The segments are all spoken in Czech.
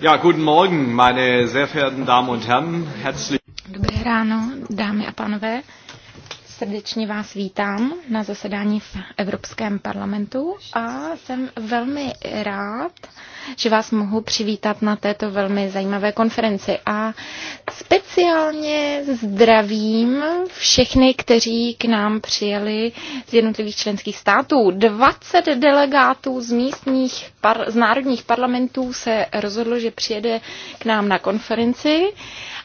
Ja, guten Morgen, meine sehr verehrten Damen und Herren. Herzlich. Dobré ráno, dámy a pánové. Srdečně vás vítám na zasedání v Evropském parlamentu a jsem velmi rád, že vás mohu přivítat na této velmi zajímavé konferenci. A speciálně zdravím všechny, kteří k nám přijeli z jednotlivých členských států. 20 delegátů z místních, par, z národních parlamentů se rozhodlo, že přijede k nám na konferenci.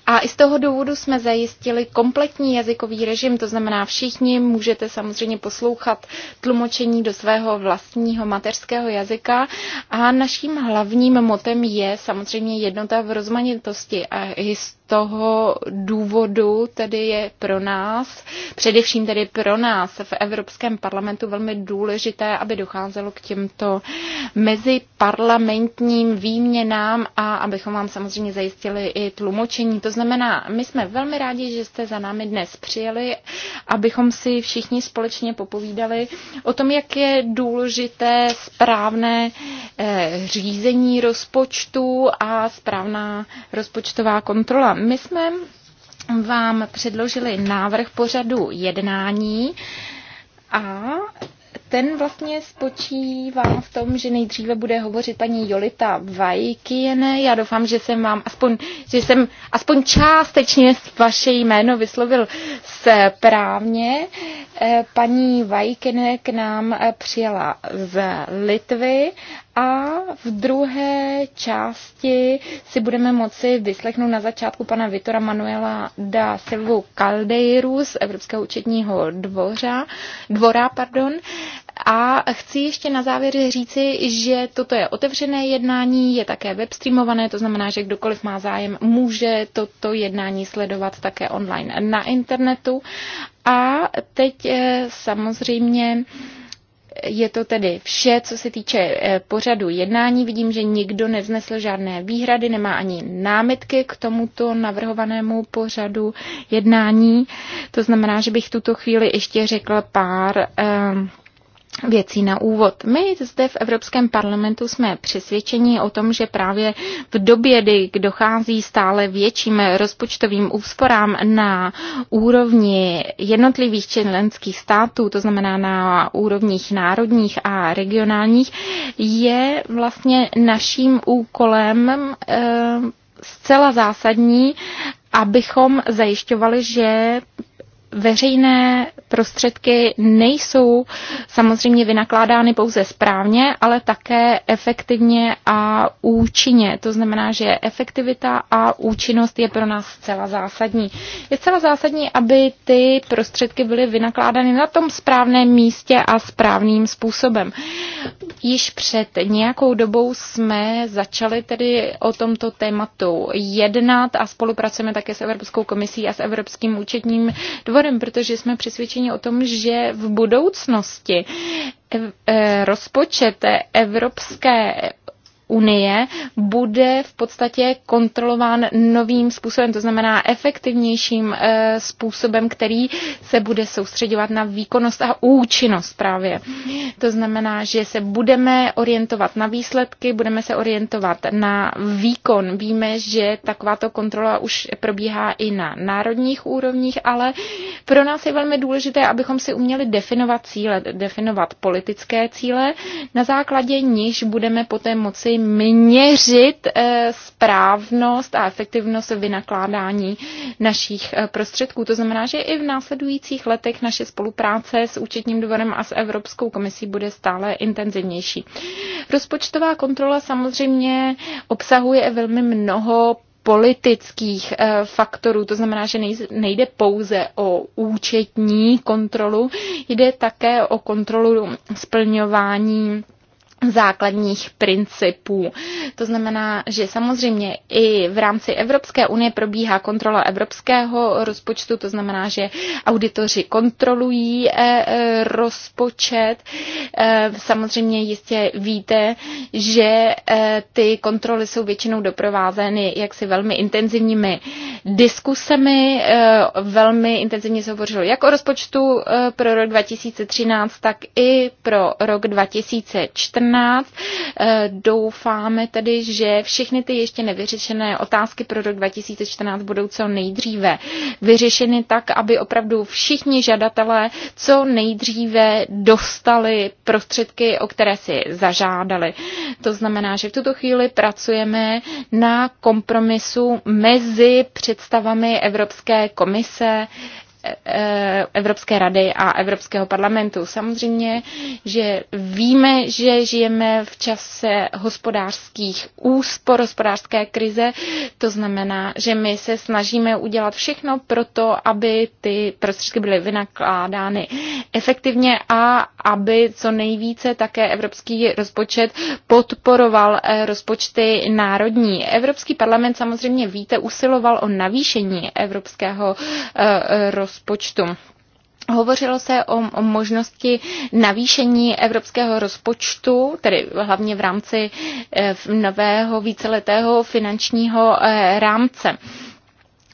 A i z toho důvodu jsme zajistili kompletní jazykový režim, to znamená všichni můžete samozřejmě poslouchat tlumočení do svého vlastního mateřského jazyka a naším hlavním motem je samozřejmě jednota v rozmanitosti a historii toho důvodu tedy je pro nás, především tedy pro nás v Evropském parlamentu velmi důležité, aby docházelo k těmto meziparlamentním výměnám a abychom vám samozřejmě zajistili i tlumočení. To znamená, my jsme velmi rádi, že jste za námi dnes přijeli, abychom si všichni společně popovídali o tom, jak je důležité správné eh, řízení rozpočtu a správná rozpočtová kontrola. My jsme vám předložili návrh pořadu jednání a ten vlastně spočívá v tom, že nejdříve bude hovořit paní Jolita Vajkiene. Já doufám, že jsem vám aspoň, že jsem aspoň částečně vaše jméno vyslovil správně. Eh, paní Vajkiene k nám přijela z Litvy a v druhé části si budeme moci vyslechnout na začátku pana Vitora Manuela da Silvu Caldeiru z Evropského účetního dvoře, dvora. Pardon. A chci ještě na závěr říci, že toto je otevřené jednání, je také webstreamované, to znamená, že kdokoliv má zájem, může toto jednání sledovat také online na internetu. A teď eh, samozřejmě je to tedy vše, co se týče eh, pořadu jednání. Vidím, že nikdo nevznesl žádné výhrady, nemá ani námitky k tomuto navrhovanému pořadu jednání. To znamená, že bych tuto chvíli ještě řekl pár. Eh, věcí na úvod. My zde v Evropském parlamentu jsme přesvědčeni o tom, že právě v době, kdy dochází stále větším rozpočtovým úsporám na úrovni jednotlivých členských států, to znamená na úrovních národních a regionálních, je vlastně naším úkolem e, zcela zásadní, abychom zajišťovali, že veřejné prostředky nejsou samozřejmě vynakládány pouze správně, ale také efektivně a účinně. To znamená, že efektivita a účinnost je pro nás zcela zásadní. Je zcela zásadní, aby ty prostředky byly vynakládány na tom správném místě a správným způsobem. Již před nějakou dobou jsme začali tedy o tomto tématu jednat a spolupracujeme také s Evropskou komisí a s Evropským účetním dvorem výborem, protože jsme přesvědčeni o tom, že v budoucnosti e, rozpočet Evropské unie bude v podstatě kontrolován novým způsobem, to znamená efektivnějším eh, způsobem, který se bude soustředovat na výkonnost a účinnost právě. To znamená, že se budeme orientovat na výsledky, budeme se orientovat na výkon. Víme, že takováto kontrola už probíhá i na národních úrovních, ale pro nás je velmi důležité, abychom si uměli definovat cíle, definovat politické cíle, na základě níž budeme poté moci měřit eh, správnost a efektivnost vynakládání našich eh, prostředků. To znamená, že i v následujících letech naše spolupráce s účetním dvorem a s Evropskou komisí bude stále intenzivnější. Rozpočtová kontrola samozřejmě obsahuje velmi mnoho politických eh, faktorů. To znamená, že nejde pouze o účetní kontrolu, jde také o kontrolu splňování základních principů. To znamená, že samozřejmě i v rámci Evropské unie probíhá kontrola evropského rozpočtu, to znamená, že auditoři kontrolují eh, eh, rozpočet. Eh, samozřejmě jistě víte, že ty kontroly jsou většinou doprovázeny jaksi velmi intenzivními diskusemi. Velmi intenzivně se hovořilo jak o rozpočtu pro rok 2013, tak i pro rok 2014 2014. Eh, doufáme tedy, že všechny ty ještě nevyřešené otázky pro rok 2014 budou co nejdříve vyřešeny tak, aby opravdu všichni žadatelé co nejdříve dostali prostředky, o které si zažádali. To znamená, že v tuto chvíli pracujeme na kompromisu mezi představami Evropské komise, E, Evropské rady a Evropského parlamentu. Samozřejmě, že víme, že žijeme v čase hospodářských úspor, hospodářské krize. To znamená, že my se snažíme udělat všechno pro to, aby ty prostředky byly vynakládány efektivně a aby co nejvíce také evropský rozpočet podporoval e, rozpočty národní. Evropský parlament samozřejmě víte, usiloval o navýšení evropského e, rozpočtu rozpočtu. Hovořilo se o, o možnosti navýšení evropského rozpočtu, tedy hlavně v rámci eh, nového víceletého finančního eh, rámce.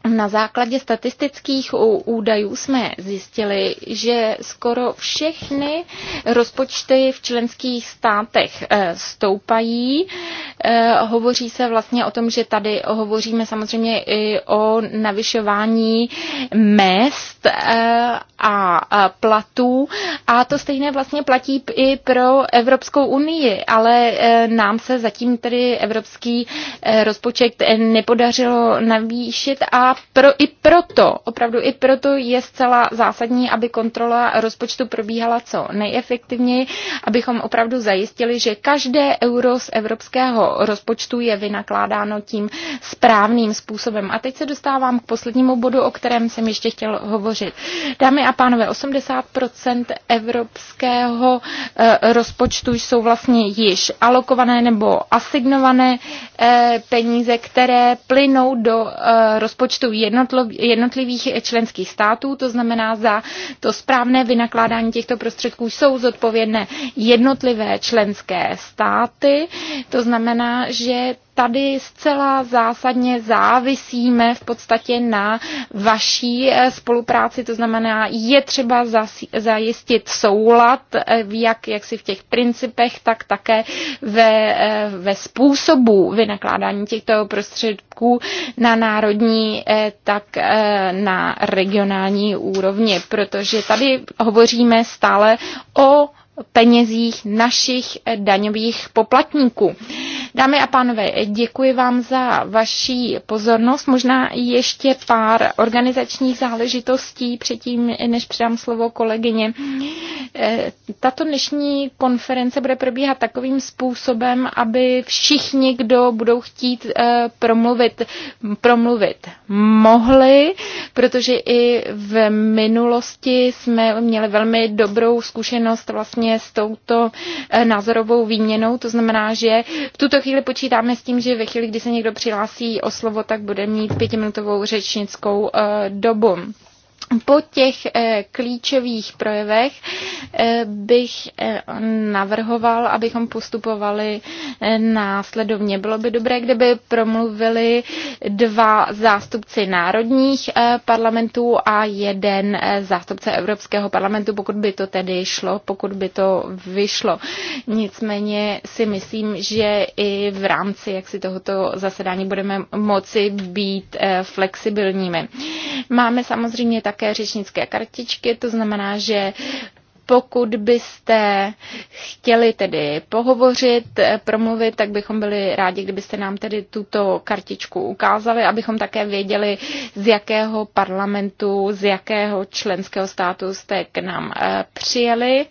Na základě statistických údajů jsme zjistili, že skoro všechny rozpočty v členských státech eh, stoupají. Eh, hovoří se vlastně o tom, že tady hovoříme samozřejmě i o navyšování mest eh, a platů. A to stejné vlastně platí i pro Evropskou unii, ale nám se zatím tedy evropský rozpočet nepodařilo navýšit a pro, i proto, opravdu i proto je zcela zásadní, aby kontrola rozpočtu probíhala co nejefektivněji, abychom opravdu zajistili, že každé euro z evropského rozpočtu je vynakládáno tím správným způsobem. A teď se dostávám k poslednímu bodu, o kterém jsem ještě chtěl hovořit. Dámy a pánové, 80% evropského eh, rozpočtu jsou vlastně již alokované nebo asignované eh, peníze, které plynou do eh, rozpočtu rozpočtů jednotlivých členských států, to znamená za to správné vynakládání těchto prostředků jsou zodpovědné jednotlivé členské státy. To znamená, že tady zcela zásadně závisíme v podstatě na vaší eh, spolupráci, to znamená, je třeba zajistit soulad, eh, jak, jak si v těch principech, tak také ve, eh, ve způsobu vynakládání těchto prostředků na národní, tak na regionální úrovni, protože tady hovoříme stále o penězích našich daňových poplatníků. Dámy a pánové, děkuji vám za vaši pozornost. Možná ještě pár organizačních záležitostí předtím, než předám slovo kolegyně. Eh, tato dnešní konference bude probíhat takovým způsobem, aby všichni, kdo budou chtít eh, promluvit, promluvit mohli, protože i v minulosti jsme měli velmi dobrou zkušenost vlastně s touto eh, názorovou výměnou. To znamená, že v tuto chvíli počítáme s tím, že ve chvíli, kdy se někdo přihlásí o slovo, tak bude mít pětiminutovou řečnickou eh, dobu po těch eh, klíčových projevech eh, bych eh, navrhoval, abychom postupovali následovně. Bylo by dobré, kdyby promluvili dva zástupci národních parlamentů a jeden zástupce Evropského parlamentu, pokud by to tedy šlo, pokud by to vyšlo. Nicméně si myslím, že i v rámci jak si tohoto zasedání budeme moci být flexibilními. Máme samozřejmě tak také řečnické kartičky, to znamená, že pokud byste chtěli tedy pohovořit, eh, promluvit, tak bychom byli rádi, kdybyste nám tedy tuto kartičku ukázali, abychom také věděli, z jakého parlamentu, z jakého členského státu jste k nám eh, přijeli.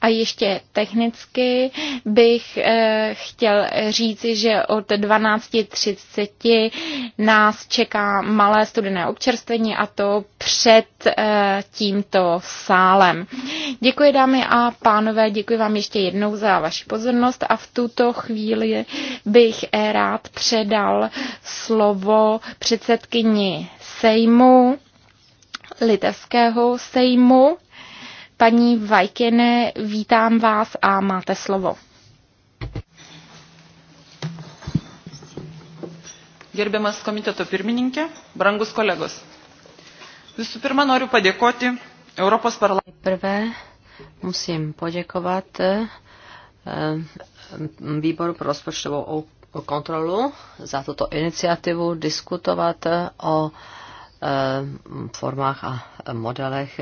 A ještě technicky bych eh, chtěl říci, že od 12.30 nás čeká malé studené občerstvení a to před tímto sálem. Děkuji Děkuji dámy a pánové, děkuji vám ještě jednou za vaši pozornost a v tuto chvíli bych rád předal slovo předsedkyni Sejmu, Litevského Sejmu. Paní Vajkine, vítám vás a máte slovo. Gerbiamas komiteto pirmininkė, brangus kolegos. Visų pirma, noriu padėkoti Europos parlamentui musím poděkovat eh, eh, Výboru pro rozpočtovou kontrolu za tuto iniciativu diskutovat eh, o formách a modelech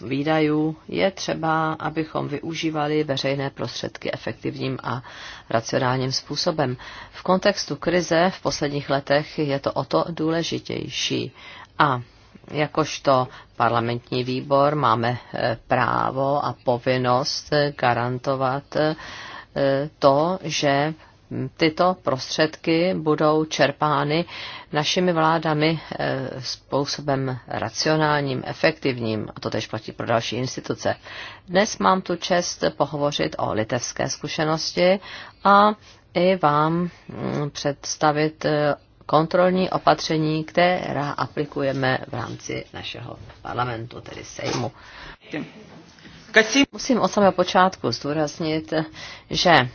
výdajů je třeba, abychom využívali veřejné prostředky efektivním a racionálním způsobem. V kontextu krize v posledních letech je to o to důležitější. A jakožto parlamentní výbor máme eh, právo a povinnost eh, garantovat eh, to, že hm, tyto prostředky budou čerpány našimi vládami způsobem racionálním, efektivním, a to tež platí pro další instituce. Dnes mám tu čest pohovořit o litevské zkušenosti a i vám hm, představit kontrolní opatření, která aplikujeme v rámci našeho parlamentu, tedy Sejmu. Musím od samého počátku zdůraznit, že eh,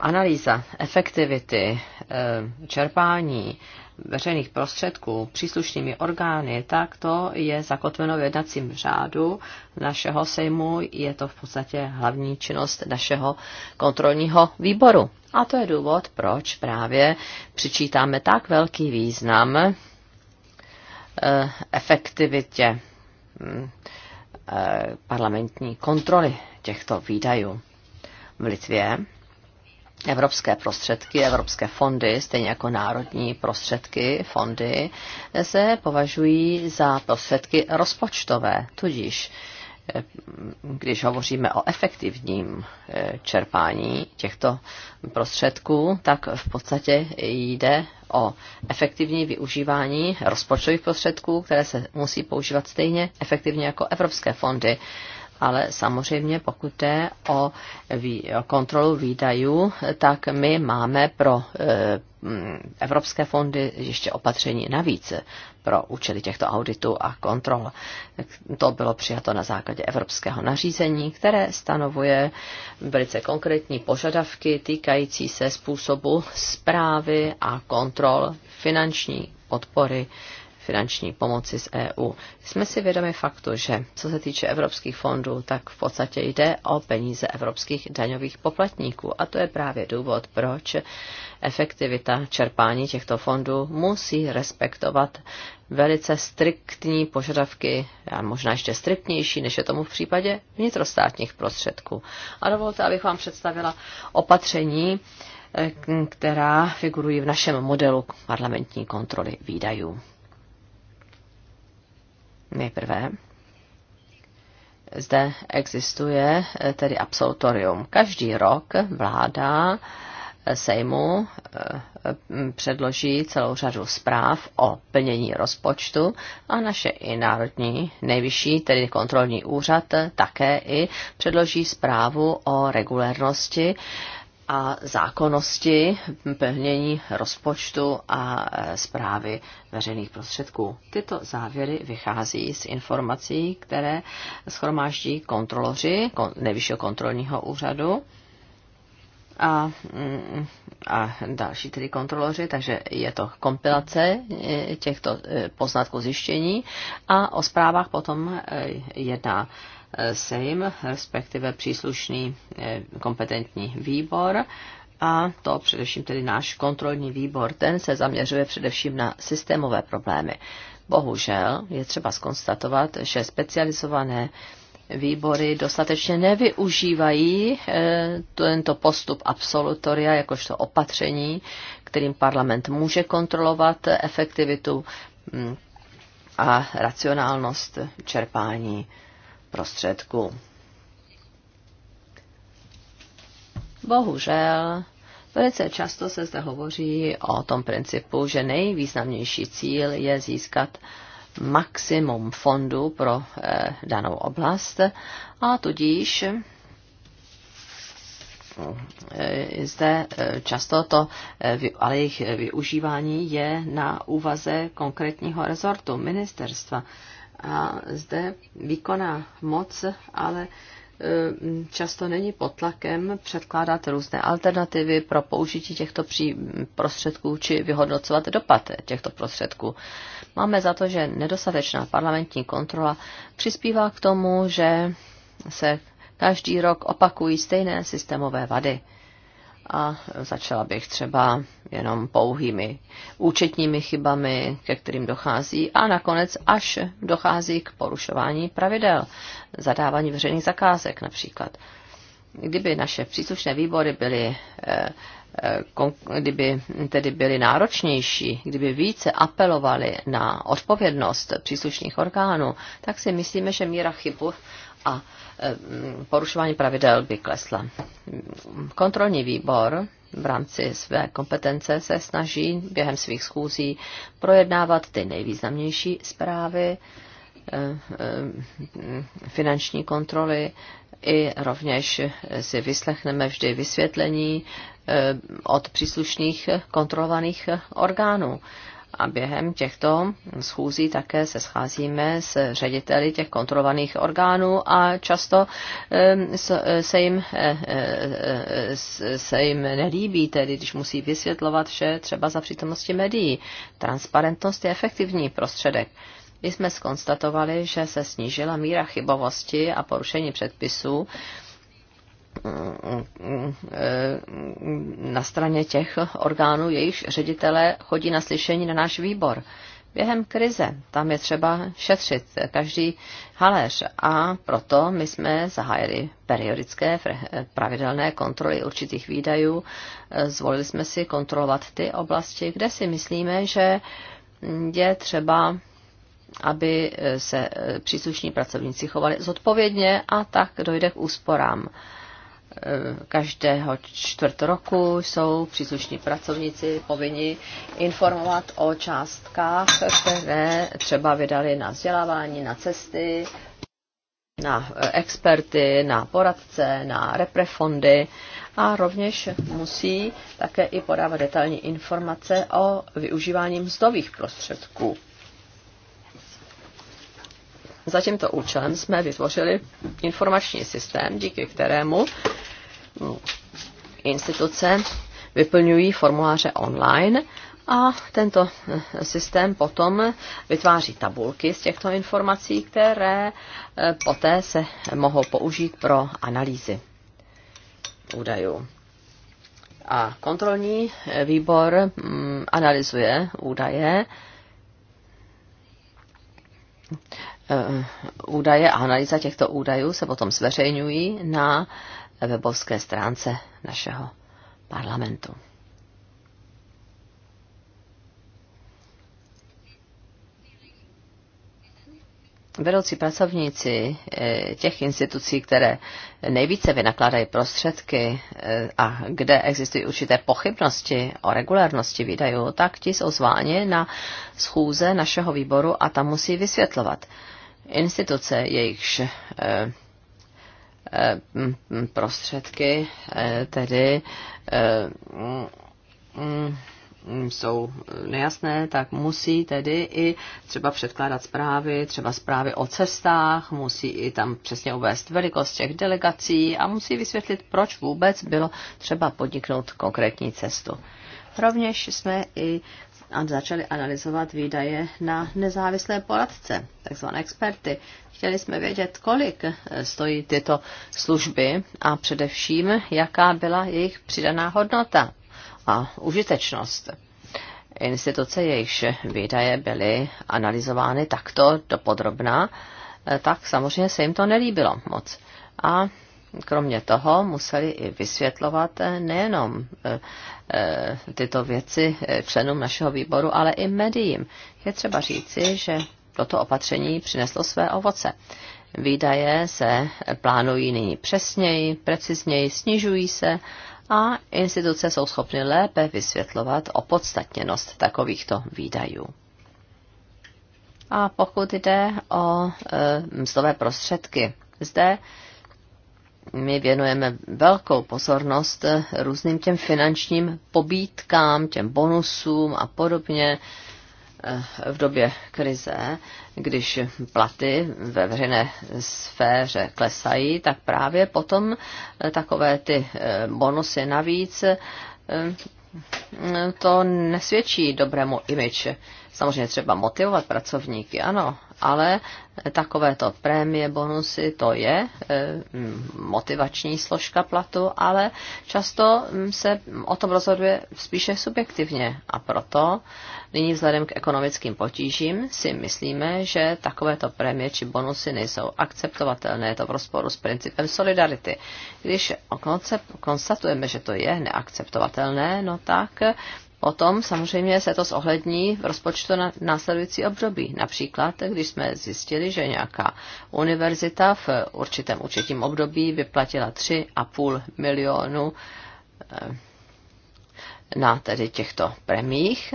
analýza efektivity eh, čerpání veřejných prostředků příslušnými orgány, tak to je zakotveno v jednacím řádu našeho sejmu. Je to v podstatě hlavní činnost našeho kontrolního výboru. A to je důvod, proč právě přičítáme tak velký význam eh, efektivitě hm, eh, parlamentní kontroly těchto výdajů. V Litvě Evropské prostředky, evropské fondy, stejně jako národní prostředky, fondy, se považují za prostředky rozpočtové. Tudíž, eh, když hovoříme o efektivním eh, čerpání těchto prostředků, tak v podstatě jde o efektivní využívání rozpočtových prostředků, které se musí používat stejně efektivně jako evropské fondy ale samozřejmě pokud jde o kontrolu výdajů, tak my máme pro e, mm, evropské fondy ještě opatření navíc pro účely těchto auditů a kontrol. To bylo přijato na základě evropského nařízení, které stanovuje velice konkrétní požadavky týkající se způsobu zprávy a kontrol finanční podpory finanční pomoci z EU. Jsme si vědomi faktu, že co se týče evropských fondů, tak v podstatě jde o peníze evropských daňových poplatníků. A to je právě důvod, proč efektivita čerpání těchto fondů musí respektovat velice striktní požadavky, a možná ještě striktnější, než je tomu v případě vnitrostátních prostředků. A dovolte, abych vám představila opatření, eh, která figurují v našem modelu parlamentní kontroly výdajů. Nejprve zde existuje eh, tedy absolutorium. Každý rok vláda eh, Sejmu eh, předloží celou řadu zpráv o plnění rozpočtu a naše i národní nejvyšší, tedy kontrolní úřad, také i předloží zprávu o regulérnosti a zákonnosti plnění rozpočtu a zprávy veřejných prostředků. Tyto závěry vychází z informací, které schromáždí kontroloři Nejvyššího kontrolního úřadu a, mm, a další tedy kontroloři, takže je to kompilace e, těchto e, poznatků zjištění a o zprávách potom e, jedná Sejm, respektive příslušný eh, kompetentní výbor a to především tedy náš kontrolní výbor, ten se zaměřuje především na systémové problémy. Bohužel je třeba skonstatovat, že specializované výbory dostatečně nevyužívají eh, tento postup absolutoria jakožto opatření, kterým parlament může kontrolovat efektivitu mm, a racionálnost čerpání prostředku. Bohužel, velice často se zde hovoří o tom principu, že nejvýznamnější cíl je získat maximum fondů pro eh, danou oblast a tudíž eh, zde eh, často to, eh, ale jejich využívání je na úvaze konkrétního rezortu, ministerstva. A zde výkonná moc, ale eh, často není pod tlakem předkládat různé alternativy pro použití těchto prostředků či vyhodnocovat dopad těchto prostředků. Máme za to, že nedostatečná parlamentní kontrola přispívá k tomu, že se každý rok opakují stejné systémové vady a začala bych třeba jenom pouhými účetními chybami, ke kterým dochází a nakonec až dochází k porušování pravidel, zadávání veřejných zakázek například. Kdyby naše příslušné výbory byly eh, eh, kdyby tedy byli náročnější, kdyby více apelovali na odpovědnost příslušných orgánů, tak si myslíme, že míra chybu a e, porušování pravidel by klesla. Kontrolní výbor v rámci své kompetence se snaží během svých schůzí projednávat ty nejvýznamnější zprávy, e, e, finanční kontroly i rovněž si vyslechneme vždy vysvětlení od příslušných kontrolovaných orgánů a během těchto schůzí také se scházíme s řediteli těch kontrolovaných orgánů a často e, se jim, e, e, se jim nelíbí, tedy když musí vysvětlovat vše třeba za přítomnosti médií. Transparentnost je efektivní prostředek. My jsme skonstatovali, že se snížila míra chybovosti a porušení předpisů, na straně těch orgánů, jejichž ředitele chodí na slyšení na náš výbor. Během krize tam je třeba šetřit každý haléř a proto my jsme zahájili periodické pravidelné kontroly určitých výdajů. Zvolili jsme si kontrolovat ty oblasti, kde si myslíme, že je třeba aby se příslušní pracovníci chovali zodpovědně a tak dojde k úsporám každého čtvrt roku jsou příslušní pracovníci povinni informovat o částkách, které třeba vydali na vzdělávání, na cesty, na experty, na poradce, na reprefondy a rovněž musí také i podávat detailní informace o využívání mzdových prostředků. Za tímto účelem jsme vytvořili informační systém, díky kterému instituce vyplňují formuláře online a tento systém potom vytváří tabulky z těchto informací, které eh, poté se mohou použít pro analýzy údajů. A kontrolní eh, výbor mm, analyzuje údaje Eh, údaje a analýza těchto údajů se potom zveřejňují na webovské stránce našeho parlamentu. vedoucí pracovníci eh, těch institucí, které nejvíce vynakládají prostředky eh, a kde existují určité pochybnosti o regulárnosti výdajů, tak ti jsou zváni na schůze našeho výboru a tam musí vysvětlovat instituce, jejichž eh, eh, prostředky eh, tedy jsou nejasné, tak musí tedy i třeba předkládat zprávy, třeba zprávy o cestách, musí i tam přesně uvést velikost těch delegací a musí vysvětlit, proč vůbec bylo třeba podniknout konkrétní cestu. Rovněž jsme i a začali analyzovat výdaje na nezávislé poradce, takzvané experty. Chtěli jsme vědět, kolik eh, stojí tyto služby a především, jaká byla jejich přidaná hodnota a užitečnost. Instituce, jejichž výdaje byly analyzovány takto dopodrobná, eh, tak samozřejmě se jim to nelíbilo moc. A kromě toho museli i vysvětlovat eh, nejenom eh, eh, tyto věci členům našeho výboru, ale i médiím. Je třeba říci, že toto opatření přineslo své ovoce. Výdaje se plánují nyní přesněji, precizněji, snižují se a instituce jsou schopny lépe vysvětlovat opodstatněnost takovýchto výdajů. A pokud jde o e, mzdové prostředky, zde my věnujeme velkou pozornost různým těm finančním pobítkám, těm bonusům a podobně eh, v době krize, když platy ve veřejné sféře klesají, tak právě potom eh, takové ty eh, bonusy navíc to nesvědčí dobrému image. Samozřejmě třeba motivovat pracovníky, ano, ale takovéto prémie, bonusy, to je eh, motivační složka platu, ale často mm, se o tom rozhoduje spíše subjektivně a proto nyní vzhledem k ekonomickým potížím si myslíme, že takovéto prémie či bonusy nejsou akceptovatelné, je to v rozporu s principem solidarity. Když koncept, konstatujeme, že to je neakceptovatelné, no tak Potom samozřejmě se to zohlední v rozpočtu na následující období. Například, když jsme zjistili, že nějaká univerzita v určitém určitém období vyplatila 3,5 milionu eh, na tedy těchto premích,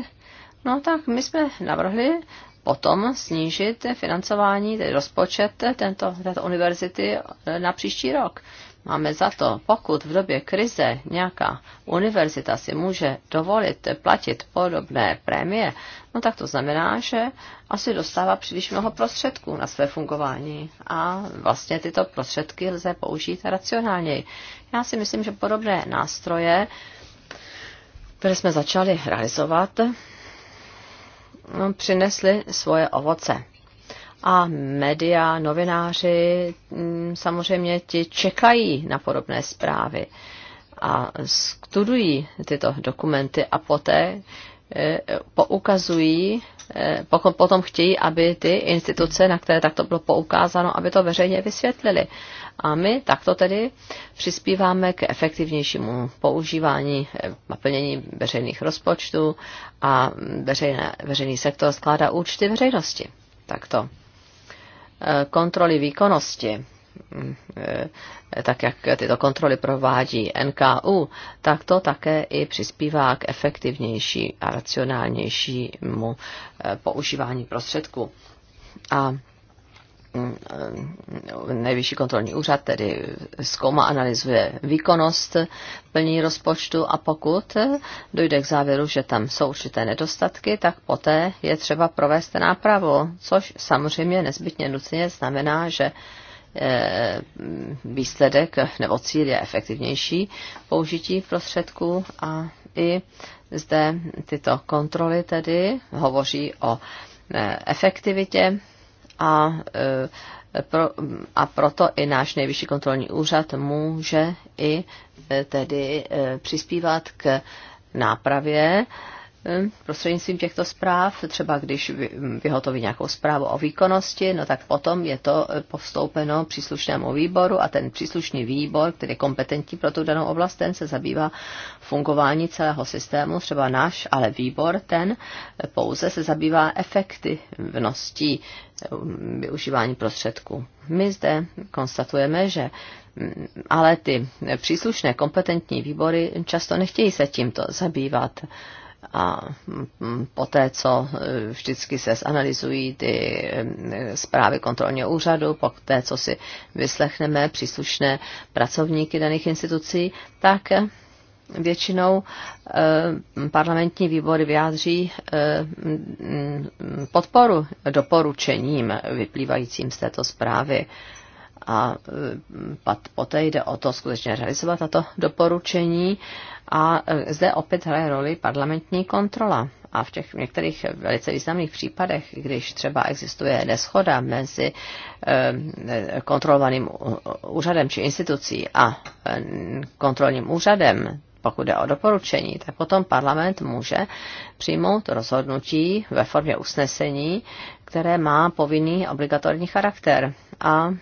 no tak my jsme navrhli potom snížit financování, tedy rozpočet tento, této univerzity eh, na příští rok máme za to, pokud v době krize nějaká univerzita si může dovolit platit podobné prémie, no tak to znamená, že asi dostává příliš mnoho prostředků na své fungování a vlastně tyto prostředky lze použít racionálněji. Já si myslím, že podobné nástroje, které jsme začali realizovat, no, přinesly svoje ovoce a média, novináři mm, samozřejmě ti čekají na podobné zprávy a studují tyto dokumenty a poté eh, poukazují, eh, potom chtějí, aby ty instituce, na které takto bylo poukázáno, aby to veřejně vysvětlili. A my takto tedy přispíváme k efektivnějšímu používání eh, a plnění veřejných rozpočtů a veřejné, veřejný sektor skládá účty veřejnosti. Takto. Eh, kontroly výkonnosti, mm, eh, tak jak tyto kontroly provádí NKU, tak to také i přispívá k efektivnější a racionálnějšímu eh, používání prostředků. A Mm, eh, nejvyšší kontrolní úřad tedy zkouma, analyzuje výkonnost plní rozpočtu a pokud dojde k závěru, že tam jsou určité nedostatky, tak poté je třeba provést nápravu, což samozřejmě nezbytně nutně znamená, že eh, výsledek nebo cíl je efektivnější použití prostředků a i zde tyto kontroly tedy hovoří o eh, efektivitě a, e, pro, a proto i náš nejvyšší kontrolní úřad může i e, tedy e, přispívat k nápravě prostřednictvím těchto zpráv, třeba když vyhotoví nějakou zprávu o výkonnosti, no tak potom je to eh, postoupeno příslušnému výboru a ten příslušný výbor, který je kompetentní pro tu danou oblast, ten se zabývá fungování celého systému, třeba náš, ale výbor ten eh, pouze se zabývá efektivností eh, využívání prostředků. My zde konstatujeme, že mm, ale ty příslušné kompetentní výbory často nechtějí se tímto zabývat a poté, co eh, vždycky se zanalizují ty eh, zprávy kontrolního úřadu, poté, co si vyslechneme příslušné pracovníky daných institucí, tak eh, většinou parlamentní výbory vyjádří podporu doporučením vyplývajícím z této zprávy a e, poté jde o to skutečně realizovat tato doporučení. A e, zde opět hraje roli parlamentní kontrola. A v těch některých velice významných případech, když třeba existuje neschoda mezi e, kontrolovaným úřadem či institucí a kontrolním úřadem, pokud jde o doporučení, tak potom parlament může přijmout rozhodnutí ve formě usnesení, které má povinný obligatorní charakter. A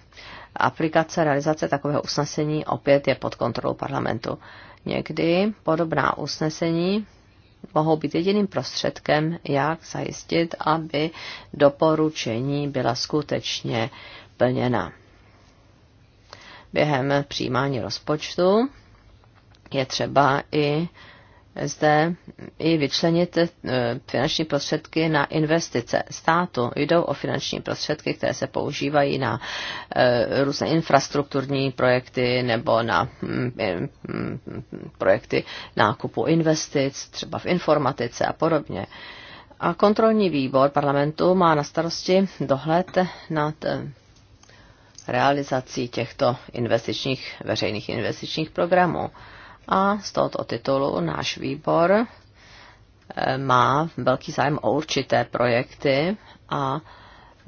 aplikace, realizace takového usnesení opět je pod kontrolou parlamentu. Někdy podobná usnesení mohou být jediným prostředkem, jak zajistit, aby doporučení byla skutečně plněna. Během přijímání rozpočtu je třeba i zde i vyčlenit eh, finanční prostředky na investice státu. Jdou o finanční prostředky, které se používají na eh, různé infrastrukturní projekty nebo na hm, eh, hm, projekty nákupu investic, třeba v informatice a podobně. A kontrolní výbor parlamentu má na starosti dohled nad realizací těchto investičních, veřejných investičních programů. A z tohoto titulu náš výbor eh, má velký zájem o určité projekty a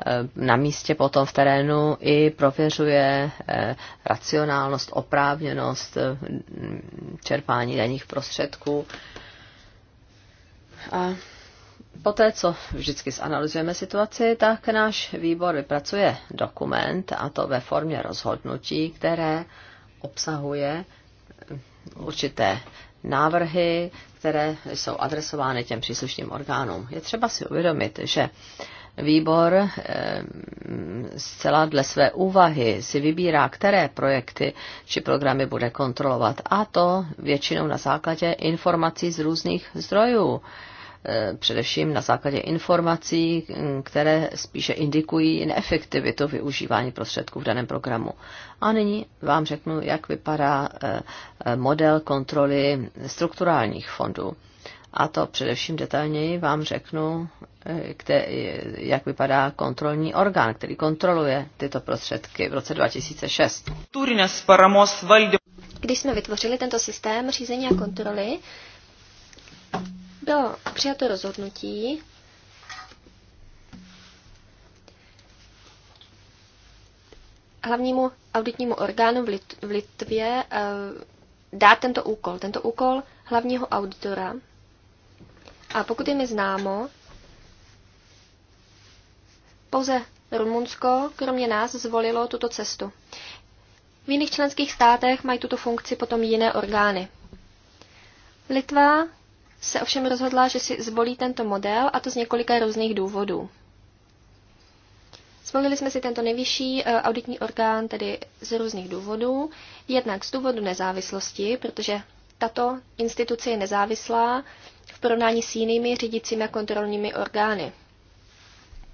eh, na místě potom v terénu i prověřuje eh, racionálnost, oprávněnost čerpání daných prostředků. A poté, co vždycky zanalizujeme situaci, tak náš výbor vypracuje dokument, a to ve formě rozhodnutí, které obsahuje určité návrhy, které jsou adresovány těm příslušným orgánům. Je třeba si uvědomit, že výbor eh, zcela dle své úvahy si vybírá, které projekty či programy bude kontrolovat, a to většinou na základě informací z různých zdrojů. Eh, především na základě informací, mm, které spíše indikují neefektivitu využívání prostředků v daném programu. A nyní vám řeknu, jak vypadá eh, eh, model kontroly strukturálních fondů. A to především detailněji vám řeknu, jak vypadá kontrolní orgán, který kontroluje tyto prostředky v roce 2006. Když jsme vytvořili tento systém řízení a kontroly, bylo přijato rozhodnutí, hlavnímu auditnímu orgánu v, Lit- v Litvě e, dát tento úkol, tento úkol hlavního auditora. A pokud je mi známo, pouze Rumunsko, kromě nás, zvolilo tuto cestu. V jiných členských státech mají tuto funkci potom jiné orgány. Litva se ovšem rozhodla, že si zvolí tento model, a to z několika různých důvodů. Zvolili jsme si tento nejvyšší eh, auditní orgán tedy z různých důvodů. Jednak z důvodu nezávislosti, protože tato instituce je nezávislá v porovnání s jinými řídícími a kontrolními orgány.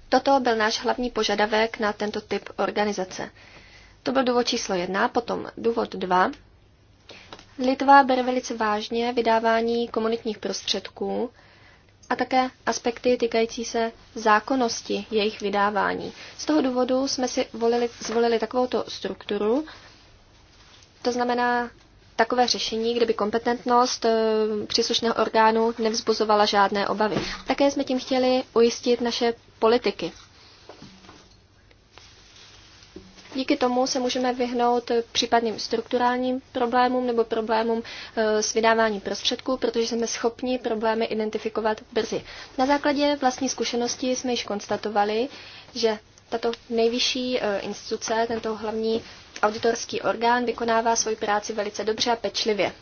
Toto byl náš hlavní požadavek na tento typ organizace. To byl důvod číslo jedna, potom důvod dva, Litva bere velice vážně vydávání komunitních prostředků a také aspekty týkající se zákonnosti jejich vydávání. Z toho důvodu jsme si volili, zvolili takovouto strukturu, to znamená takové řešení, kde by kompetentnost eh, příslušného orgánu nevzbuzovala žádné obavy. Také jsme tím chtěli ujistit naše politiky. Díky tomu se můžeme vyhnout případným strukturálním problémům nebo problémům e, s vydáváním prostředků, protože jsme schopni problémy identifikovat brzy. Na základě vlastní zkušenosti jsme již konstatovali, že tato nejvyšší e, instituce, tento hlavní auditorský orgán, vykonává svoji práci velice dobře a pečlivě.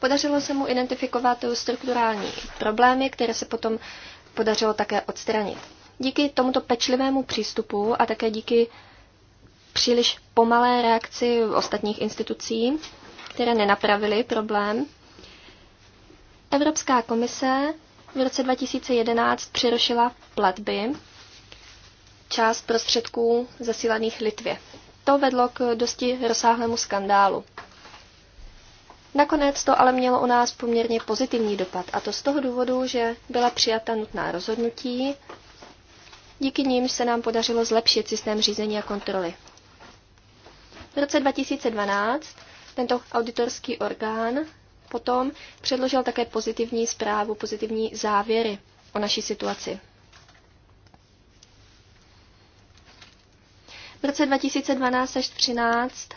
Podařilo se mu identifikovat strukturální problémy, které se potom podařilo také odstranit. Díky tomuto pečlivému přístupu a také díky příliš pomalé reakci ostatních institucí, které nenapravily problém. Evropská komise v roce 2011 přerušila platby část prostředků zasílaných Litvě. To vedlo k dosti rozsáhlému skandálu. Nakonec to ale mělo u nás poměrně pozitivní dopad, a to z toho důvodu, že byla přijata nutná rozhodnutí, díky nímž se nám podařilo zlepšit systém řízení a kontroly. V roce 2012 tento auditorský orgán potom předložil také pozitivní zprávu, pozitivní závěry o naší situaci. V roce 2012 až 2013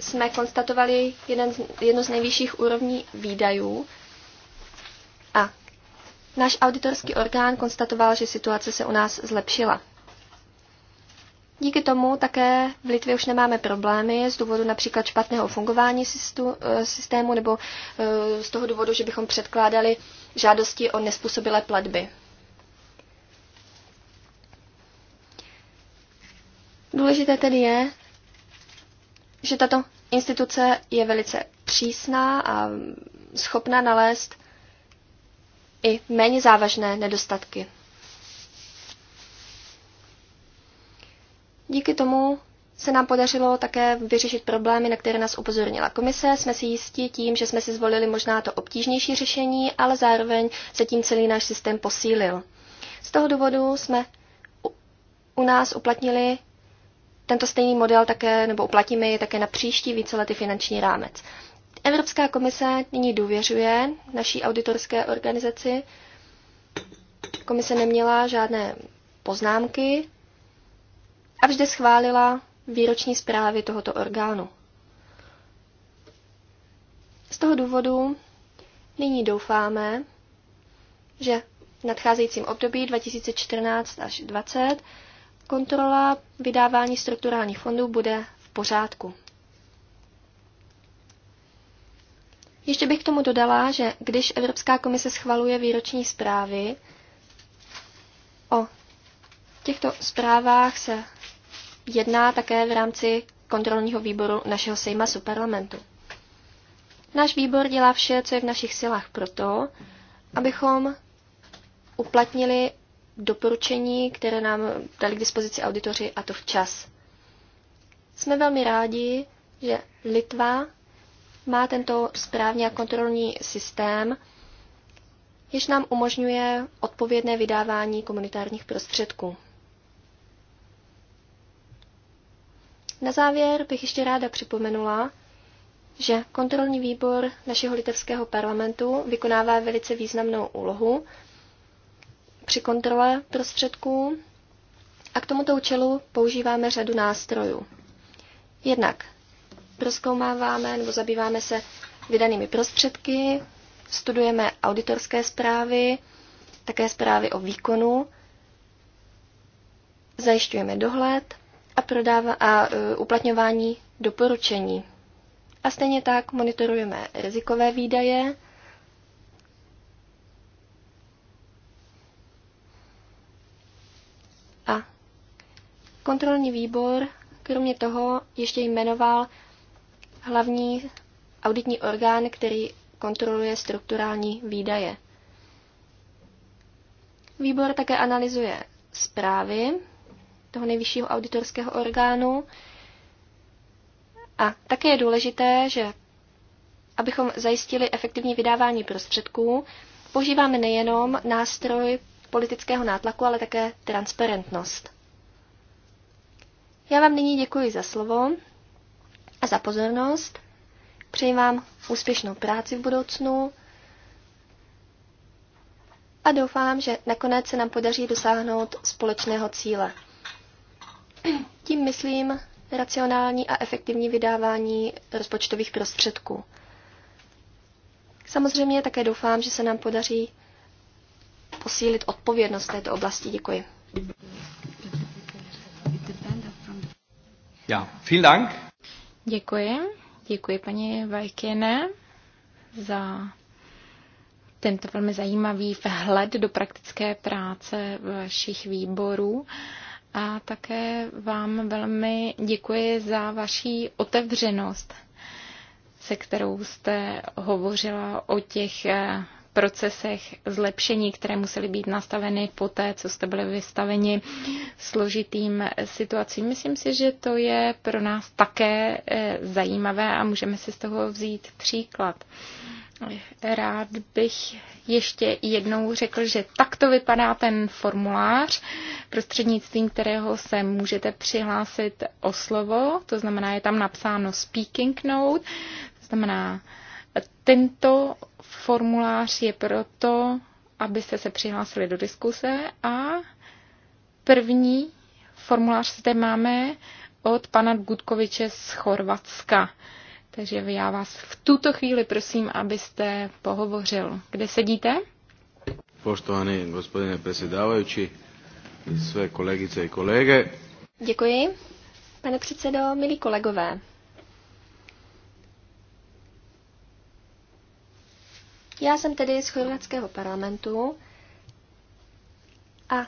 jsme konstatovali jeden z, jedno z nejvyšších úrovní výdajů a náš auditorský orgán konstatoval, že situace se u nás zlepšila. Díky tomu také v Litvě už nemáme problémy z důvodu například špatného fungování eh, systému nebo eh, z toho důvodu, že bychom předkládali žádosti o nespůsobilé platby. Důležité tedy je, že tato instituce je velice přísná a schopná nalézt i méně závažné nedostatky. Díky tomu se nám podařilo také vyřešit problémy, na které nás upozornila komise. Jsme si jistí tím, že jsme si zvolili možná to obtížnější řešení, ale zároveň se tím celý náš systém posílil. Z toho důvodu jsme u, u nás uplatnili tento stejný model také, nebo uplatíme ji také na příští víceletý finanční rámec. Evropská komise nyní důvěřuje naší auditorské organizaci. Komise neměla žádné poznámky a vždy schválila výroční zprávy tohoto orgánu. Z toho důvodu nyní doufáme, že v nadcházejícím období 2014 až 2020 kontrola vydávání strukturálních fondů bude v pořádku. Ještě bych k tomu dodala, že když Evropská komise schvaluje výroční zprávy, o těchto zprávách se jedná také v rámci kontrolního výboru našeho Sejmasu parlamentu. Náš výbor dělá vše, co je v našich silách proto, abychom uplatnili doporučení, které nám dali k dispozici auditoři a to včas. Jsme velmi rádi, že Litva má tento správně a kontrolní systém, jež nám umožňuje odpovědné vydávání komunitárních prostředků. Na závěr bych ještě ráda připomenula, že kontrolní výbor našeho litevského parlamentu vykonává velice významnou úlohu při kontrole prostředků a k tomuto účelu používáme řadu nástrojů. Jednak proskoumáváme nebo zabýváme se vydanými prostředky, studujeme auditorské zprávy, také zprávy o výkonu, zajišťujeme dohled a, prodáv- a e, uplatňování doporučení. A stejně tak monitorujeme rizikové výdaje, a kontrolní výbor kromě toho ještě jmenoval hlavní auditní orgán, který kontroluje strukturální výdaje. Výbor také analyzuje zprávy toho nejvyššího auditorského orgánu. A také je důležité, že abychom zajistili efektivní vydávání prostředků, používáme nejenom nástroj politického nátlaku, ale také transparentnost. Já vám nyní děkuji za slovo a za pozornost. Přeji vám úspěšnou práci v budoucnu a doufám, že nakonec se nám podaří dosáhnout společného cíle. Tím myslím racionální a efektivní vydávání rozpočtových prostředků. Samozřejmě také doufám, že se nám podaří posílit odpovědnost této oblasti. Děkuji. Ja, vielen Dank. Děkuji. Děkuji paní Vajkene za tento velmi zajímavý vhled do praktické práce vašich výborů a také vám velmi děkuji za vaší otevřenost, se kterou jste hovořila o těch eh, procesech zlepšení, které musely být nastaveny po té, co jste byli vystaveni složitým eh, situacím. Myslím si, že to je pro nás také eh, zajímavé a můžeme si z toho vzít příklad. Rád bych ještě jednou řekl, že takto vypadá ten formulář, prostřednictvím kterého se můžete přihlásit o slovo, to znamená, je tam napsáno speaking note, to znamená, tento formulář je proto, abyste se přihlásili do diskuse a první formulář zde máme od pana Gudkoviče z Chorvatska. Takže já vás v tuto chvíli prosím, abyste pohovořil. Kde sedíte? Poštovaný gospodine předsedávající, své kolegice i kolege. Děkuji. Pane předsedo, milí kolegové. Já jsem tedy z chorvatského parlamentu a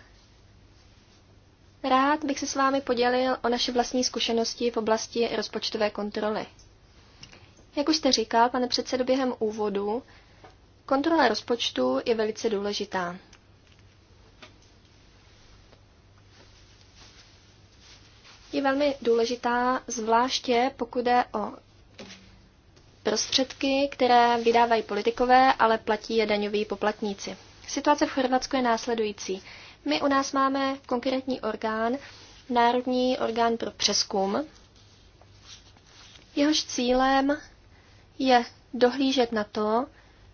rád bych se s vámi podělil o naše vlastní zkušenosti v oblasti rozpočtové kontroly. Jak už jste říkal, pane předsedo, během úvodu, kontrola rozpočtu je velice důležitá. Je velmi důležitá, zvláště pokud je o prostředky, které vydávají politikové, ale platí je daňoví poplatníci. Situace v Chorvatsku je následující. My u nás máme konkrétní orgán, Národní orgán pro přeskum. Jehož cílem je dohlížet na to,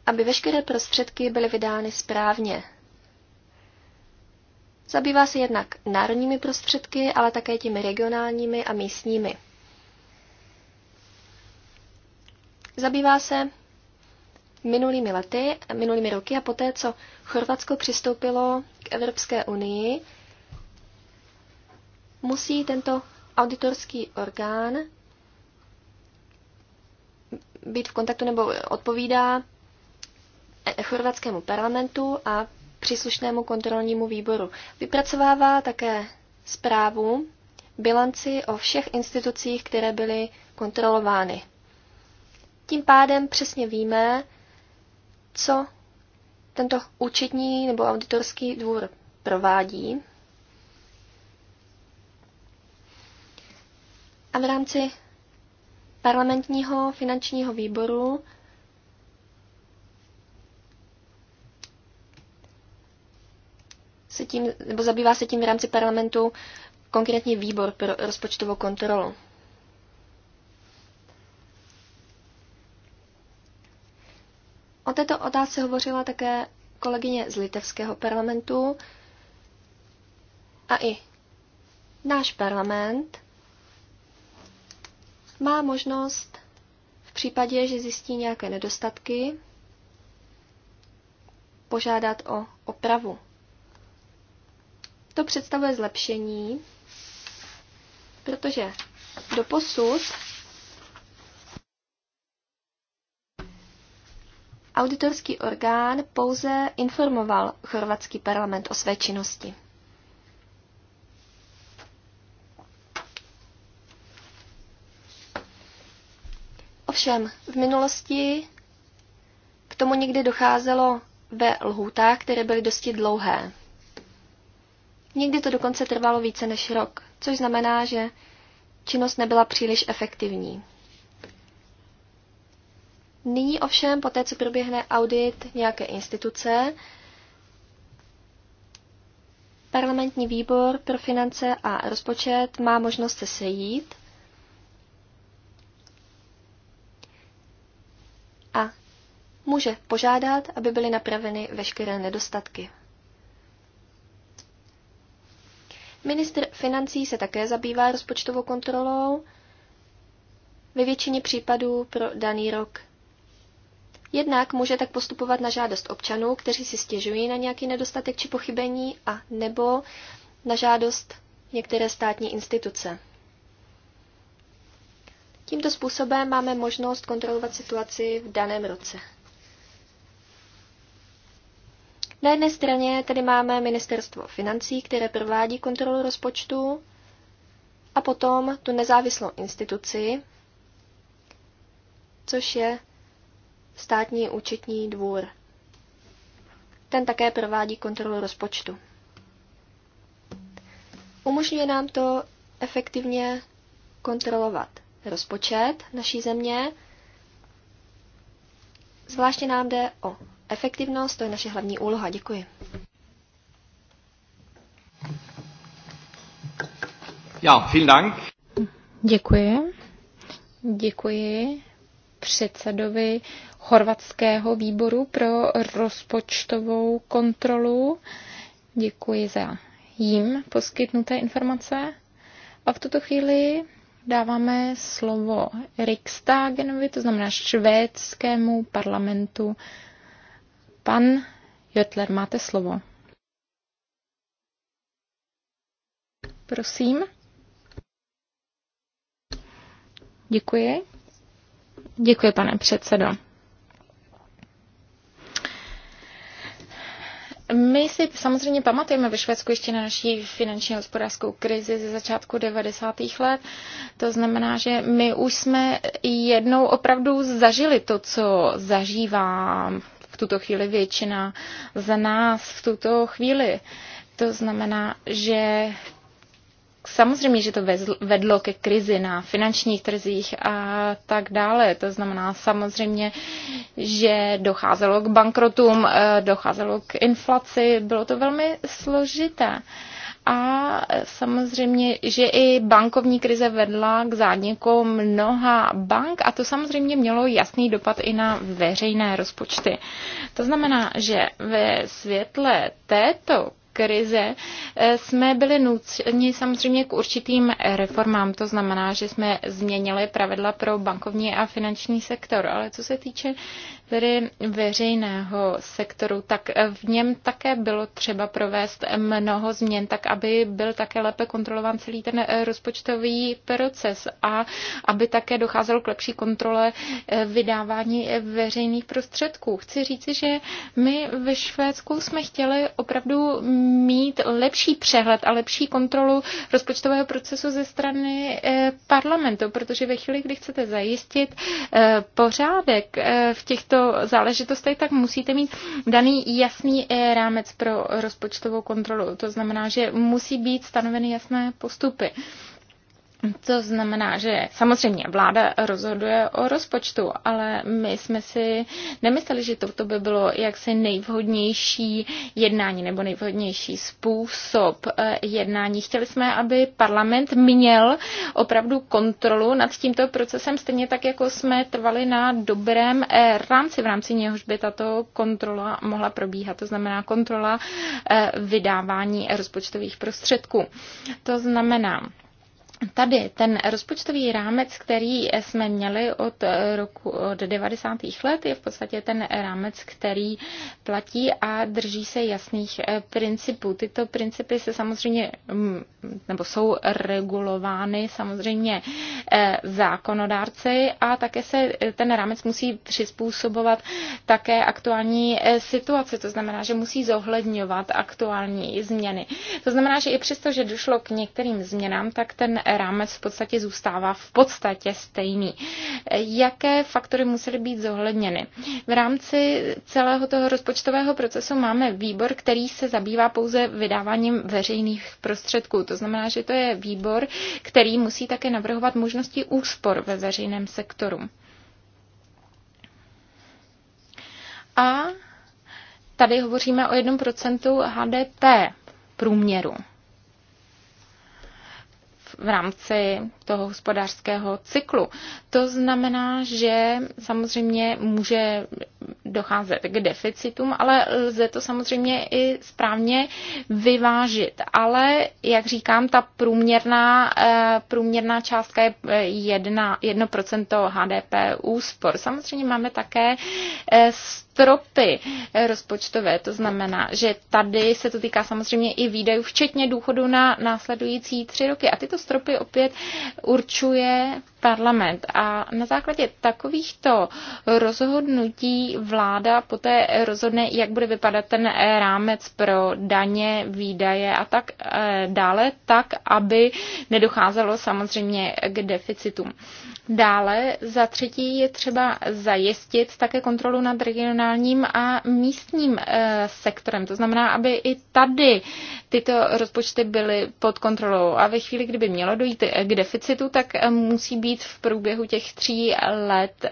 aby veškeré prostředky byly vydány správně. Zabývá se jednak národními prostředky, ale také těmi regionálními a místními. Zabývá se minulými lety, minulými roky a poté, co Chorvatsko přistoupilo k Evropské unii, musí tento auditorský orgán být v kontaktu nebo odpovídá chorvatskému parlamentu a příslušnému kontrolnímu výboru. Vypracovává také zprávu, bilanci o všech institucích, které byly kontrolovány. Tím pádem přesně víme, co tento účetní nebo auditorský dvůr provádí. A v rámci parlamentního finančního výboru se tím, nebo zabývá se tím v rámci parlamentu konkrétně výbor pro rozpočtovou kontrolu. O této otázce hovořila také kolegyně z litevského parlamentu a i náš parlament má možnost v případě, že zjistí nějaké nedostatky, požádat o opravu. To představuje zlepšení, protože do posud auditorský orgán pouze informoval chorvatský parlament o své činnosti. Ovšem, v minulosti k tomu někdy docházelo ve lhůtách, které byly dosti dlouhé. Někdy to dokonce trvalo více než rok, což znamená, že činnost nebyla příliš efektivní. Nyní ovšem, poté co proběhne audit nějaké instituce, parlamentní výbor pro finance a rozpočet má možnost se sejít a může požádat, aby byly napraveny veškeré nedostatky. Minister financí se také zabývá rozpočtovou kontrolou ve většině případů pro daný rok. Jednak může tak postupovat na žádost občanů, kteří si stěžují na nějaký nedostatek či pochybení, a nebo na žádost některé státní instituce. Tímto způsobem máme možnost kontrolovat situaci v daném roce. Na jedné straně tedy máme ministerstvo financí, které provádí kontrolu rozpočtu, a potom tu nezávislou instituci, což je státní účetní dvůr. Ten také provádí kontrolu rozpočtu. Umožňuje nám to efektivně kontrolovat rozpočet naší země. Zvláště nám jde o efektivnost, to je naše hlavní úloha. Děkuji. Ja, vielen Dank. Děkuji. Děkuji předsedovi Chorvatského výboru pro rozpočtovou kontrolu. Děkuji za jim poskytnuté informace. A v tuto chvíli dáváme slovo Riksdagenovi, to znamená švédskému parlamentu. Pan Jotler, máte slovo. Prosím. Děkuji. Děkuji, pane předsedo. My si samozřejmě pamatujeme ve Švédsku ještě na naší finanční hospodářskou krizi ze začátku 90. let. To znamená, že my už jsme jednou opravdu zažili to, co zažívá v tuto chvíli většina za nás v tuto chvíli. To znamená, že Samozřejmě, že to vedlo ke krizi na finančních trzích a tak dále. To znamená samozřejmě, že docházelo k bankrotům, eh, docházelo k inflaci, bylo to velmi složité. A samozřejmě, že i bankovní krize vedla k zániku mnoha bank a to samozřejmě mělo jasný dopad i na veřejné rozpočty. To znamená, že ve světle této krize eh, jsme byli nuceni samozřejmě k určitým reformám. To znamená, že jsme změnili pravidla pro bankovní a finanční sektor. Ale co se týče sektory veřejného sektoru, tak v něm také bylo třeba provést mnoho změn, tak aby byl také lépe kontrolován celý ten eh, rozpočtový proces a aby také docházelo k lepší kontrole eh, vydávání eh, veřejných prostředků. Chci říci, že my ve Švédsku jsme chtěli opravdu mít lepší přehled a lepší kontrolu rozpočtového procesu ze strany parlamentu, protože ve chvíli, kdy chcete zajistit pořádek v těchto záležitost, tak musíte mít daný jasný eh, rámec pro rozpočtovou kontrolu. To znamená, že musí být stanoveny jasné postupy. To znamená, že samozřejmě vláda rozhoduje o rozpočtu, ale my jsme si nemysleli, že toto by bylo jaksi nejvhodnější jednání nebo nejvhodnější způsob eh, jednání. Chtěli jsme, aby parlament měl opravdu kontrolu nad tímto procesem, stejně tak, jako jsme trvali na dobrém eh, rámci, v rámci něhož by tato kontrola mohla probíhat, to znamená kontrola eh, vydávání rozpočtových prostředků. To znamená, Tady ten rozpočtový rámec, který jsme měli od roku od 90. let, je v podstatě ten rámec, který platí a drží se jasných eh, principů. Tyto principy se samozřejmě, mm, nebo jsou regulovány samozřejmě eh, zákonodárci a také se eh, ten rámec musí přizpůsobovat také aktuální situaci. To znamená, že musí zohledňovat aktuální změny. To znamená, že i přesto, že došlo k některým změnám, tak ten rámec v podstatě zůstává v podstatě stejný. Jaké faktory musely být zohledněny? V rámci celého toho rozpočtového procesu máme výbor, který se zabývá pouze vydáváním veřejných prostředků. To znamená, že to je výbor, který musí také navrhovat možnosti úspor ve veřejném sektoru. A tady hovoříme o 1% HDP průměru v rámci toho hospodářského cyklu. To znamená, že samozřejmě může docházet k deficitům, ale lze to samozřejmě i správně vyvážit. Ale, jak říkám, ta průměrná, eh, průměrná částka je 1, 1% HDP úspor. Samozřejmě máme také eh, stropy rozpočtové, to znamená, že tady se to týká samozřejmě i výdajů, včetně důchodu na následující tři roky. A tyto stropy opět určuje parlament. A na základě takovýchto rozhodnutí vlád vláda poté rozhodne, jak bude vypadat ten eh, rámec pro daně, výdaje a tak eh, dále, tak, aby nedocházelo samozřejmě k deficitům. Dále za třetí je třeba zajistit také kontrolu nad regionálním a místním eh, sektorem. To znamená, aby i tady tyto rozpočty byly pod kontrolou. A ve chvíli, kdyby mělo dojít k deficitu, tak musí být v průběhu těch tří let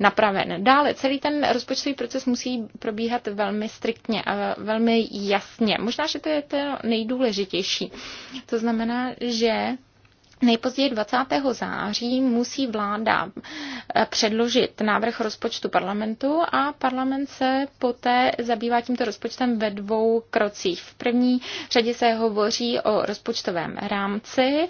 napraven. Dále celý ten rozpočtový proces musí probíhat velmi striktně a velmi jasně. Možná, že to je to nejdůležitější. To znamená, že Nejpozději 20. září musí vláda eh, předložit návrh rozpočtu parlamentu a parlament se poté zabývá tímto rozpočtem ve dvou krocích. V první řadě se hovoří o rozpočtovém rámci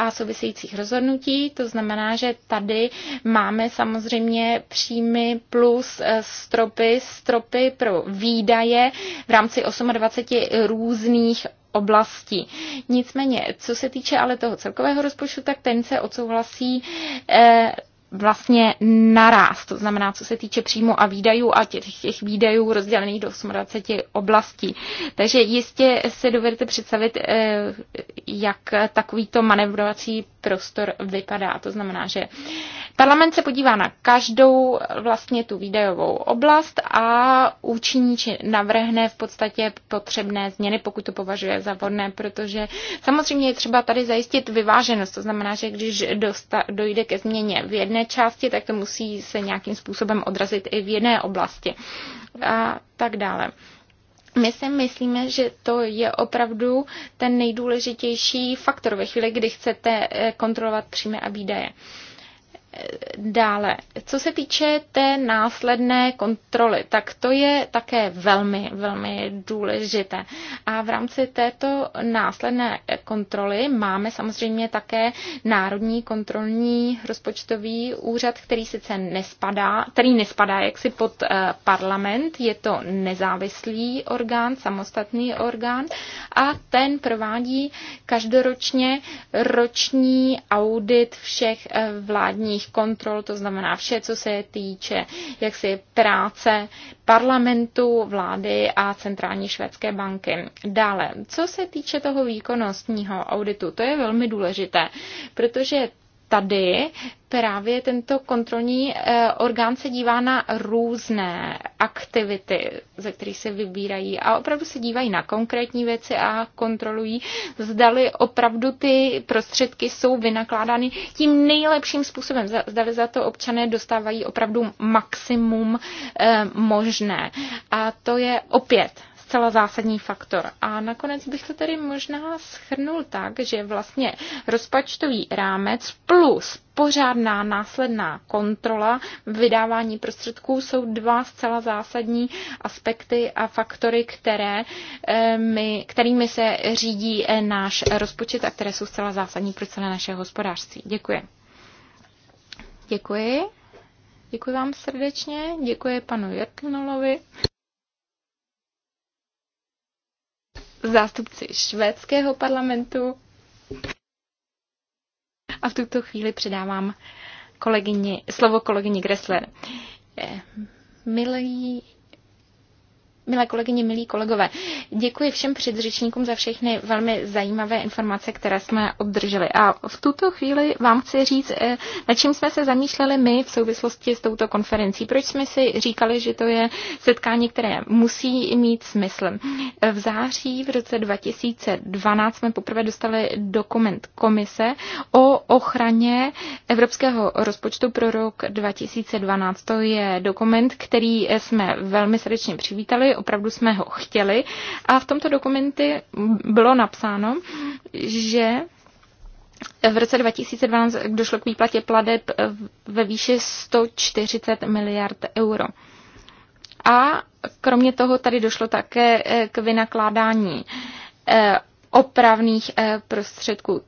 a souvisejících rozhodnutí. To znamená, že tady máme samozřejmě příjmy plus eh, stropy, stropy pro výdaje v rámci 28 různých oblastí. Nicméně, co se týče ale toho celkového rozpočtu, tak ten se odsouhlasí eh, vlastně naráz, to znamená, co se týče příjmu a výdajů a těch, těch výdajů rozdělených do 28 oblastí. Takže jistě si dovedete představit, eh, jak takovýto manevrovací prostor vypadá. To znamená, že parlament se podívá na každou vlastně tu výdajovou oblast a učiní či navrhne v podstatě potřebné změny, pokud to považuje za vhodné, protože samozřejmě je třeba tady zajistit vyváženost. To znamená, že když dosta, dojde ke změně v jedné části, tak to musí se nějakým způsobem odrazit i v jiné oblasti a tak dále. My si myslíme, že to je opravdu ten nejdůležitější faktor ve chvíli, kdy chcete eh, kontrolovat příjmy a výdaje. Dále, co se týče té následné kontroly, tak to je také velmi, velmi důležité. A v rámci této následné kontroly máme samozřejmě také Národní kontrolní rozpočtový úřad, který sice nespadá, který nespadá jaksi pod eh, parlament, je to nezávislý orgán, samostatný orgán a ten provádí každoročně roční audit všech eh, vládních parlamentních kontrol, to znamená vše, co se týče jaksi práce parlamentu, vlády a centrální švédské banky. Dále, co se týče toho výkonnostního auditu, to je velmi důležité, protože tady právě tento kontrolní eh, orgán se dívá na různé aktivity, ze kterých se vybírají a opravdu se dívají na konkrétní věci a kontrolují, zdali opravdu ty prostředky jsou vynakládány tím nejlepším způsobem, zdali za to občané dostávají opravdu maximum eh, možné. A to je opět zcela zásadní faktor. A nakonec bych to tedy možná schrnul tak, že vlastně rozpočtový rámec plus pořádná následná kontrola vydávání prostředků jsou dva zcela zásadní aspekty a faktory, které eh, my, kterými se řídí eh, náš rozpočet a které jsou zcela zásadní pro celé naše hospodářství. Děkuji. Děkuji. Děkuji vám srdečně, děkuji panu Jertlinolovi. zástupci švédského parlamentu. A v tuto chvíli předávám kolegyni, slovo kolegyni Gressler. Eh, milí milé kolegyně, milí kolegové, děkuji všem předřečníkům za všechny velmi zajímavé informace, které jsme obdrželi. A v tuto chvíli vám chci říct, eh, na čím jsme se zamýšleli my v souvislosti s touto konferencí. Proč jsme si říkali, že to je setkání, které musí mít smysl. V září v roce 2012 jsme poprvé dostali dokument komise o ochraně evropského rozpočtu pro rok 2012. To je dokument, který jsme velmi srdečně přivítali opravdu jsme ho chtěli. A v tomto dokumenty bylo napsáno, že v roce 2012 došlo k výplatě pladeb ve výši 140 miliard euro. A kromě toho tady došlo také eh, k vynakládání eh, opravných eh, prostředků.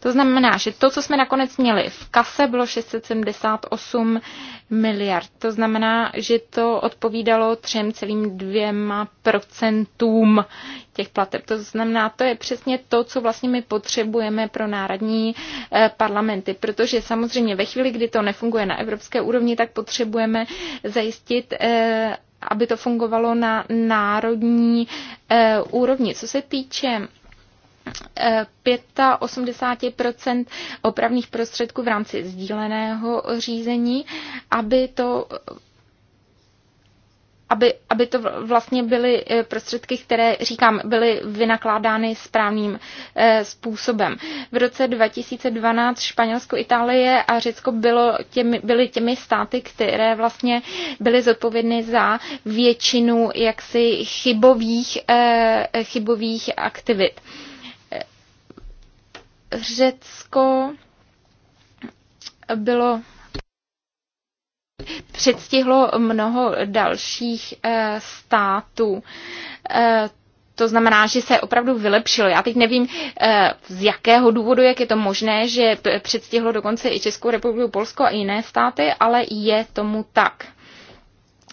To znamená, že to, co jsme nakonec měli v kase, bylo 678 miliard. To znamená, že to odpovídalo 3,2 procentům těch plateb. To znamená, to je přesně to, co vlastně my potřebujeme pro národní eh, parlamenty, protože samozřejmě ve chvíli, kdy to nefunguje na evropské úrovni, tak potřebujeme zajistit eh, aby to fungovalo na národní e, úrovni. Co se týče 85 eh, opravných prostředků v rámci sdíleného řízení, aby to aby, aby to vlastně byly eh, prostředky, které, říkám, byly vynakládány správným eh, způsobem. V roce 2012 Španělsko, Itálie a Řecko bylo těmi, byly těmi státy, které vlastně byly zodpovědny za většinu jaksi chybových, chybových aktivit. Řecko bylo předstihlo mnoho dalších eh, států. Eh, to znamená, že se opravdu vylepšilo. Já teď nevím, eh, z jakého důvodu, jak je to možné, že předstihlo dokonce i Českou republiku, Polsko a jiné státy, ale je tomu tak.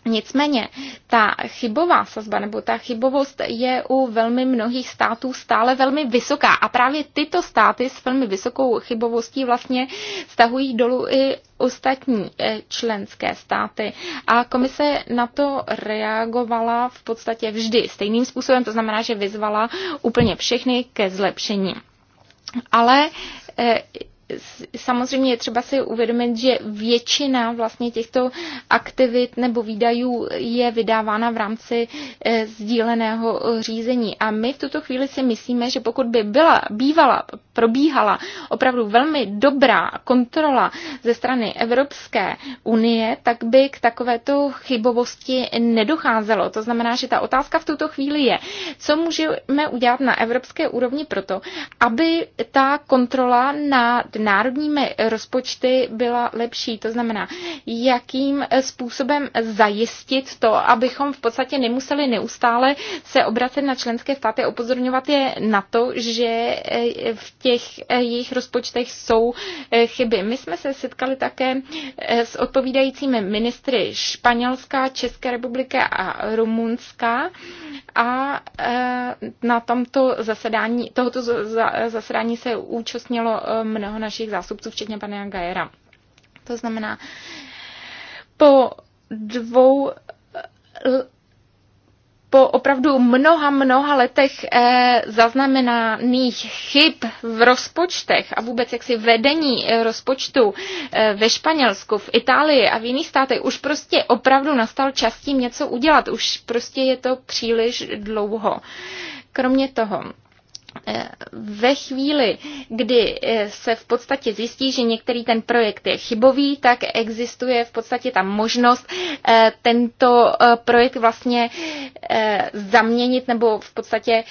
Nicméně ta chybová sazba nebo ta chybovost je u velmi mnohých států stále velmi vysoká a právě tyto státy s velmi vysokou chybovostí vlastně stahují dolů i ostatní eh, členské státy. A komise na to reagovala v podstatě vždy stejným způsobem, to znamená, že vyzvala úplně všechny ke zlepšení. Ale eh, samozřejmě je třeba si uvědomit, že většina vlastně těchto aktivit nebo výdajů je vydávána v rámci eh, sdíleného řízení. A my v tuto chvíli si myslíme, že pokud by byla, bývala, probíhala opravdu velmi dobrá kontrola ze strany Evropské unie, tak by k takovéto chybovosti nedocházelo. To znamená, že ta otázka v tuto chvíli je, co můžeme udělat na evropské úrovni proto, aby ta kontrola na národními rozpočty byla lepší. To znamená, jakým způsobem zajistit to, abychom v podstatě nemuseli neustále se obracet na členské státy a upozorňovat je na to, že eh, v těch eh, jejich rozpočtech jsou eh, chyby. My jsme se setkali také s odpovídajícími ministry Španělská, České republiky a Rumunská a na tomto zasedání, tohoto zasedání se účastnilo mnoho našich zástupců, včetně pana Gajera. To znamená, po dvou po opravdu mnoha, mnoha letech eh, zaznamenaných chyb v rozpočtech a vůbec jaksi vedení eh, rozpočtu eh, ve Španělsku, v Itálii a v jiných státech už prostě opravdu nastal čas tím něco udělat. Už prostě je to příliš dlouho. Kromě toho, Eh, ve chvíli, kdy eh, se v podstatě zjistí, že některý ten projekt je chybový, tak existuje v podstatě ta možnost eh, tento projekt vlastně zaměnit nebo v podstatě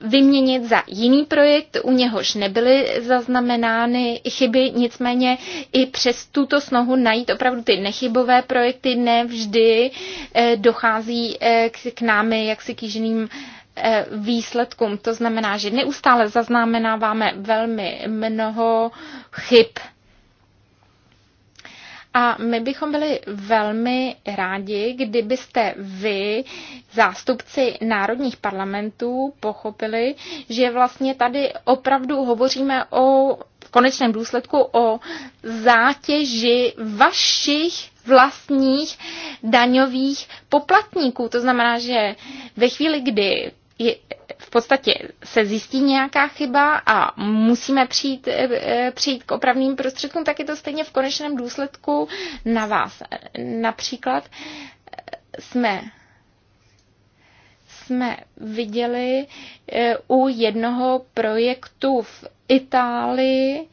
vyměnit za jiný projekt, u něhož nebyly zaznamenány chyby, nicméně i přes tuto snohu najít opravdu ty nechybové projekty nevždy dochází k námi jaksi kýženým Eh, výsledkům. To znamená, že neustále zaznamenáváme velmi mnoho chyb. A my bychom byli velmi rádi, kdybyste vy, zástupci národních parlamentů, pochopili, že vlastně tady opravdu hovoříme o v konečném důsledku o zátěži vašich vlastních daňových poplatníků. To znamená, že ve chvíli, kdy je, v podstatě se zjistí nějaká chyba a musíme přijít, eh, přijít k opravným prostředkům, tak je to stejně v konečném důsledku na vás. Například eh, jsme jsme viděli eh, u jednoho projektu v Itálii,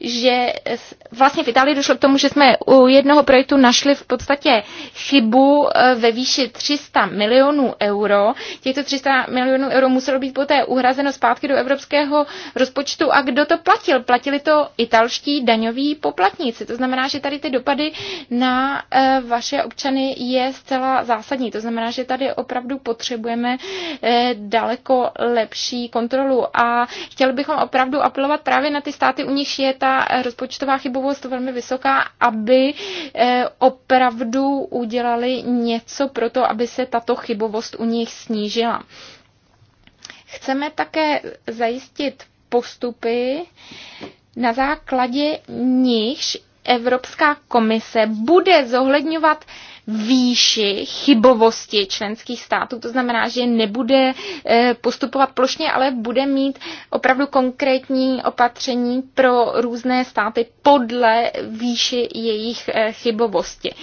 že vlastně v Itálii došlo k tomu, že jsme u jednoho projektu našli v podstatě chybu eh, ve výši 300 milionů euro. Těchto 300 milionů euro muselo být poté uhrazeno zpátky do evropského rozpočtu. A kdo to platil? Platili to italští daňoví poplatníci. To znamená, že tady ty dopady na eh, vaše občany je zcela zásadní. To znamená, že tady opravdu potřebujeme eh, daleko lepší kontrolu. A chtěli bychom opravdu apelovat právě na ty státy, u nich je ta ta eh, rozpočtová chybovost velmi vysoká, aby eh, opravdu udělali něco pro to, aby se tato chybovost u nich snížila. Chceme také zajistit postupy, na základě nichž Evropská komise bude zohledňovat výši chybovosti členských států. To znamená, že nebude eh, postupovat plošně, ale bude mít opravdu konkrétní opatření pro různé státy podle výši jejich eh, chybovosti.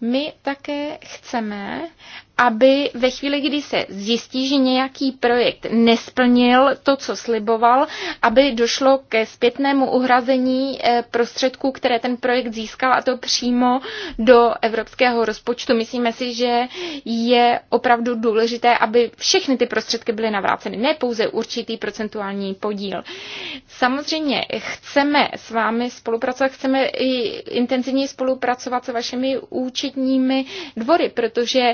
My také chceme, aby ve chvíli, kdy se zjistí, že nějaký projekt nesplnil to, co sliboval, aby došlo ke zpětnému uhrazení eh, prostředků, které ten projekt získal, a to přímo do evropského rozpočtu. Myslíme si, že je opravdu důležité, aby všechny ty prostředky byly navráceny, ne pouze určitý procentuální podíl. Samozřejmě chceme s vámi spolupracovat, chceme i intenzivně spolupracovat s vašimi účetními dvory, protože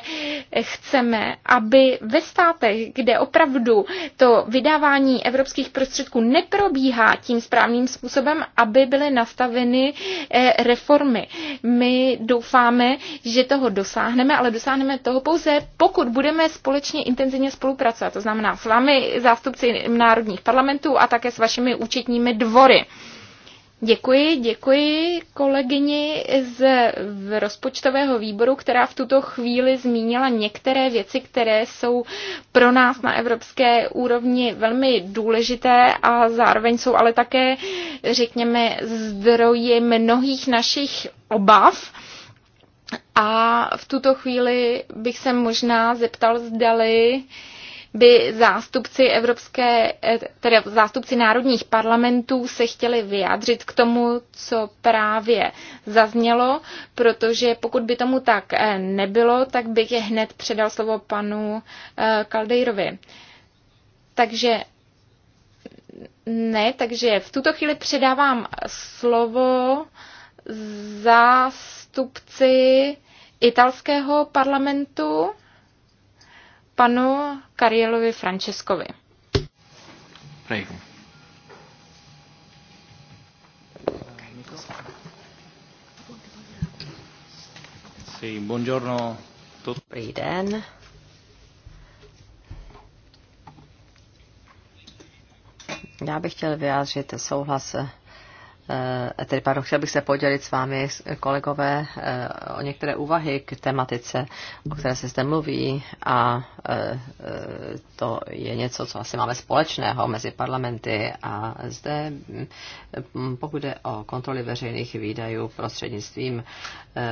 chceme, aby ve státech, kde opravdu to vydávání evropských prostředků neprobíhá tím správným způsobem, aby byly nastaveny eh, reformy. My doufáme, že toho dosáhneme, ale dosáhneme toho pouze, pokud budeme společně intenzivně spolupracovat. To znamená s vámi, zástupci národních parlamentů a také s vašimi účetními dvory. Děkuji, děkuji kolegyni z rozpočtového výboru, která v tuto chvíli zmínila některé věci, které jsou pro nás na evropské úrovni velmi důležité a zároveň jsou ale také, řekněme, zdroji mnohých našich obav. A v tuto chvíli bych se možná zeptal, zdali uh, by zástupci evropské, eh, tedy zástupci národních parlamentů se chtěli vyjádřit k tomu, co právě zaznělo, protože pokud by tomu tak eh, nebylo, tak bych je hned předal slovo panu eh, Kaldejrovi. Takže ne, takže v tuto chvíli předávám slovo zástupci italského parlamentu panu Karielovi Franceskovi. Prejku. buongiorno. Dobrý den. Já bych chtěl vyjádřit souhlas Eh, tedy pardon, chtěl bych se podělit s vámi, kolegové, eh, o některé úvahy k tematice, o které se zde mluví a eh, to je něco, co asi máme společného mezi parlamenty a zde, hm, pokud jde o kontroly veřejných výdajů prostřednictvím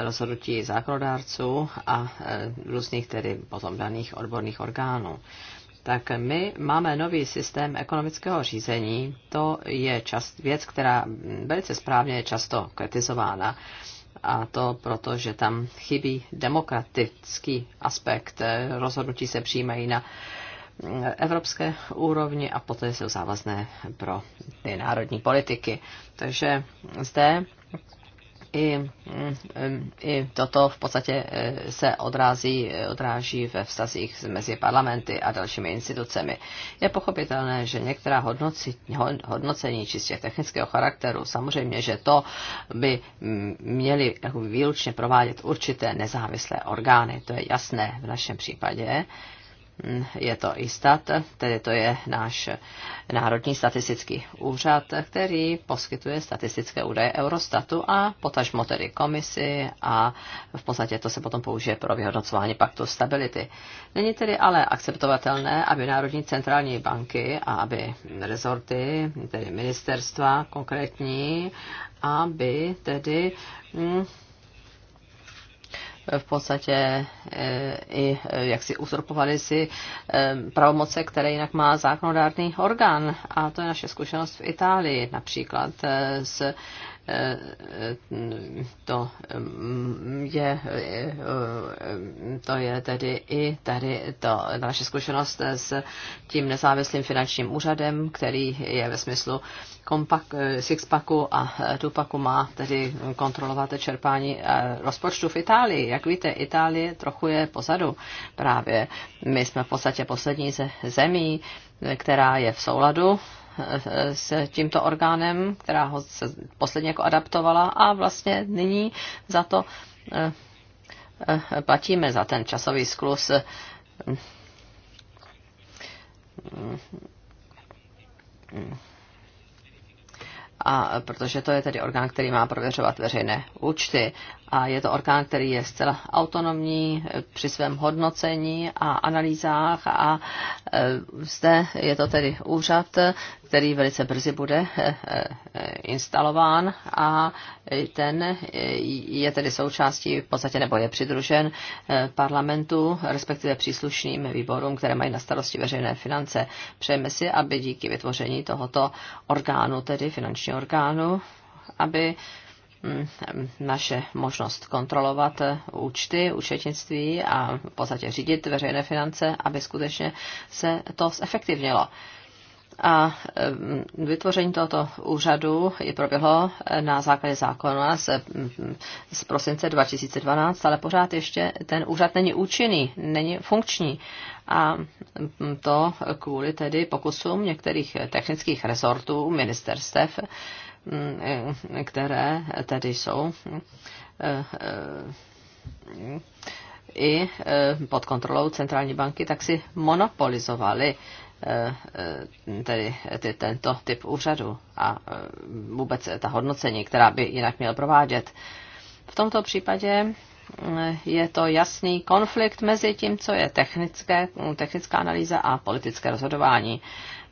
rozhodnutí zákonodárců a různých tedy potom daných odborných orgánů tak my máme nový systém ekonomického řízení. To je čas, věc, která velice správně je často kritizována. A to proto, že tam chybí demokratický aspekt. Rozhodnutí se přijímají na evropské úrovni a poté jsou závazné pro ty národní politiky. Takže zde i, mm, i toto v podstatě e, se odrází, e, odráží ve vztazích mezi parlamenty a dalšími institucemi. Je pochopitelné, že některá hodnocení, hodnocení čistě technického charakteru, samozřejmě, že to by mm, měly výlučně provádět určité nezávislé orgány, to je jasné v našem případě je to ISTAT, tedy to je náš Národní statistický úřad, který poskytuje statistické údaje Eurostatu a potažmo tedy komisi a v podstatě to se potom použije pro vyhodnocování paktu stability. Není tedy ale akceptovatelné, aby Národní centrální banky a aby rezorty, tedy ministerstva konkrétní, aby tedy mm, v podstatě eh, i eh, jak si uzurpovali si eh, pravomoce, které jinak má zákonodárný orgán. A to je naše zkušenost v Itálii například s to je, to je tedy i tady to, naše zkušenost s tím nezávislým finančním úřadem, který je ve smyslu kompak, sixpacku a tupaku má tedy kontrolovat čerpání eh, rozpočtu v Itálii. Jak víte, Itálie trochu je pozadu právě. My jsme v podstatě poslední ze zemí, která je v souladu s tímto orgánem, která ho se posledně jako adaptovala a vlastně nyní za to eh, eh, platíme za ten časový sklus a protože to je tedy orgán, který má prověřovat veřejné účty a je to orgán, který je zcela autonomní eh, při svém hodnocení a analýzách a eh, zde je to tedy úřad, který velice brzy bude eh, instalován a ten je tedy součástí v podstatě nebo je přidružen parlamentu, respektive příslušným výborům, které mají na starosti veřejné finance. Přejeme si, aby díky vytvoření tohoto orgánu, tedy finančního orgánu, aby Mm, naše možnost kontrolovat eh, účty, účetnictví a v podstatě řídit veřejné finance, aby skutečně se to zefektivnilo. A mm, vytvoření tohoto úřadu je proběhlo eh, na základě zákona z, mm, z prosince 2012, ale pořád ještě ten úřad není účinný, není funkční. A to kvůli tedy pokusům některých technických rezortů, ministerstev, Eh, které tedy jsou eh, eh, i pod kontrolou centrální banky, tak si monopolizovali tedy ty, tento typ úřadu a vůbec ta hodnocení, která by jinak měl provádět. V tomto případě je to jasný konflikt mezi tím, co je technické, technická analýza a politické rozhodování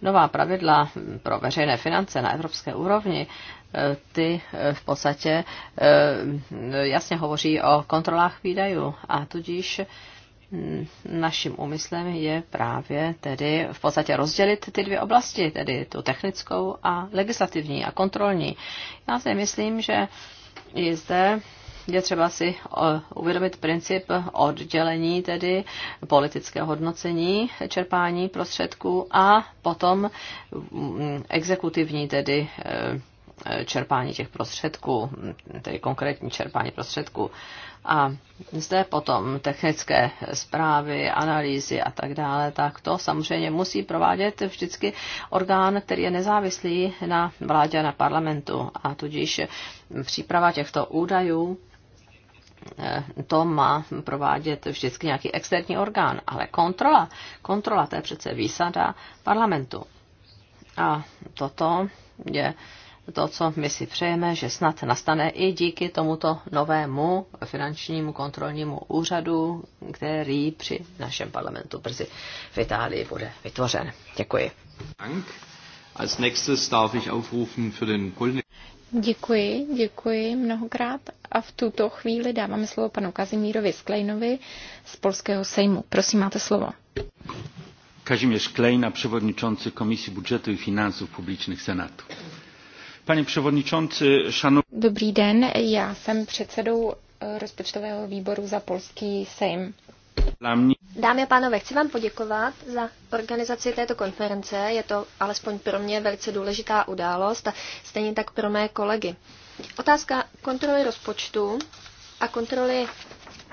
nová pravidla pro veřejné finance na evropské úrovni, e, ty e, v podstatě e, jasně hovoří o kontrolách výdajů a tudíž naším úmyslem je právě tedy v podstatě rozdělit ty dvě oblasti, tedy tu technickou a legislativní a kontrolní. Já si myslím, že i zde je třeba si eh, uvědomit princip oddělení, tedy politického hodnocení čerpání prostředků a potom mm, exekutivní, tedy eh, čerpání těch prostředků, mm, tedy konkrétní čerpání prostředků. A zde potom technické zprávy, analýzy a tak dále, tak to samozřejmě musí provádět vždycky orgán, který je nezávislý na vládě a na parlamentu. A tudíž příprava těchto údajů Eh, to má provádět vždycky nějaký externí orgán, ale kontrola, kontrola to je přece výsada parlamentu. A toto je to, co my si přejeme, že snad nastane i díky tomuto novému finančnímu kontrolnímu úřadu, který při našem parlamentu brzy v Itálii bude vytvořen. Děkuji. Dank. Als nächstes darf ich aufrufen für den Děkuji, děkuji mnohokrát a v tuto chvíli dáváme slovo panu Kazimírovi Sklejnovi z Polského sejmu. Prosím, máte slovo. Kazimierz Klejna, przewodniczący Komisji Budżetu i Finansów Publicznych Senatu. Panie przewodniczący, szanowny... Dobrý den, já jsem předsedou e, rozpočtového výboru za polský sejm. Dla mnie... Dámy a pánové, chci vám poděkovat za organizaci této konference. Je to alespoň pro mě velice důležitá událost a stejně tak pro mé kolegy. Otázka kontroly rozpočtu a kontroly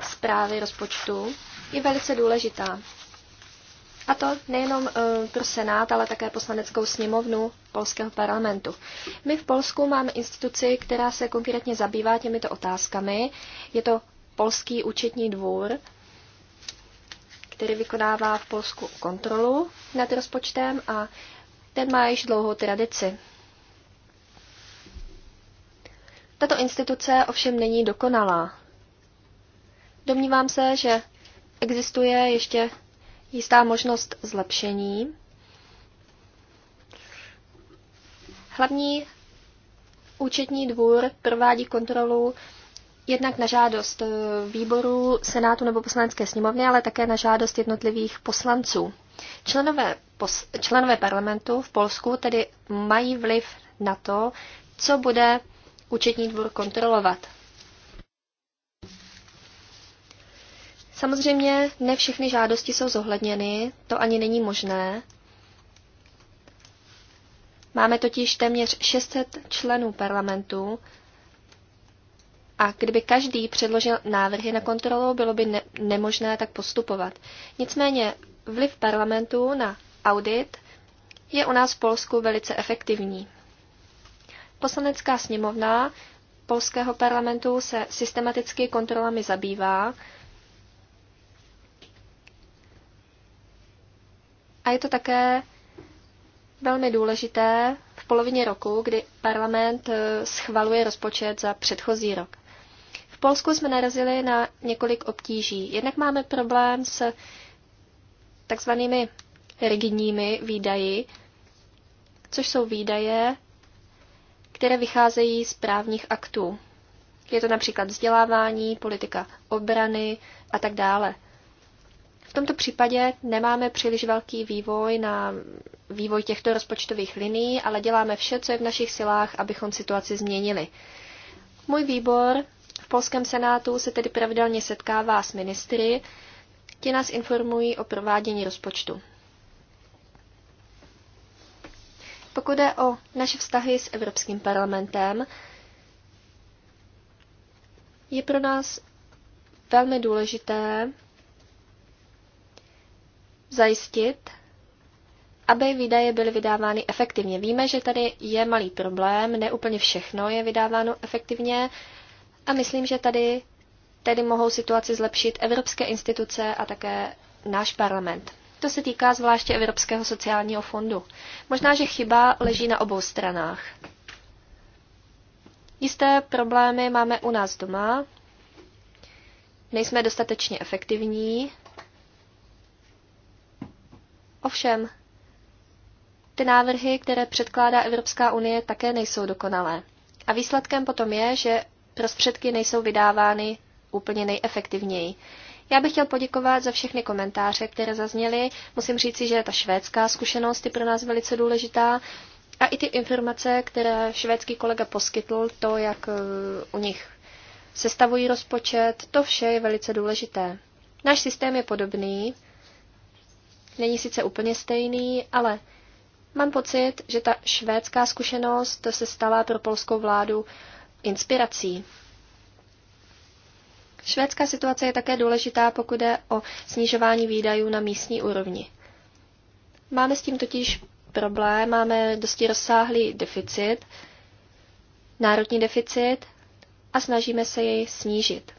zprávy rozpočtu je velice důležitá. A to nejenom eh, pro Senát, ale také poslaneckou sněmovnu polského parlamentu. My v Polsku máme instituci, která se konkrétně zabývá těmito otázkami. Je to Polský účetní dvůr, který vykonává v Polsku kontrolu nad rozpočtem a ten má již dlouhou tradici. Tato instituce ovšem není dokonalá. Domnívám se, že existuje ještě jistá možnost zlepšení. Hlavní účetní dvůr provádí kontrolu jednak na žádost eh, výboru, senátu nebo poslanecké sněmovny, ale také na žádost jednotlivých poslanců. Členové, pos, členové parlamentu v Polsku tedy mají vliv na to, co bude účetní dvůr kontrolovat. Samozřejmě ne všechny žádosti jsou zohledněny, to ani není možné. Máme totiž téměř 600 členů parlamentu, a kdyby každý předložil návrhy na kontrolu, bylo by ne- nemožné tak postupovat. Nicméně vliv parlamentu na audit je u nás v Polsku velice efektivní. Poslanecká sněmovna polského parlamentu se systematicky kontrolami zabývá a je to také velmi důležité v polovině roku, kdy parlament eh, schvaluje rozpočet za předchozí rok. Polsku jsme narazili na několik obtíží. Jednak máme problém s takzvanými rigidními výdaji, což jsou výdaje, které vycházejí z právních aktů. Je to například vzdělávání, politika obrany a tak dále. V tomto případě nemáme příliš velký vývoj na vývoj těchto rozpočtových linií, ale děláme vše, co je v našich silách, abychom situaci změnili. Můj výbor polském senátu se tedy pravidelně setkává s ministry, ti nás informují o provádění rozpočtu. Pokud je o naše vztahy s Evropským parlamentem, je pro nás velmi důležité zajistit, aby výdaje byly vydávány efektivně. Víme, že tady je malý problém, ne úplně všechno je vydáváno efektivně, a myslím, že tady tedy mohou situaci zlepšit evropské instituce a také náš parlament. To se týká zvláště Evropského sociálního fondu. Možná, že chyba leží na obou stranách. Jisté problémy máme u nás doma. Nejsme dostatečně efektivní. Ovšem, ty návrhy, které předkládá Evropská unie, také nejsou dokonalé. A výsledkem potom je, že prostředky nejsou vydávány úplně nejefektivněji. Já bych chtěl poděkovat za všechny komentáře, které zazněly. Musím říci, že ta švédská zkušenost je pro nás velice důležitá. A i ty informace, které švédský kolega poskytl, to, jak eh, u nich sestavují rozpočet, to vše je velice důležité. Náš systém je podobný, není sice úplně stejný, ale mám pocit, že ta švédská zkušenost se stala pro polskou vládu inspirací. Švédská situace je také důležitá, pokud jde o snižování výdajů na místní úrovni. Máme s tím totiž problém, máme dosti rozsáhlý deficit, národní deficit a snažíme se jej snížit.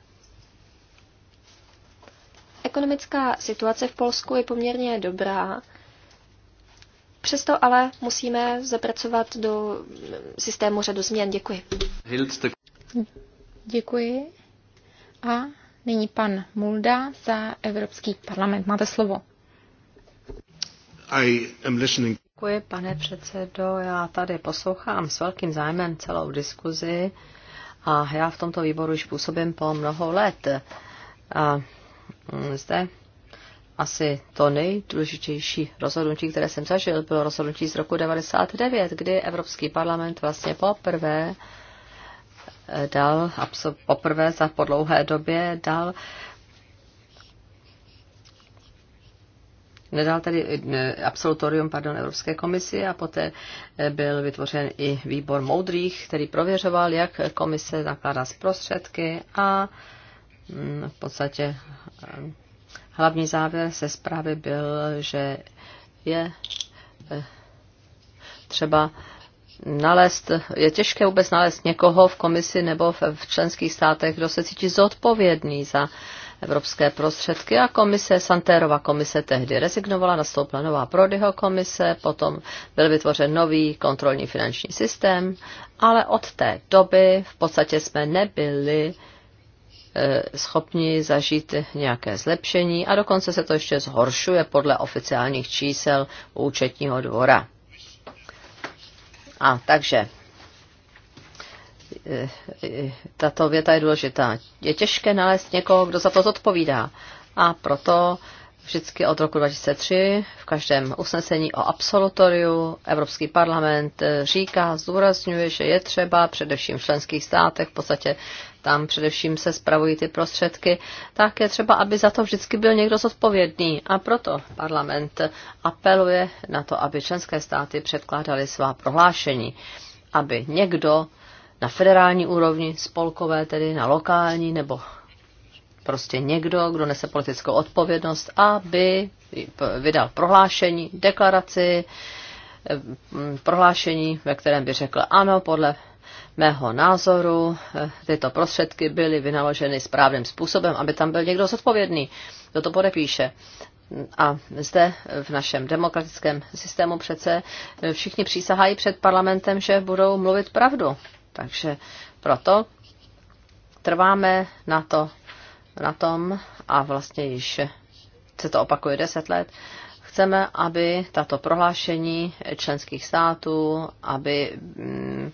Ekonomická situace v Polsku je poměrně dobrá, Přesto ale musíme zapracovat do systému řadu změn. Děkuji. Děkuji. A nyní pan Mulda za Evropský parlament. Máte slovo. I am listening. Děkuji, pane předsedo. Já tady poslouchám s velkým zájmem celou diskuzi a já v tomto výboru už působím po mnoho let. A mm, zde asi to nejdůležitější rozhodnutí, které jsem zažil, bylo rozhodnutí z roku 99, kdy Evropský parlament vlastně poprvé eh, dal, poprvé za podlouhé době dal nedal tedy eh, absolutorium pardon, Evropské komisi a poté eh, byl vytvořen i výbor moudrých, který prověřoval, jak komise nakládá z prostředky a mm, v podstatě Hlavní závěr se zprávy byl, že je eh, třeba nalézt, je těžké vůbec nalézt někoho v komisi nebo v členských státech, kdo se cítí zodpovědný za evropské prostředky a komise, Santérova komise tehdy rezignovala, nastoupila nová Prodyho komise, potom byl vytvořen nový kontrolní finanční systém, ale od té doby v podstatě jsme nebyli Eh, schopni zažít nějaké zlepšení a dokonce se to ještě zhoršuje podle oficiálních čísel účetního dvora. A takže eh, tato věta je důležitá. Je těžké nalézt někoho, kdo za to zodpovídá. A proto vždycky od roku 2003 v každém usnesení o absolutoriu Evropský parlament eh, říká, zdůrazňuje, že je třeba především v členských státech v podstatě tam především se spravují ty prostředky, tak je třeba, aby za to vždycky byl někdo zodpovědný. A proto parlament apeluje na to, aby členské státy předkládaly svá prohlášení, aby někdo na federální úrovni, spolkové tedy, na lokální nebo prostě někdo, kdo nese politickou odpovědnost, aby vydal prohlášení, deklaraci, eh, prohlášení, ve kterém by řekl ano, podle mého názoru eh, tyto prostředky byly vynaloženy správným způsobem, aby tam byl někdo zodpovědný, kdo to podepíše. A zde v našem demokratickém systému přece eh, všichni přísahají před parlamentem, že budou mluvit pravdu. Takže proto trváme na, to, na tom a vlastně již se to opakuje deset let, chceme, aby tato prohlášení členských států, aby mm,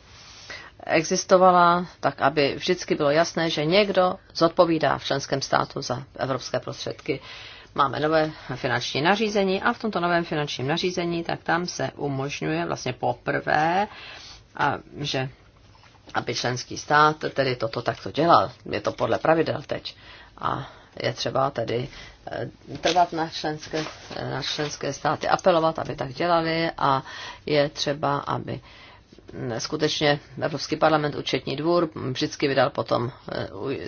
existovala, tak aby vždycky bylo jasné, že někdo zodpovídá v členském státu za evropské prostředky. Máme nové finanční nařízení a v tomto novém finančním nařízení, tak tam se umožňuje vlastně poprvé, a, že aby členský stát tedy toto takto dělal. Je to podle pravidel teď. A je třeba tedy eh, trvat na členské, na členské státy, apelovat, aby tak dělali a je třeba, aby skutečně Evropský parlament, účetní dvůr vždycky vydal potom eh,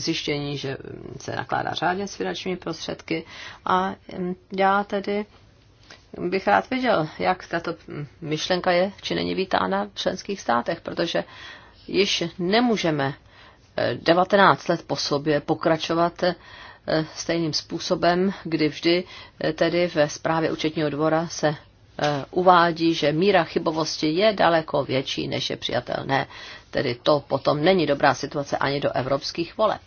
zjištění, že se nakládá řádně s finančními prostředky a hm, já tedy bych rád věděl, jak tato myšlenka je, či není vítána v členských státech, protože již nemůžeme 19 eh, let po sobě pokračovat eh, stejným způsobem, kdy vždy tedy ve zprávě účetního dvora se Eh, uvádí, že míra chybovosti je daleko větší, než je přijatelné. Tedy to potom není dobrá situace ani do evropských voleb.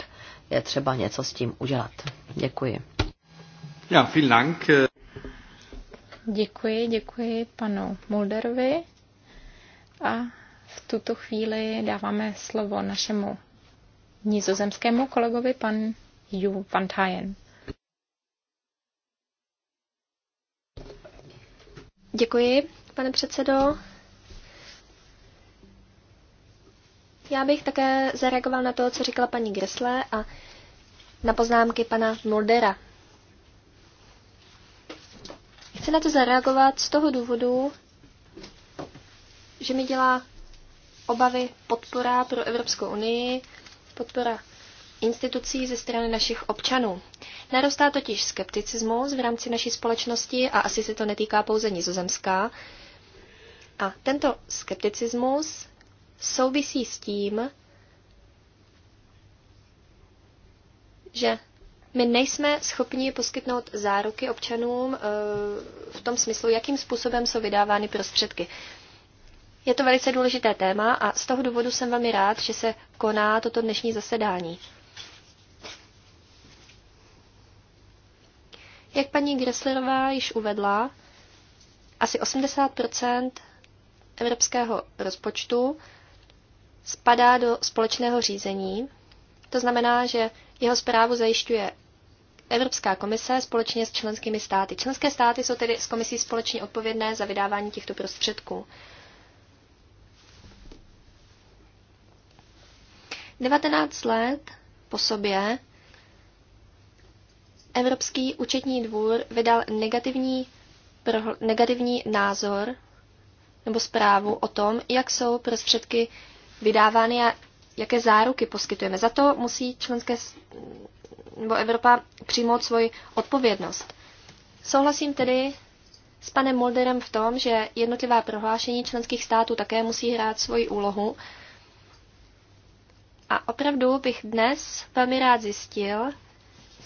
Je třeba něco s tím udělat. Děkuji. Ja, vielen Dank. Děkuji, děkuji panu Mulderovi. A v tuto chvíli dáváme slovo našemu nizozemskému kolegovi, pan Ju van Tyen. Děkuji, pane předsedo. Já bych také zareagoval na to, co říkala paní Gresle a na poznámky pana Muldera. Chci na to zareagovat z toho důvodu, že mi dělá obavy podpora pro Evropskou unii, podpora institucí ze strany našich občanů. Narostá totiž skepticismus v rámci naší společnosti a asi se to netýká pouze nizozemská. A tento skepticismus souvisí s tím, že my nejsme schopni poskytnout záruky občanům eh, v tom smyslu, jakým způsobem jsou vydávány prostředky. Je to velice důležité téma a z toho důvodu jsem velmi rád, že se koná toto dnešní zasedání. Jak paní Gresslerová již uvedla, asi 80 evropského rozpočtu spadá do společného řízení. To znamená, že jeho zprávu zajišťuje Evropská komise společně s členskými státy. Členské státy jsou tedy s komisí společně odpovědné za vydávání těchto prostředků. 19 let po sobě Evropský účetní dvůr vydal negativní, prohl, negativní názor nebo zprávu o tom, jak jsou prostředky vydávány a jaké záruky poskytujeme. Za to musí členské nebo Evropa přijmout svoji odpovědnost. Souhlasím tedy s panem Mulderem v tom, že jednotlivá prohlášení členských států také musí hrát svoji úlohu. A opravdu bych dnes velmi rád zjistil,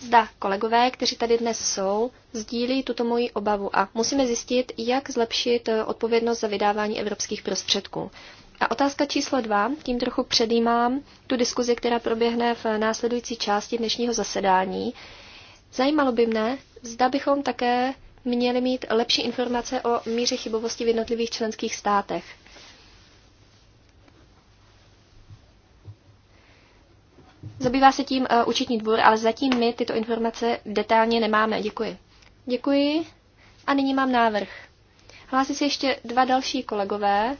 zda kolegové, kteří tady dnes jsou, sdílí tuto moji obavu a musíme zjistit, jak zlepšit eh, odpovědnost za vydávání evropských prostředků. A otázka číslo dva, tím trochu předjímám tu diskuzi, která proběhne v následující části dnešního zasedání. Zajímalo by mne, zda bychom také měli mít lepší informace o míře chybovosti v jednotlivých členských státech. Zabývá se tím uh, účetní dvůr, ale zatím my tyto informace detailně nemáme. Děkuji. Děkuji. A nyní mám návrh. Hlásí se ještě dva další kolegové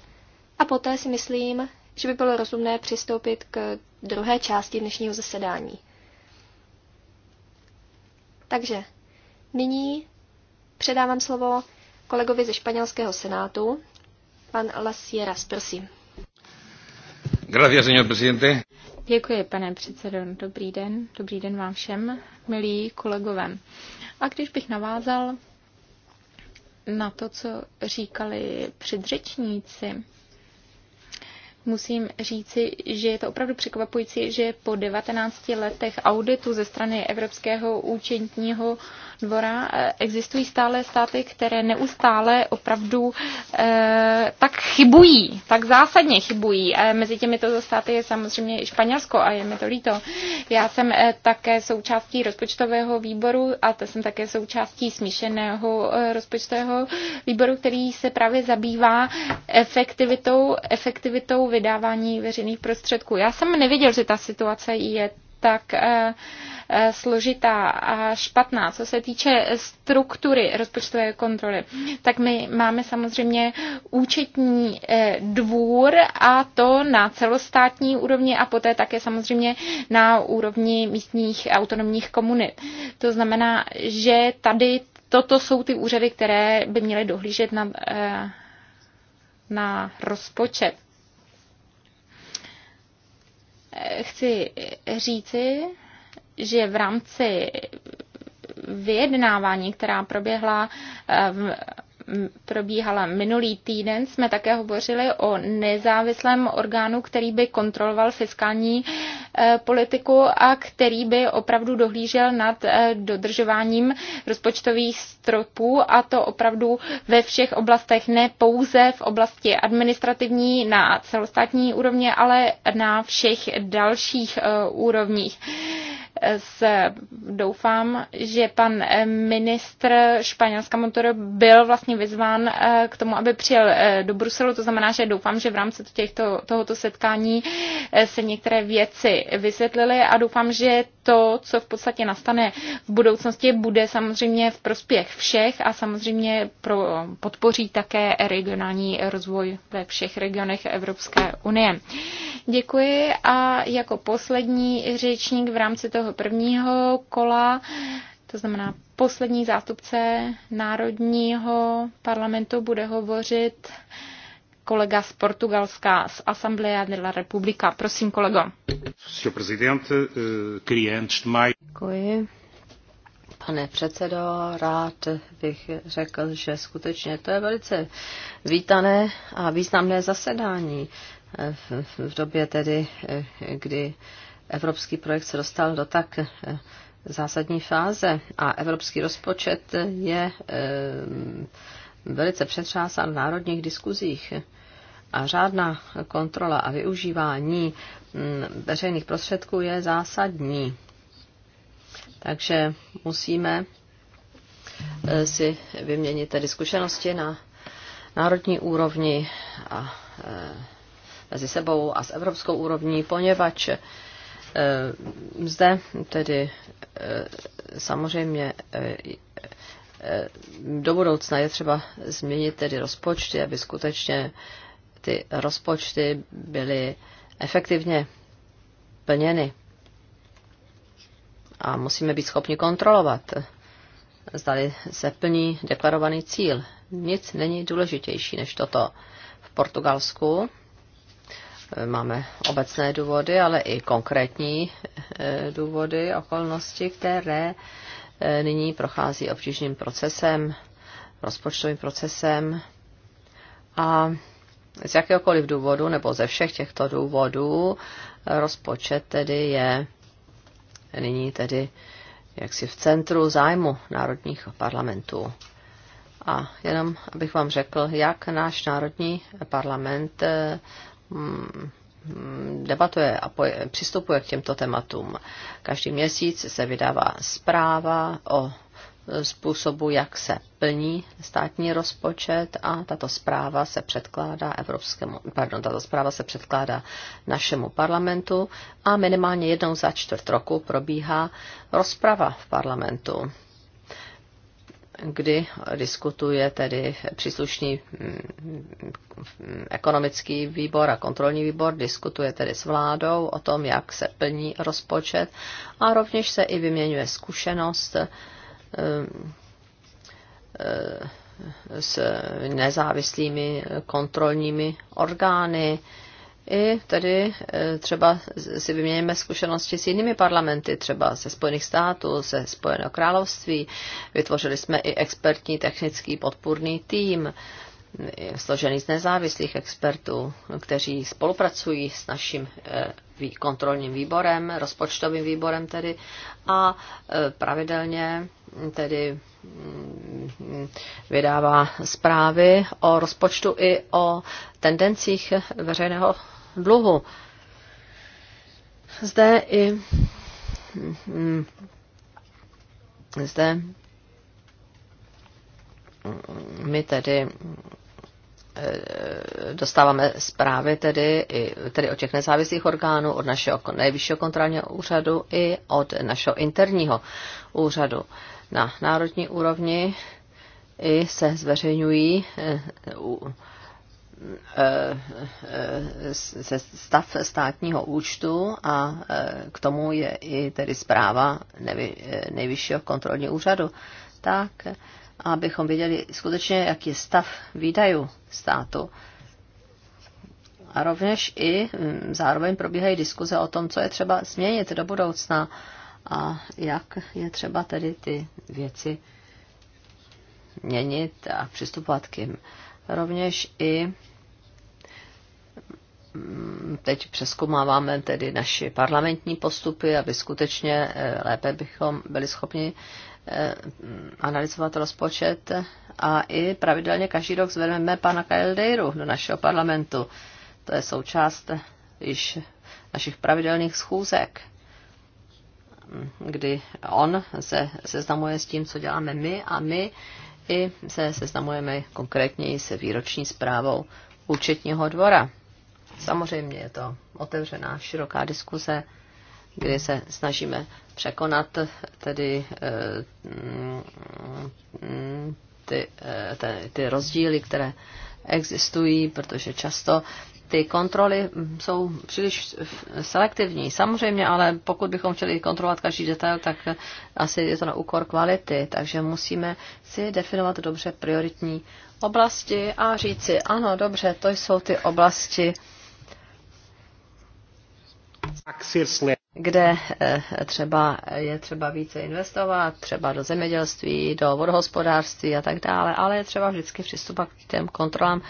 a poté si myslím, že by bylo rozumné přistoupit k druhé části dnešního zasedání. Takže nyní předávám slovo kolegovi ze španělského senátu, pan Las Prosím. Gracias, señor presidente. Děkuji, pane předsedo. Dobrý den. Dobrý den vám všem, milí kolegové. A když bych navázal na to, co říkali předřečníci, musím říci, že je to opravdu překvapující, že po 19 letech auditu ze strany Evropského účetního dvora eh, existují stále státy, které neustále opravdu eh, tak chybují, tak zásadně chybují. A mezi těmito státy je samozřejmě i Španělsko a je mi to líto. Já jsem eh, také součástí rozpočtového výboru a to jsem také součástí smíšeného eh, rozpočtového výboru, který se právě zabývá efektivitou, efektivitou vydávání veřejných prostředků. Já jsem neviděl, že ta situace je tak eh, eh, složitá a špatná. Co se týče struktury rozpočtové kontroly, tak my máme samozřejmě účetní eh, dvůr a to na celostátní úrovni a poté také samozřejmě na úrovni místních autonomních komunit. To znamená, že tady toto jsou ty úřady, které by měly dohlížet na, na rozpočet chci říci, že v rámci vyjednávání, která proběhla eh, v probíhala minulý týden, jsme také hovořili o nezávislém orgánu, který by kontroloval fiskální e, politiku a který by opravdu dohlížel nad e, dodržováním rozpočtových stropů a to opravdu ve všech oblastech, ne pouze v oblasti administrativní na celostátní úrovni, ale na všech dalších e, úrovních s, doufám, že pan ministr Španělska Montoro byl vlastně vyzván eh, k tomu, aby přijel eh, do Bruselu. To znamená, že doufám, že v rámci těchto, tohoto setkání eh, se některé věci vysvětlily a doufám, že to, co v podstatě nastane v budoucnosti, bude samozřejmě v prospěch všech a samozřejmě pro, podpoří také regionální rozvoj ve všech regionech Evropské unie. Děkuji a jako poslední řečník v rámci toho toho prvního kola, to znamená poslední zástupce Národního parlamentu bude hovořit kolega z Portugalska z Asamblea de la Republika. Prosím, kolego. Eh, Děkuji. Pane předsedo, rád bych řekl, že skutečně to je velice vítané a významné zasedání eh, v, v době tedy, eh, kdy evropský projekt se dostal do tak eh, zásadní fáze a evropský rozpočet je eh, velice přetřásán v národních diskuzích a řádná kontrola a využívání mm, veřejných prostředků je zásadní. Takže musíme eh, si vyměnit tedy zkušenosti na národní úrovni a mezi sebou a s evropskou úrovní, poněvadž Eh, zde tedy eh, samozřejmě eh, do budoucna je třeba změnit tedy rozpočty, aby skutečně ty rozpočty byly efektivně plněny. A musíme být schopni kontrolovat, zda se plní deklarovaný cíl. Nic není důležitější než toto. V Portugalsku Máme obecné důvody, ale i konkrétní eh, důvody, okolnosti, které eh, nyní prochází obtížným procesem, rozpočtovým procesem. A z jakéhokoliv důvodu, nebo ze všech těchto důvodů, eh, rozpočet tedy je nyní tedy jaksi v centru zájmu národních parlamentů. A jenom abych vám řekl, jak náš národní parlament Hmm, debatuje a přistupuje k těmto tématům. Každý měsíc se vydává zpráva o způsobu, jak se plní státní rozpočet a tato zpráva se předkládá evropskému, pardon, tato zpráva se předkládá našemu parlamentu a minimálně jednou za čtvrt roku probíhá rozprava v parlamentu kdy diskutuje tedy příslušný mm, ekonomický výbor a kontrolní výbor, diskutuje tedy s vládou o tom, jak se plní rozpočet a rovněž se i vyměňuje zkušenost mm, e, e, s nezávislými kontrolními orgány, i tedy e, třeba si vyměníme zkušenosti s jinými parlamenty, třeba ze Spojených států, ze Spojeného království. Vytvořili jsme i expertní technický podpůrný tým, e, složený z nezávislých expertů, kteří spolupracují s naším e, kontrolním výborem, rozpočtovým výborem tedy, a pravidelně tedy mm, vydává zprávy o rozpočtu i o tendencích veřejného dluhu. Zde i mm, zde my tedy eh, dostáváme zprávy tedy, i, tedy od těch nezávislých orgánů, od našeho nejvyššího kontrolního úřadu i od našeho interního úřadu. Na národní úrovni i se zveřejňují eh, se stav státního účtu a e, k tomu je i tedy zpráva e, nejvyššího kontrolního úřadu, tak abychom věděli skutečně, jaký je stav výdajů státu. A rovněž i zároveň probíhají diskuze o tom, co je třeba změnit do budoucna a jak je třeba tedy ty věci měnit a přistupovat k jim. Rovněž i Mm, teď přeskumáváme tedy naši parlamentní postupy, aby skutečně eh, lépe bychom byli schopni eh, mm, analyzovat rozpočet a i pravidelně každý rok zvedeme pana Caldeiru do našeho parlamentu. To je součást eh, již našich pravidelných schůzek, mm, kdy on se seznamuje s tím, co děláme my a my i se seznamujeme konkrétněji se výroční zprávou účetního dvora Samozřejmě je to otevřená, široká diskuze, kdy se snažíme překonat tedy eh, ty, eh, ty, ty rozdíly, které existují, protože často ty kontroly jsou příliš selektivní. Samozřejmě, ale pokud bychom chtěli kontrolovat každý detail, tak asi je to na úkor kvality, takže musíme si definovat dobře prioritní oblasti a říci, ano, dobře, to jsou ty oblasti, kde eh, třeba je třeba více investovat, třeba do zemědělství, do vodohospodářství a tak dále, ale je třeba vždycky přistupovat k těm kontrolám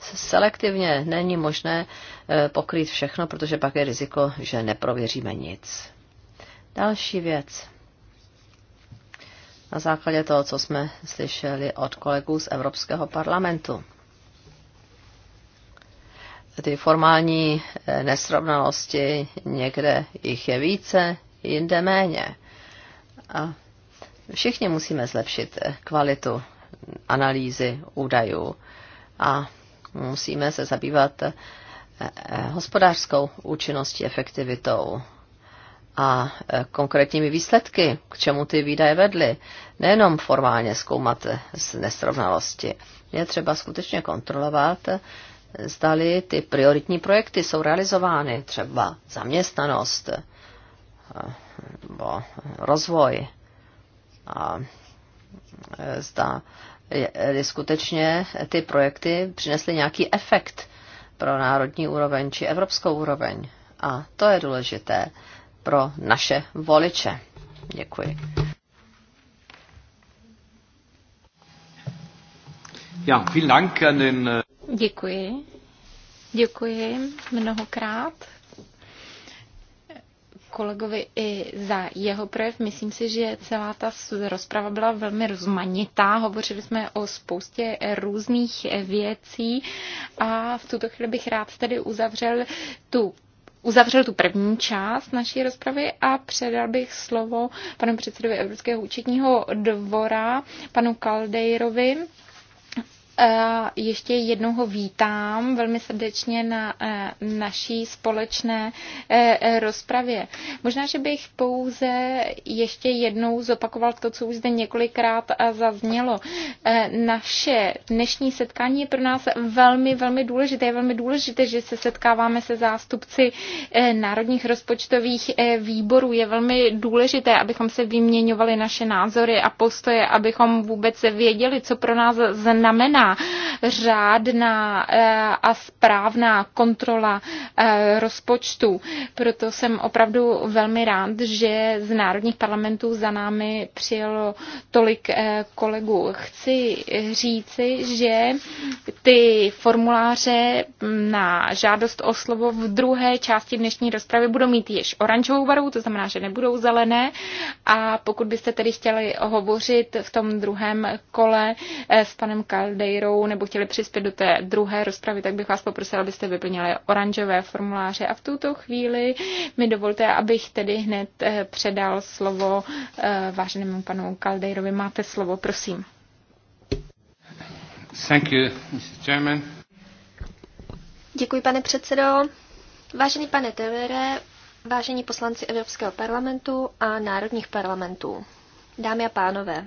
selektivně. Není možné eh, pokrýt všechno, protože pak je riziko, že neprověříme nic. Další věc. Na základě toho, co jsme slyšeli od kolegů z Evropského parlamentu ty formální eh, nesrovnalosti, někde jich je více, jinde méně. A všichni musíme zlepšit eh, kvalitu analýzy údajů a musíme se zabývat eh, hospodářskou účinností, efektivitou a konkrétními výsledky, k čemu ty výdaje vedly. Nejenom formálně zkoumat nesrovnalosti. Je třeba skutečně kontrolovat, zdali ty prioritní projekty jsou realizovány, třeba zaměstnanost eh, nebo rozvoj. A eh, zda skutečně ty projekty přinesly nějaký efekt pro národní úroveň či evropskou úroveň. A to je důležité pro naše voliče. Děkuji. Ja, vielen Dank an den äh, Děkuji. Děkuji mnohokrát kolegovi i za jeho projev. Myslím si, že celá ta rozprava byla velmi rozmanitá. Hovořili jsme o spoustě různých věcí a v tuto chvíli bych rád tedy uzavřel tu uzavřel tu první část naší rozpravy a předal bych slovo panu předsedovi Evropského účetního dvora, panu Kaldejrovi. E, ještě jednou ho vítám velmi srdečně na e, naší společné e, rozpravě. Možná, že bych pouze ještě jednou zopakoval to, co už zde několikrát zaznělo. Naše dnešní setkání je pro nás velmi, velmi důležité. Je velmi důležité, že se setkáváme se zástupci národních rozpočtových výborů. Je velmi důležité, abychom se vyměňovali naše názory a postoje, abychom vůbec věděli, co pro nás znamená nutná řádná eh, a správná kontrola eh, rozpočtu. Proto jsem opravdu velmi rád, že z národních parlamentů za námi přijelo tolik eh, kolegů. Chci říci, že ty formuláře hm, na žádost o slovo v druhé části dnešní rozpravy budou mít již oranžovou barvu, to znamená, že nebudou zelené. A pokud byste tedy chtěli hovořit v tom druhém kole s panem Kaldej, Madeirou nebo chtěli přispět do té druhé rozpravy, tak bych vás poprosila, abyste vyplnili oranžové formuláře. A v tuto chvíli mi dovolte, abych tedy hned eh, předal slovo eh, váženému panu Kaldejrovi. Máte slovo, prosím. Thank you, Mr. Chairman. Děkuji, pane předsedo. Vážený pane Tevere, vážení poslanci Evropského parlamentu a národních parlamentů, dámy a pánové,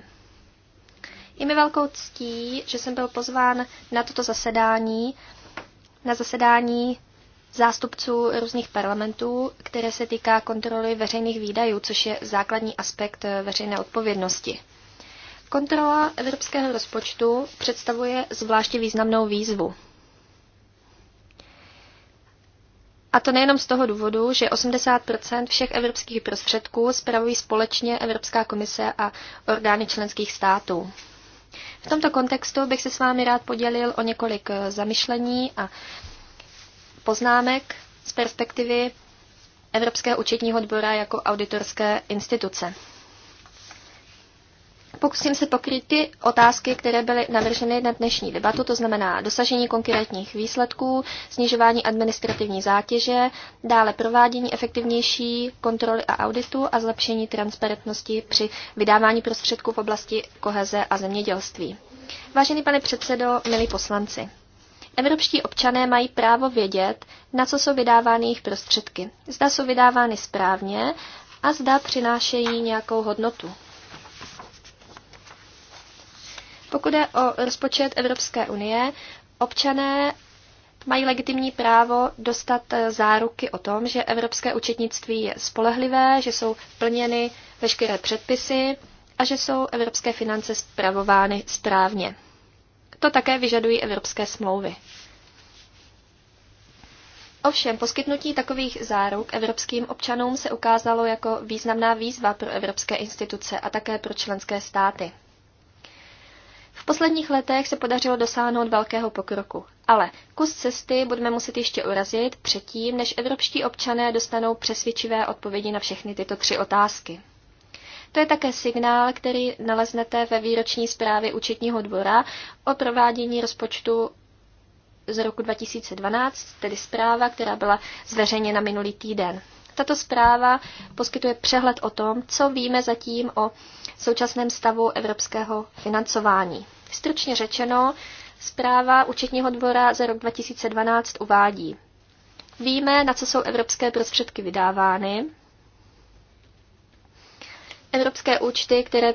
je mi velkou ctí, že jsem byl pozván na toto zasedání, na zasedání zástupců různých parlamentů, které se týká kontroly veřejných výdajů, což je základní aspekt eh, veřejné odpovědnosti. Kontrola evropského rozpočtu představuje zvláště významnou výzvu. A to nejenom z toho důvodu, že 80 všech evropských prostředků spravují společně Evropská komise a orgány členských států. V tomto kontextu bych se s vámi rád podělil o několik eh, zamyšlení a poznámek z perspektivy Evropského účetního dvora jako auditorské instituce. Pokusím se pokryt ty otázky, které byly navrženy na dnešní debatu, to znamená dosažení konkrétních výsledků, snižování administrativní zátěže, dále provádění efektivnější kontroly a auditu a zlepšení transparentnosti při vydávání prostředků v oblasti koheze a zemědělství. Vážený pane předsedo, milí poslanci, Evropští občané mají právo vědět, na co jsou vydávány jejich prostředky. Zda jsou vydávány správně a zda přinášejí nějakou hodnotu. Pokud je o rozpočet Evropské unie, občané mají legitimní právo dostat eh, záruky o tom, že evropské účetnictví je spolehlivé, že jsou plněny veškeré předpisy a že jsou evropské finance spravovány správně. To také vyžadují evropské smlouvy. Ovšem, poskytnutí takových záruk evropským občanům se ukázalo jako významná výzva pro evropské instituce a také pro členské státy posledních letech se podařilo dosáhnout velkého pokroku. Ale kus cesty budeme muset ještě urazit předtím, než evropští občané dostanou přesvědčivé odpovědi na všechny tyto tři otázky. To je také signál, který naleznete ve výroční zprávě účetního dvora o provádění rozpočtu z roku 2012, tedy zpráva, která byla zveřejněna minulý týden. Tato zpráva poskytuje přehled o tom, co víme zatím o současném stavu evropského financování. Stručně řečeno, zpráva účetního dvora za rok 2012 uvádí. Víme, na co jsou evropské prostředky vydávány. Evropské účty, které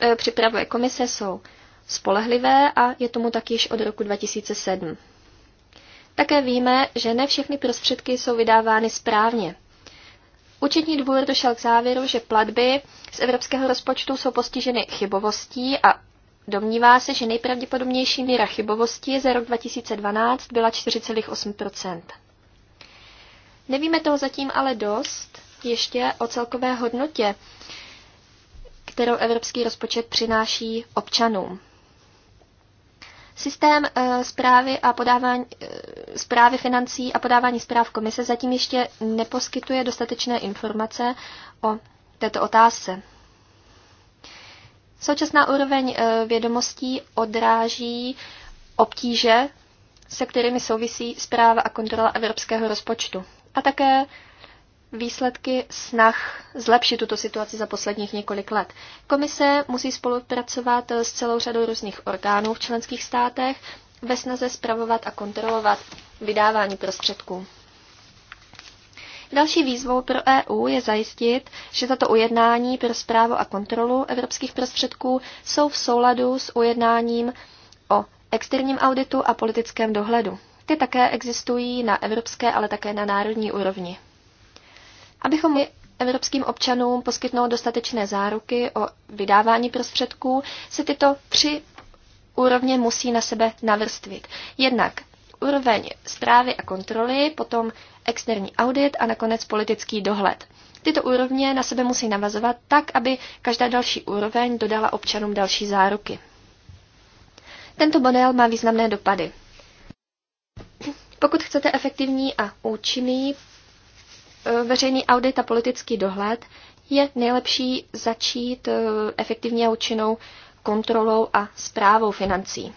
eh, připravuje komise, jsou spolehlivé a je tomu tak již od roku 2007. Také víme, že ne všechny prostředky jsou vydávány správně. Účetní dvůr došel k závěru, že platby z evropského rozpočtu jsou postiženy chybovostí a domnívá se, že nejpravděpodobnější míra chybovosti za rok 2012 byla 4,8 Nevíme toho zatím ale dost ještě o celkové hodnotě, kterou evropský rozpočet přináší občanům. Systém eh, zprávy a podávání, eh, zprávy financí a podávání zpráv komise zatím ještě neposkytuje dostatečné informace o této otázce. Současná úroveň eh, vědomostí odráží obtíže, se kterými souvisí zpráva a kontrola evropského rozpočtu. A také výsledky snah zlepšit tuto situaci za posledních několik let. Komise musí spolupracovat s celou řadou různých orgánů v členských státech ve snaze spravovat a kontrolovat vydávání prostředků. Další výzvou pro EU je zajistit, že tato ujednání pro zprávu a kontrolu evropských prostředků jsou v souladu s ujednáním o externím auditu a politickém dohledu. Ty také existují na evropské, ale také na národní úrovni abychom mohli evropským občanům poskytnout dostatečné záruky o vydávání prostředků, se tyto tři úrovně musí na sebe navrstvit. Jednak úroveň zprávy a kontroly, potom externí audit a nakonec politický dohled. Tyto úrovně na sebe musí navazovat tak, aby každá další úroveň dodala občanům další záruky. Tento model má významné dopady. Pokud chcete efektivní a účinný Eh, veřejný audit a politický dohled, je nejlepší začít eh, efektivně a účinnou kontrolou a zprávou financí.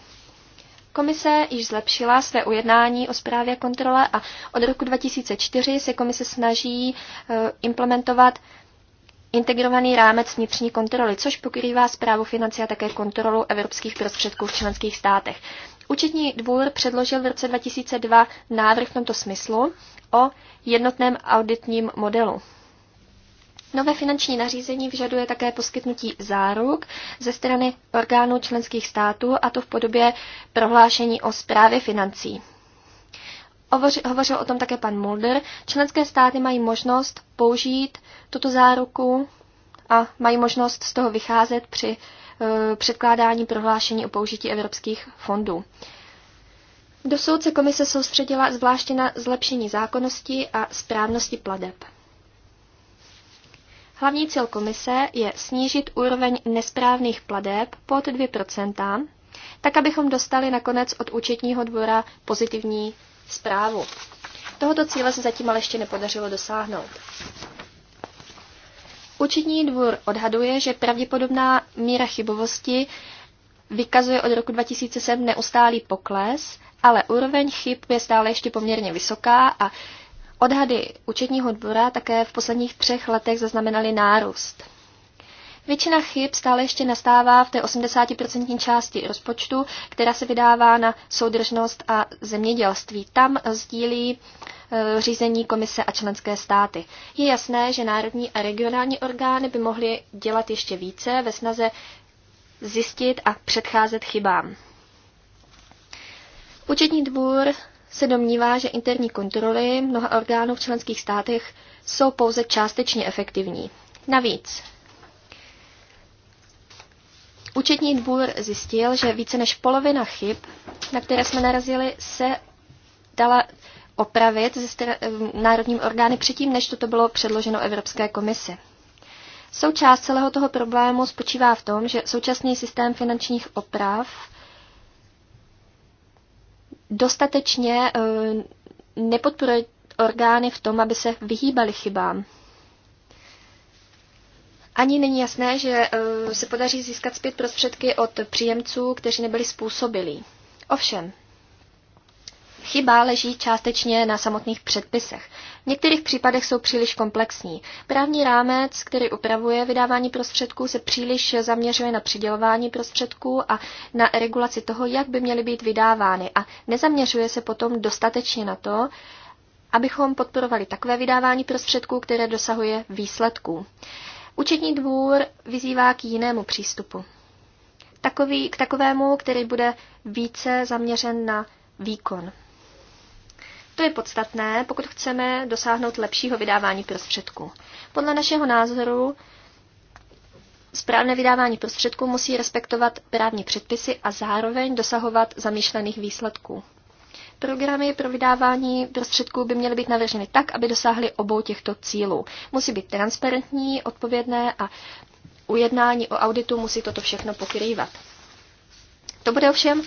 Komise již zlepšila své ujednání o zprávě kontrole a od roku 2004 se komise snaží eh, implementovat integrovaný rámec vnitřní kontroly, což pokrývá zprávu financí a také kontrolu evropských prostředků v členských státech. Účetní dvůr předložil v roce 2002 návrh v tomto smyslu o jednotném auditním modelu. Nové finanční nařízení vyžaduje také poskytnutí záruk ze strany orgánů členských států, a to v podobě prohlášení o zprávě financí. Hovořil o tom také pan Mulder. Členské státy mají možnost použít tuto záruku a mají možnost z toho vycházet při Eh, předkládání prohlášení o použití evropských fondů. Dosud se komise soustředila zvláště na zlepšení zákonnosti a správnosti pladeb. Hlavní cíl komise je snížit úroveň nesprávných pladeb pod 2%, tak abychom dostali nakonec od účetního dvora pozitivní zprávu. Tohoto cíle se zatím ale ještě nepodařilo dosáhnout. Učitní dvůr odhaduje, že pravděpodobná míra chybovosti vykazuje od roku 2007 neustálý pokles, ale úroveň chyb je stále ještě poměrně vysoká a odhady účetního dvora také v posledních třech letech zaznamenaly nárůst. Většina chyb stále ještě nastává v té 80% části rozpočtu, která se vydává na soudržnost a zemědělství. Tam sdílí e, řízení komise a členské státy. Je jasné, že národní a regionální orgány by mohly dělat ještě více ve snaze zjistit a předcházet chybám. Účetní dvůr se domnívá, že interní kontroly mnoha orgánů v členských státech jsou pouze částečně efektivní. Navíc Účetní dvůr zjistil, že více než polovina chyb, na které jsme narazili, se dala opravit ze eh, národním orgány předtím, než toto bylo předloženo Evropské komisi. Součást celého toho problému spočívá v tom, že současný systém finančních oprav dostatečně eh, nepodporuje orgány v tom, aby se vyhýbali chybám. Ani není jasné, že eh, se podaří získat zpět prostředky od příjemců, kteří nebyli způsobilí. Ovšem, chyba leží částečně na samotných předpisech. V některých případech jsou příliš komplexní. Právní rámec, který upravuje vydávání prostředků, se příliš zaměřuje na přidělování prostředků a na regulaci toho, jak by měly být vydávány a nezaměřuje se potom dostatečně na to, abychom podporovali takové vydávání prostředků, které dosahuje výsledků. Účetní dvůr vyzývá k jinému přístupu. Takový, k takovému, který bude více zaměřen na výkon. To je podstatné, pokud chceme dosáhnout lepšího vydávání prostředků. Podle našeho názoru správné vydávání prostředků musí respektovat právní předpisy a zároveň dosahovat zamýšlených výsledků. Programy pro vydávání prostředků by měly být navrženy tak, aby dosáhly obou těchto cílů. Musí být transparentní, odpovědné a ujednání o auditu musí toto všechno pokrývat. To bude ovšem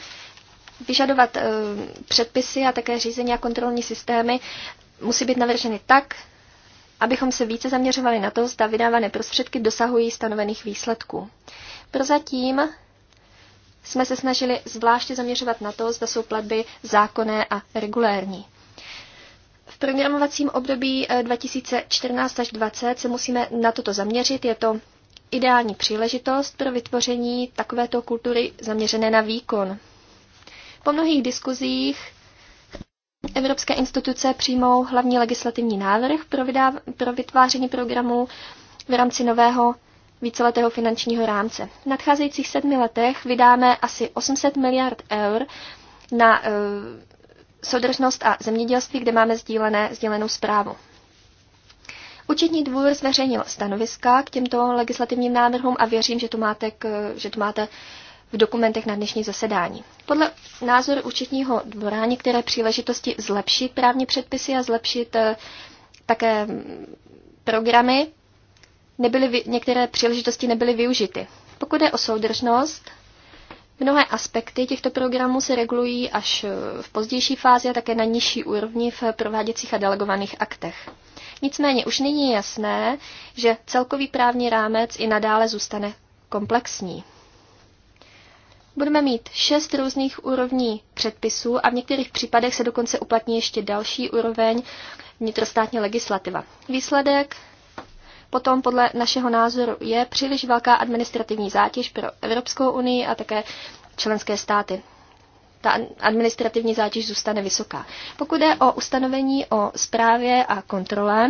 vyžadovat e, předpisy a také řízení a kontrolní systémy musí být navrženy tak, abychom se více zaměřovali na to, zda vydávané prostředky dosahují stanovených výsledků. Prozatím jsme se snažili zvláště zaměřovat na to, zda jsou platby zákonné a regulérní. V programovacím období 2014 eh, až 2020 se musíme na toto zaměřit. Je to ideální příležitost pro vytvoření takovéto kultury zaměřené na výkon. Po mnohých diskuzích evropské instituce přijmou hlavní legislativní návrh pro, vydáv- pro vytváření programů v rámci nového víceletého finančního rámce. V nadcházejících sedmi letech vydáme asi 800 miliard eur na e, soudržnost a zemědělství, kde máme sdílené, sdílenou zprávu. Učetní dvůr zveřejnil stanoviska k těmto legislativním návrhům a věřím, že to máte, k, že to máte v dokumentech na dnešní zasedání. Podle názoru účetního dvora některé příležitosti zlepšit právní předpisy a zlepšit eh, také mm, programy nebyly, některé příležitosti nebyly využity. Pokud je o soudržnost, mnohé aspekty těchto programů se regulují až eh, v pozdější fázi a také na nižší úrovni v prováděcích a delegovaných aktech. Nicméně už nyní je jasné, že celkový právní rámec i nadále zůstane komplexní. Budeme mít šest různých úrovní předpisů a v některých případech se dokonce uplatní ještě další úroveň vnitrostátní legislativa. Výsledek potom podle našeho názoru je příliš velká administrativní zátěž pro Evropskou unii a také členské státy. Ta administrativní zátěž zůstane vysoká. Pokud je o ustanovení o správě a kontrole,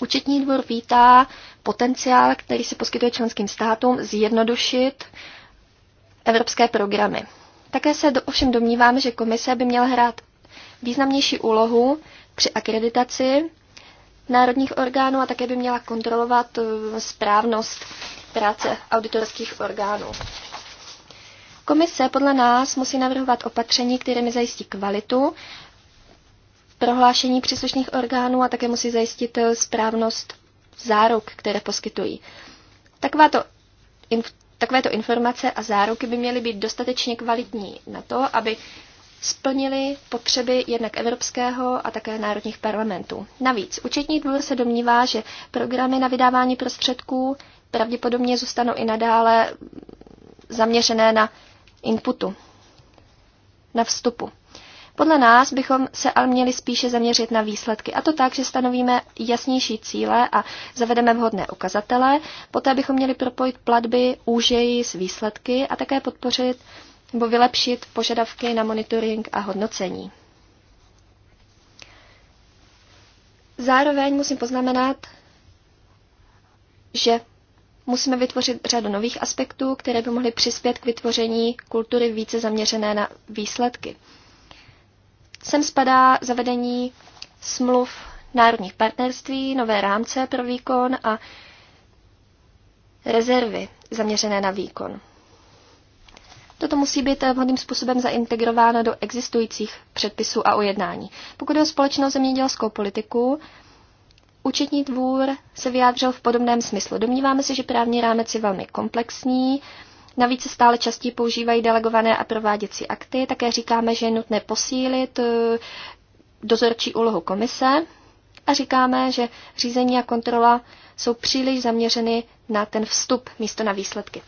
Učetní dvor vítá potenciál, který se poskytuje členským státům zjednodušit evropské programy. Také se do, ovšem domníváme, že komise by měla hrát významnější úlohu při akreditaci národních orgánů a také by měla kontrolovat eh, správnost práce auditorských orgánů. Komise podle nás musí navrhovat opatření, které mi zajistí kvalitu prohlášení příslušných orgánů a také musí zajistit eh, správnost záruk, které poskytují. Takováto inf- takovéto informace a záruky by měly být dostatečně kvalitní na to, aby splnili potřeby jednak evropského a také národních parlamentů. Navíc účetní dvůr se domnívá, že programy na vydávání prostředků pravděpodobně zůstanou i nadále zaměřené na inputu, na vstupu. Podle nás bychom se ale měli spíše zaměřit na výsledky, a to tak, že stanovíme jasnější cíle a zavedeme vhodné ukazatele, poté bychom měli propojit platby úžeji s výsledky a také podpořit nebo vylepšit požadavky na monitoring a hodnocení. Zároveň musím poznamenat, že musíme vytvořit řadu nových aspektů, které by mohly přispět k vytvoření kultury více zaměřené na výsledky. Sem spadá zavedení smluv národních partnerství, nové rámce pro výkon a rezervy zaměřené na výkon. Toto musí být eh, vhodným způsobem zaintegrováno do existujících předpisů a ujednání. Pokud je o společnou zemědělskou politiku, Účetní dvůr se vyjádřil v podobném smyslu. Domníváme se, že právní rámec je velmi komplexní, Navíc se stále častěji používají delegované a prováděcí akty. Také říkáme, že je nutné posílit eh, dozorčí úlohu komise a říkáme, že řízení a kontrola jsou příliš zaměřeny na ten vstup místo na výsledky.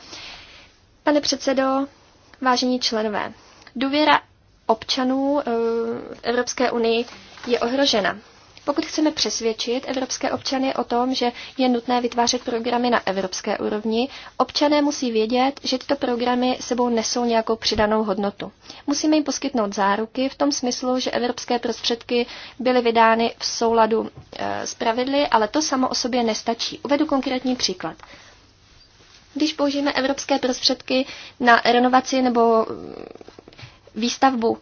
Pane předsedo, Vážení členové, důvěra občanů eh, v Evropské unii je ohrožena. Pokud chceme přesvědčit evropské občany o tom, že je nutné vytvářet programy na evropské úrovni, občané musí vědět, že tyto programy sebou nesou nějakou přidanou hodnotu. Musíme jim poskytnout záruky v tom smyslu, že evropské prostředky byly vydány v souladu eh, s pravidly, ale to samo o sobě nestačí. Uvedu konkrétní příklad když použijeme evropské prostředky na renovaci nebo výstavbu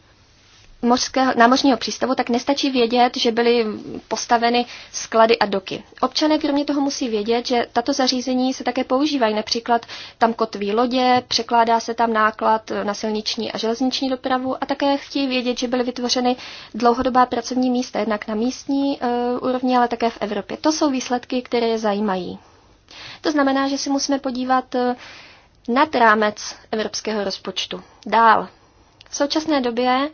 mořského, námořního přístavu, tak nestačí vědět, že byly postaveny sklady a doky. Občané kromě toho musí vědět, že tato zařízení se také používají. Například tam kotví lodě, překládá se tam náklad na silniční a železniční dopravu a také chtějí vědět, že byly vytvořeny dlouhodobá pracovní místa, jednak na místní e, úrovni, ale také v Evropě. To jsou výsledky, které je zajímají. To znamená, že si musíme podívat eh, nad rámec evropského rozpočtu. Dál. V současné době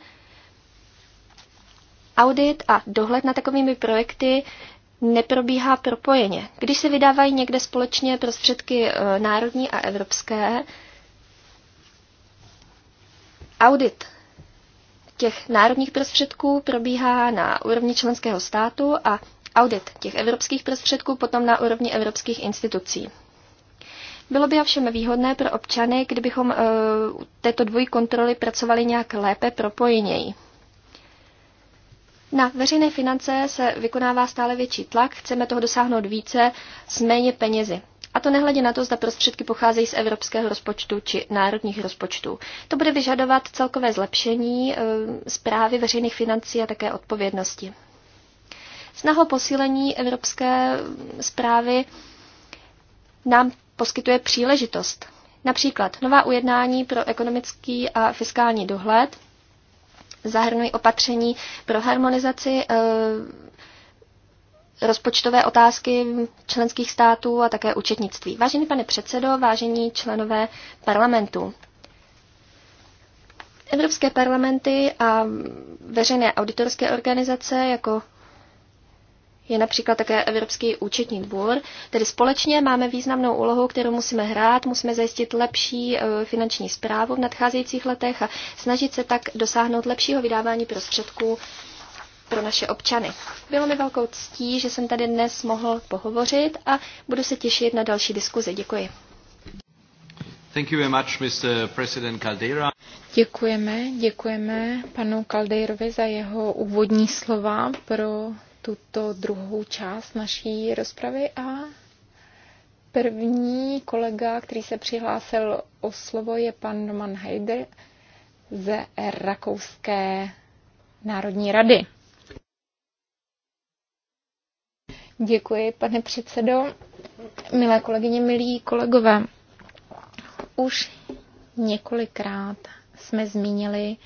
audit a dohled na takovými projekty neprobíhá propojeně. Když se vydávají někde společně prostředky eh, národní a evropské, audit těch národních prostředků probíhá na úrovni členského státu a audit těch evropských prostředků potom na úrovni evropských institucí. Bylo by ovšem výhodné pro občany, kdybychom uh, této dvojí kontroly pracovali nějak lépe propojeněji. Na veřejné finance se vykonává stále větší tlak, chceme toho dosáhnout více s méně penězi. A to nehledě na to, zda prostředky pocházejí z evropského rozpočtu či národních rozpočtů. To bude vyžadovat celkové zlepšení e, zprávy veřejných financí a také odpovědnosti. Snaha posílení evropské zprávy nám poskytuje příležitost. Například nová ujednání pro ekonomický a fiskální dohled zahrnují opatření pro harmonizaci eh, rozpočtové otázky členských států a také účetnictví. Vážený pane předsedo, vážení členové parlamentu. Evropské parlamenty a veřejné auditorské organizace jako je například také Evropský účetní dvůr. Tedy společně máme významnou úlohu, kterou musíme hrát, musíme zajistit lepší e, finanční zprávu v nadcházejících letech a snažit se tak dosáhnout lepšího vydávání prostředků pro naše občany. Bylo mi velkou ctí, že jsem tady dnes mohl pohovořit a budu se těšit na další diskuzi. Děkuji. Thank you very much, Mr. President Caldera. Děkujeme, děkujeme panu Caldeirovi za jeho úvodní slova pro tuto druhou část naší rozpravy a první kolega, který se přihlásil o slovo, je pan Roman Heider ze Rakouské národní rady. Děkuji, pane předsedo. Milé kolegyně, milí kolegové, už několikrát jsme zmínili,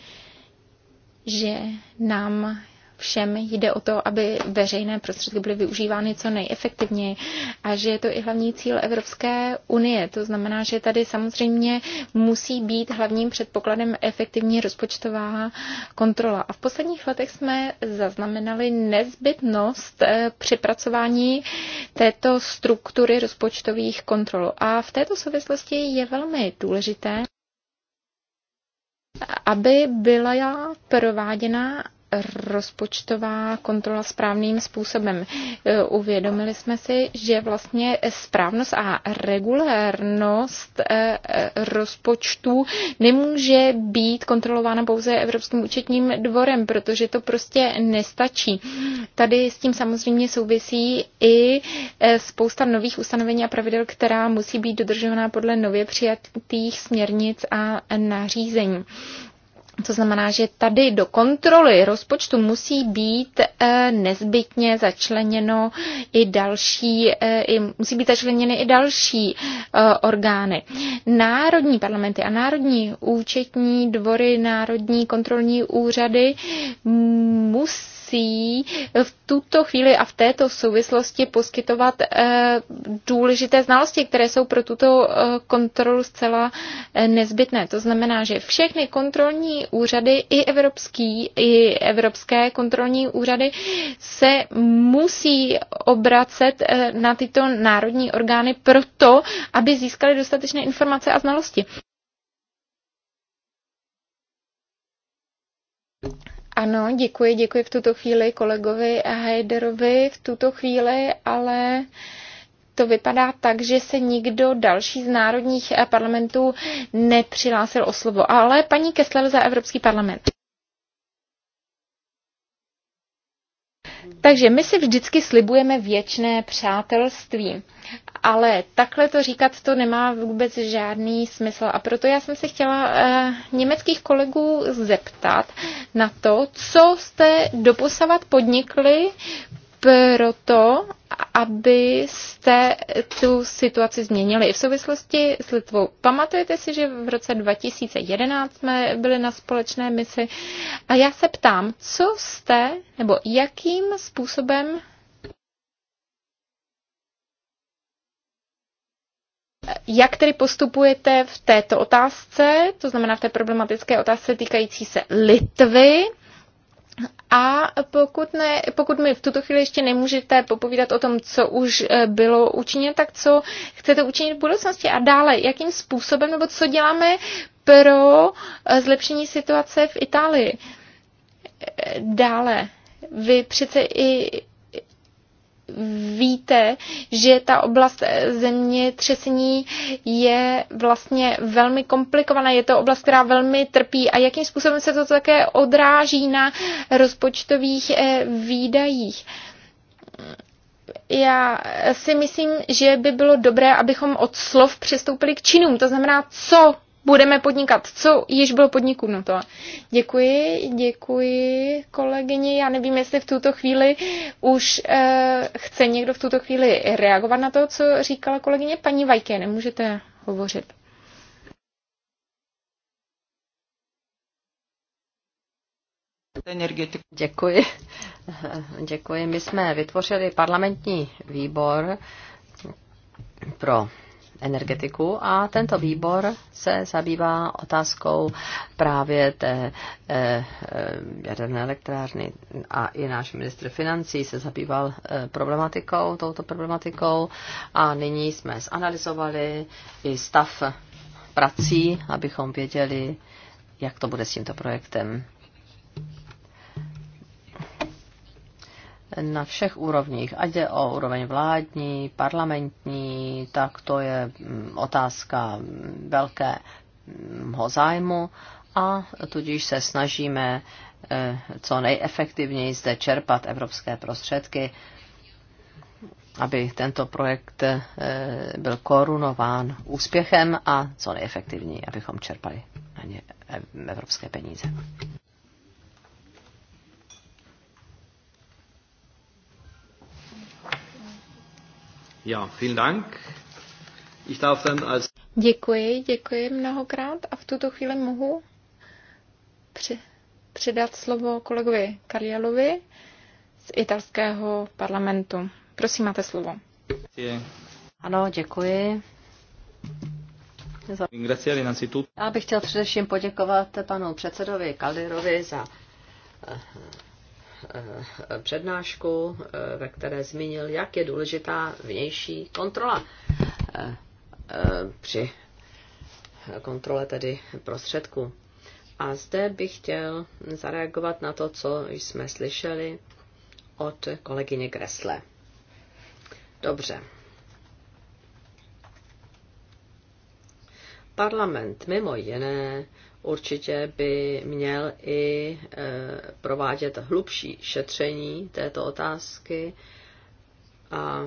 že nám všem jde o to, aby veřejné prostředky byly využívány co nejefektivněji a že je to i hlavní cíl Evropské unie. To znamená, že tady samozřejmě musí být hlavním předpokladem efektivní rozpočtová kontrola. A v posledních letech jsme zaznamenali nezbytnost eh, přepracování této struktury rozpočtových kontrol. A v této souvislosti je velmi důležité, aby byla prováděna rozpočtová kontrola správným způsobem. E, uvědomili jsme si, že vlastně správnost a regulérnost e, e, rozpočtu nemůže být kontrolována pouze Evropským účetním dvorem, protože to prostě nestačí. Tady s tím samozřejmě souvisí i spousta nových ustanovení a pravidel, která musí být dodržována podle nově přijatých směrnic a nařízení. To znamená, že tady do kontroly rozpočtu musí být eh, nezbytně začleněno i další, eh, musí být začleněny i další eh, orgány. Národní parlamenty a národní účetní dvory, národní kontrolní úřady musí musí v tuto chvíli a v této souvislosti poskytovat eh, důležité znalosti, které jsou pro tuto eh, kontrolu zcela eh, nezbytné. To znamená, že všechny kontrolní úřady, i evropský, i evropské kontrolní úřady se musí obracet na tyto národní orgány proto, aby získali dostatečné informace a znalosti. Ano, děkuji, děkuji v tuto chvíli kolegovi Heiderovi. V tuto chvíli ale to vypadá tak, že se nikdo další z národních parlamentů nepřihlásil o slovo. Ale paní Kessler za Evropský parlament. Takže my si vždycky slibujeme věčné přátelství ale takhle to říkat, to nemá vůbec žádný smysl. A proto já jsem se chtěla uh, německých kolegů zeptat na to, co jste doposavat podnikli proto, abyste tu situaci změnili. I v souvislosti s Litvou. Pamatujete si, že v roce 2011 jsme byli na společné misi a já se ptám, co jste, nebo jakým způsobem Jak tedy postupujete v této otázce, to znamená v té problematické otázce týkající se Litvy? A pokud, ne, pokud mi v tuto chvíli ještě nemůžete popovídat o tom, co už eh, bylo učiněno, tak co chcete učinit v budoucnosti a dále, jakým způsobem nebo co děláme pro eh, zlepšení situace v Itálii. Eh, dále, vy přece i víte, že ta oblast zemětřesení je vlastně velmi komplikovaná, je to oblast, která velmi trpí a jakým způsobem se to také odráží na rozpočtových eh, výdajích. Já si myslím, že by bylo dobré, abychom od slov přestoupili k činům. To znamená, co budeme podnikat, co již bylo podniknuto. Děkuji, děkuji kolegyni. Já nevím, jestli v tuto chvíli už e, chce někdo v tuto chvíli reagovat na to, co říkala kolegyně. Paní Vajké, nemůžete hovořit. energetiku. Děkuji. Děkuji. My jsme vytvořili parlamentní výbor pro energetiku a tento výbor se zabývá otázkou právě té eh, eh, jaderné elektrárny a i náš ministr financí se zabýval eh, problematikou, touto problematikou a nyní jsme zanalizovali i stav prací, abychom věděli, jak to bude s tímto projektem. na všech úrovních, ať je o úroveň vládní, parlamentní, tak to je mm, otázka velkého zájmu a tudíž se snažíme eh, co nejefektivněji zde čerpat evropské prostředky, aby tento projekt eh, byl korunován úspěchem a co nejefektivněji, abychom čerpali na ně eh, evropské peníze. Ja, vielen Dank. Ich darf dann als... Děkuji, děkuji mnohokrát a v tuto chvíli mohu při, předat slovo kolegovi Karielovi z italského parlamentu. Prosím, máte slovo. Je. Ano, děkuji. Já bych chtěl především poděkovat panu předsedovi Kalirovi za eh, Eh, přednášku, eh, ve které zmínil, jak je důležitá vnější kontrola eh, při kontrole tedy prostředků. A zde bych chtěl zareagovat na to, co jsme slyšeli od kolegyně Gresle. Dobře. Parlament mimo jiné určitě by měl i e, provádět hlubší šetření této otázky a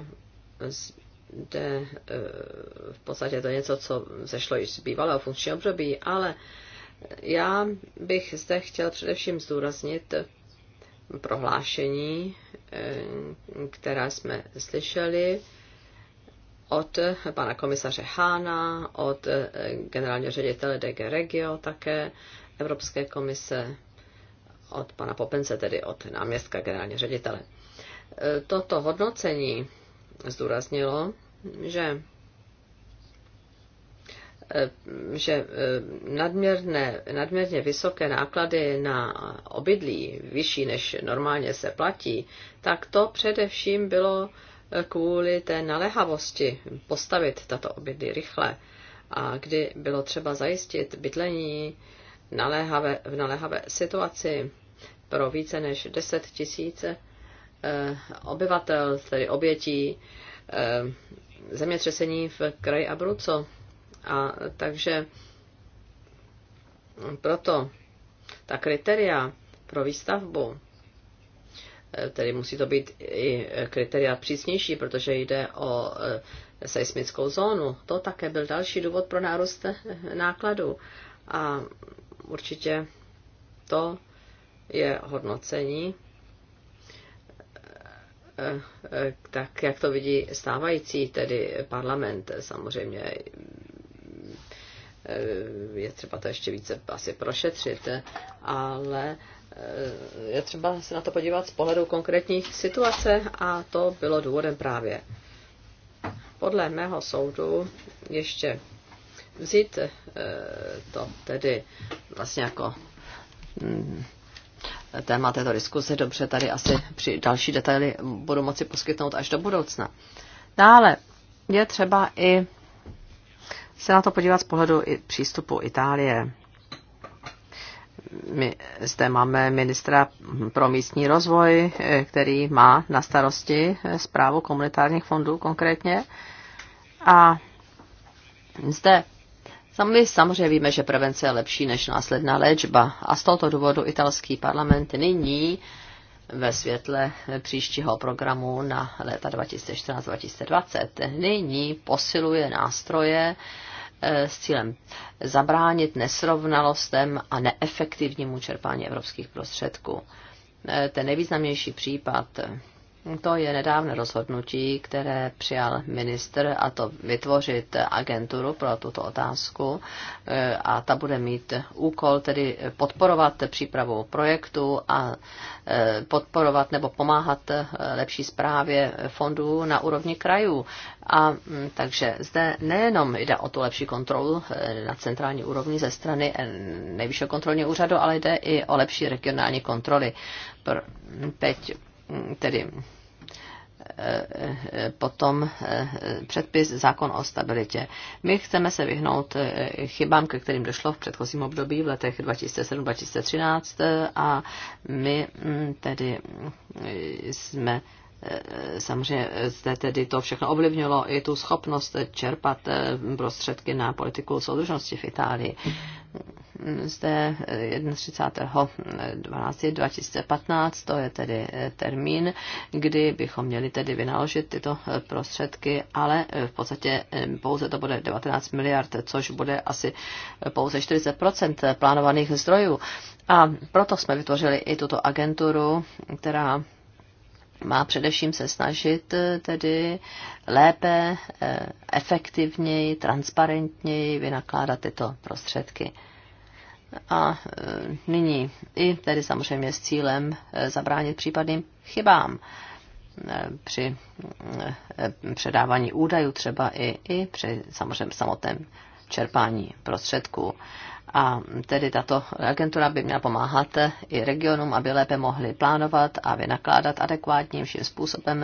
zde v podstatě to je něco, co zešlo již z bývalého funkčního období, ale já bych zde chtěl především zdůraznit prohlášení, e, která jsme slyšeli od pana komisaře Hána, od generálního ředitele DG Regio také Evropské komise, od pana Popence, tedy od náměstka generálního ředitele. Toto hodnocení zdůraznilo, že že nadměrné, nadměrně vysoké náklady na obydlí, vyšší než normálně se platí, tak to především bylo kvůli té naléhavosti postavit tato obědy rychle a kdy bylo třeba zajistit bydlení naléhavé, v naléhavé situaci pro více než 10 tisíc eh, obyvatel, tedy obětí eh, zemětřesení v kraji Abruzzo. A takže proto ta kritéria pro výstavbu Eh, tedy musí to být i eh, kritéria přísnější, protože jde o eh, seismickou zónu. To také byl další důvod pro nárůst nákladů. A určitě to je hodnocení, tak jak to vidí stávající, tedy parlament samozřejmě je třeba to ještě více asi prošetřit, ale Eh, je třeba se na to podívat z pohledu konkrétní situace a to bylo důvodem právě. Podle mého soudu ještě vzít eh, to tedy vlastně jako mm, téma této diskuse. Dobře, tady asi při další detaily budu moci poskytnout až do budoucna. Dále je třeba i se na to podívat z pohledu i přístupu Itálie my zde máme ministra pro místní rozvoj, který má na starosti zprávu komunitárních fondů konkrétně. A zde my samozřejmě víme, že prevence je lepší než následná léčba. A z tohoto důvodu italský parlament nyní ve světle příštího programu na léta 2014-2020 nyní posiluje nástroje, Eh, s cílem zabránit nesrovnalostem a neefektivnímu čerpání evropských prostředků. Eh, ten nejvýznamnější případ to je nedávné rozhodnutí, které přijal ministr a to vytvořit agenturu pro tuto otázku eh, a ta bude mít úkol tedy podporovat přípravu projektu a eh, podporovat nebo pomáhat eh, lepší zprávě fondů na úrovni krajů. A mm, takže zde nejenom jde o tu lepší kontrolu na centrální úrovni ze strany nejvyššího kontrolního úřadu, ale jde i o lepší regionální kontroly. Teď tedy eh, eh, potom eh, předpis zákon o stabilitě. My chceme se vyhnout chybám, ke kterým došlo v předchozím období v letech 2007-2013 a my mm, tedy jsme Eh, samozřejmě eh, zde tedy to všechno ovlivnilo i tu schopnost čerpat eh, prostředky na politiku soudržnosti v Itálii. Mm, zde 31.12.2015, to je tedy termín, kdy bychom měli tedy vynaložit tyto prostředky, ale v podstatě pouze to bude 19 miliard, což bude asi pouze 40% plánovaných zdrojů. A proto jsme vytvořili i tuto agenturu, která má především se snažit eh, tedy lépe, eh, efektivněji, transparentněji vynakládat tyto prostředky. A eh, nyní i tedy samozřejmě s cílem zabránit případným chybám při předávání údajů třeba i, i při samozřejmě samotném čerpání prostředků. A tedy tato agentura by měla pomáhat i regionům, aby lépe mohli plánovat a vynakládat vším způsobem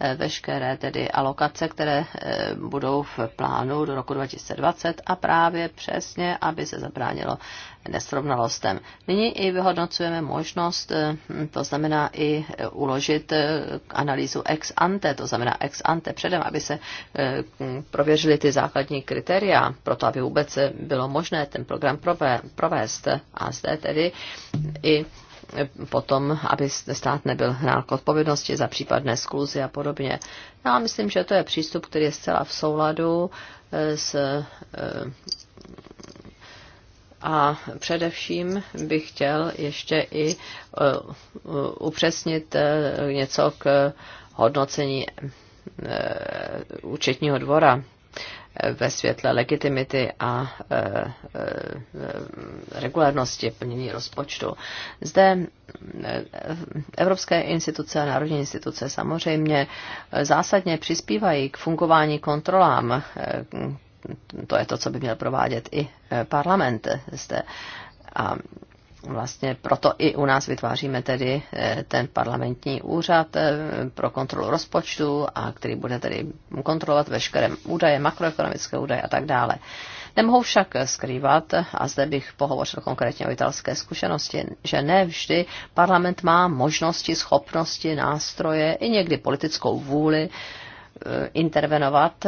eh, veškeré tedy alokace, které eh, budou v plánu do roku 2020 a právě přesně, aby se zabránilo nesrovnalostem. Nyní i vyhodnocujeme možnost, eh, hm, to znamená i eh, uložit eh, analýzu ex ante, to znamená ex ante předem, aby se hm, prověřili ty základní kritéria, proto aby vůbec bylo možné ten program provést. A zde tedy i potom, aby stát nebyl hrán k odpovědnosti za případné skluzy a podobně. Já myslím, že to je přístup, který je zcela v souladu s a především bych chtěl ještě i e, upřesnit e, něco k hodnocení e, účetního dvora ve světle legitimity a regulárnosti plnění rozpočtu. Zde evropské instituce a národní instituce samozřejmě zásadně přispívají k fungování kontrolám, to je to, co by měl provádět i eh, parlament zde. A vlastně proto i u nás vytváříme tedy eh, ten parlamentní úřad eh, pro kontrolu rozpočtu, a který bude tedy kontrolovat veškeré údaje, makroekonomické údaje a tak dále. Nemohou však skrývat, a zde bych pohovořil konkrétně o italské zkušenosti, že ne vždy parlament má možnosti, schopnosti, nástroje i někdy politickou vůli eh, Eh, intervenovat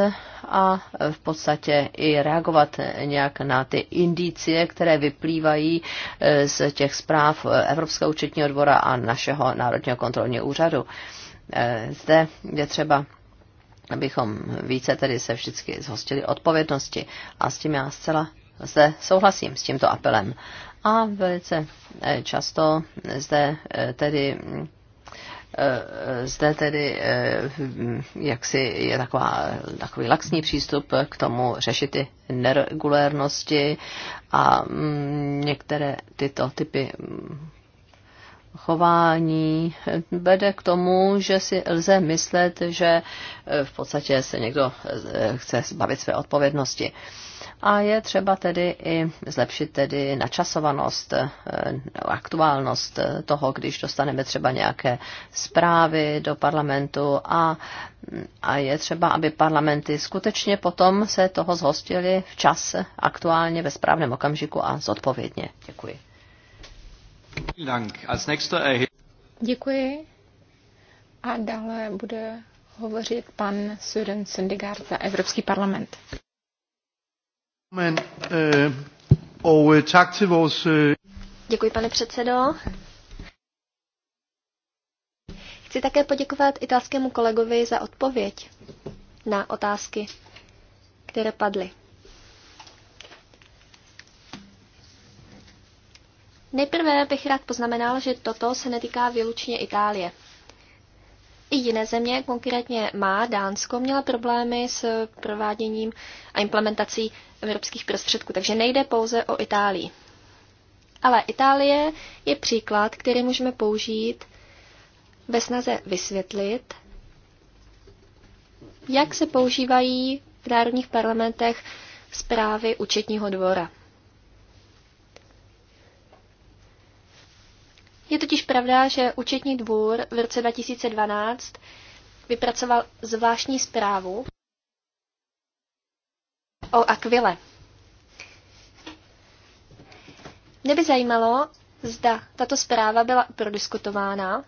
a v podstatě i reagovat nějak na ty indicie, které vyplývají eh, z těch zpráv Evropského účetního dvora a našeho Národního kontrolního úřadu. Eh, zde je třeba abychom více tedy se vždycky zhostili odpovědnosti. A s tím já zcela zde souhlasím s tímto apelem. A velice často zde tedy mm, Eh, zde tedy eh, jaksi je taková, takový laxní přístup k tomu řešit ty neregulérnosti a mm, některé tyto typy mm, chování vede k tomu, že si lze myslet, že eh, v podstatě se někdo chce zbavit své odpovědnosti a je třeba tedy i zlepšit tedy načasovanost, eh, aktuálnost toho, když dostaneme třeba nějaké zprávy do parlamentu a, a je třeba, aby parlamenty skutečně potom se toho zhostili včas, aktuálně, ve správném okamžiku a zodpovědně. Děkuji. Děkuji. A dále bude hovořit pan Sören Syndergaard za Evropský parlament. Øh, øh, øh, Děkuji, pane předsedo. Chci také poděkovat italskému kolegovi za odpověď na otázky, které padly. Nejprve bych rád poznamenal, že toto se netýká výlučně Itálie i jiné země, konkrétně má Dánsko, měla problémy s prováděním a implementací evropských prostředků, takže nejde pouze o Itálii. Ale Itálie je příklad, který můžeme použít ve snaze vysvětlit, jak se používají v národních parlamentech zprávy účetního dvora. Je totiž pravda, že účetní dvůr v roce 2012 vypracoval zvláštní zprávu o akvile. Mě by zajímalo, zda tato zpráva byla prodiskutována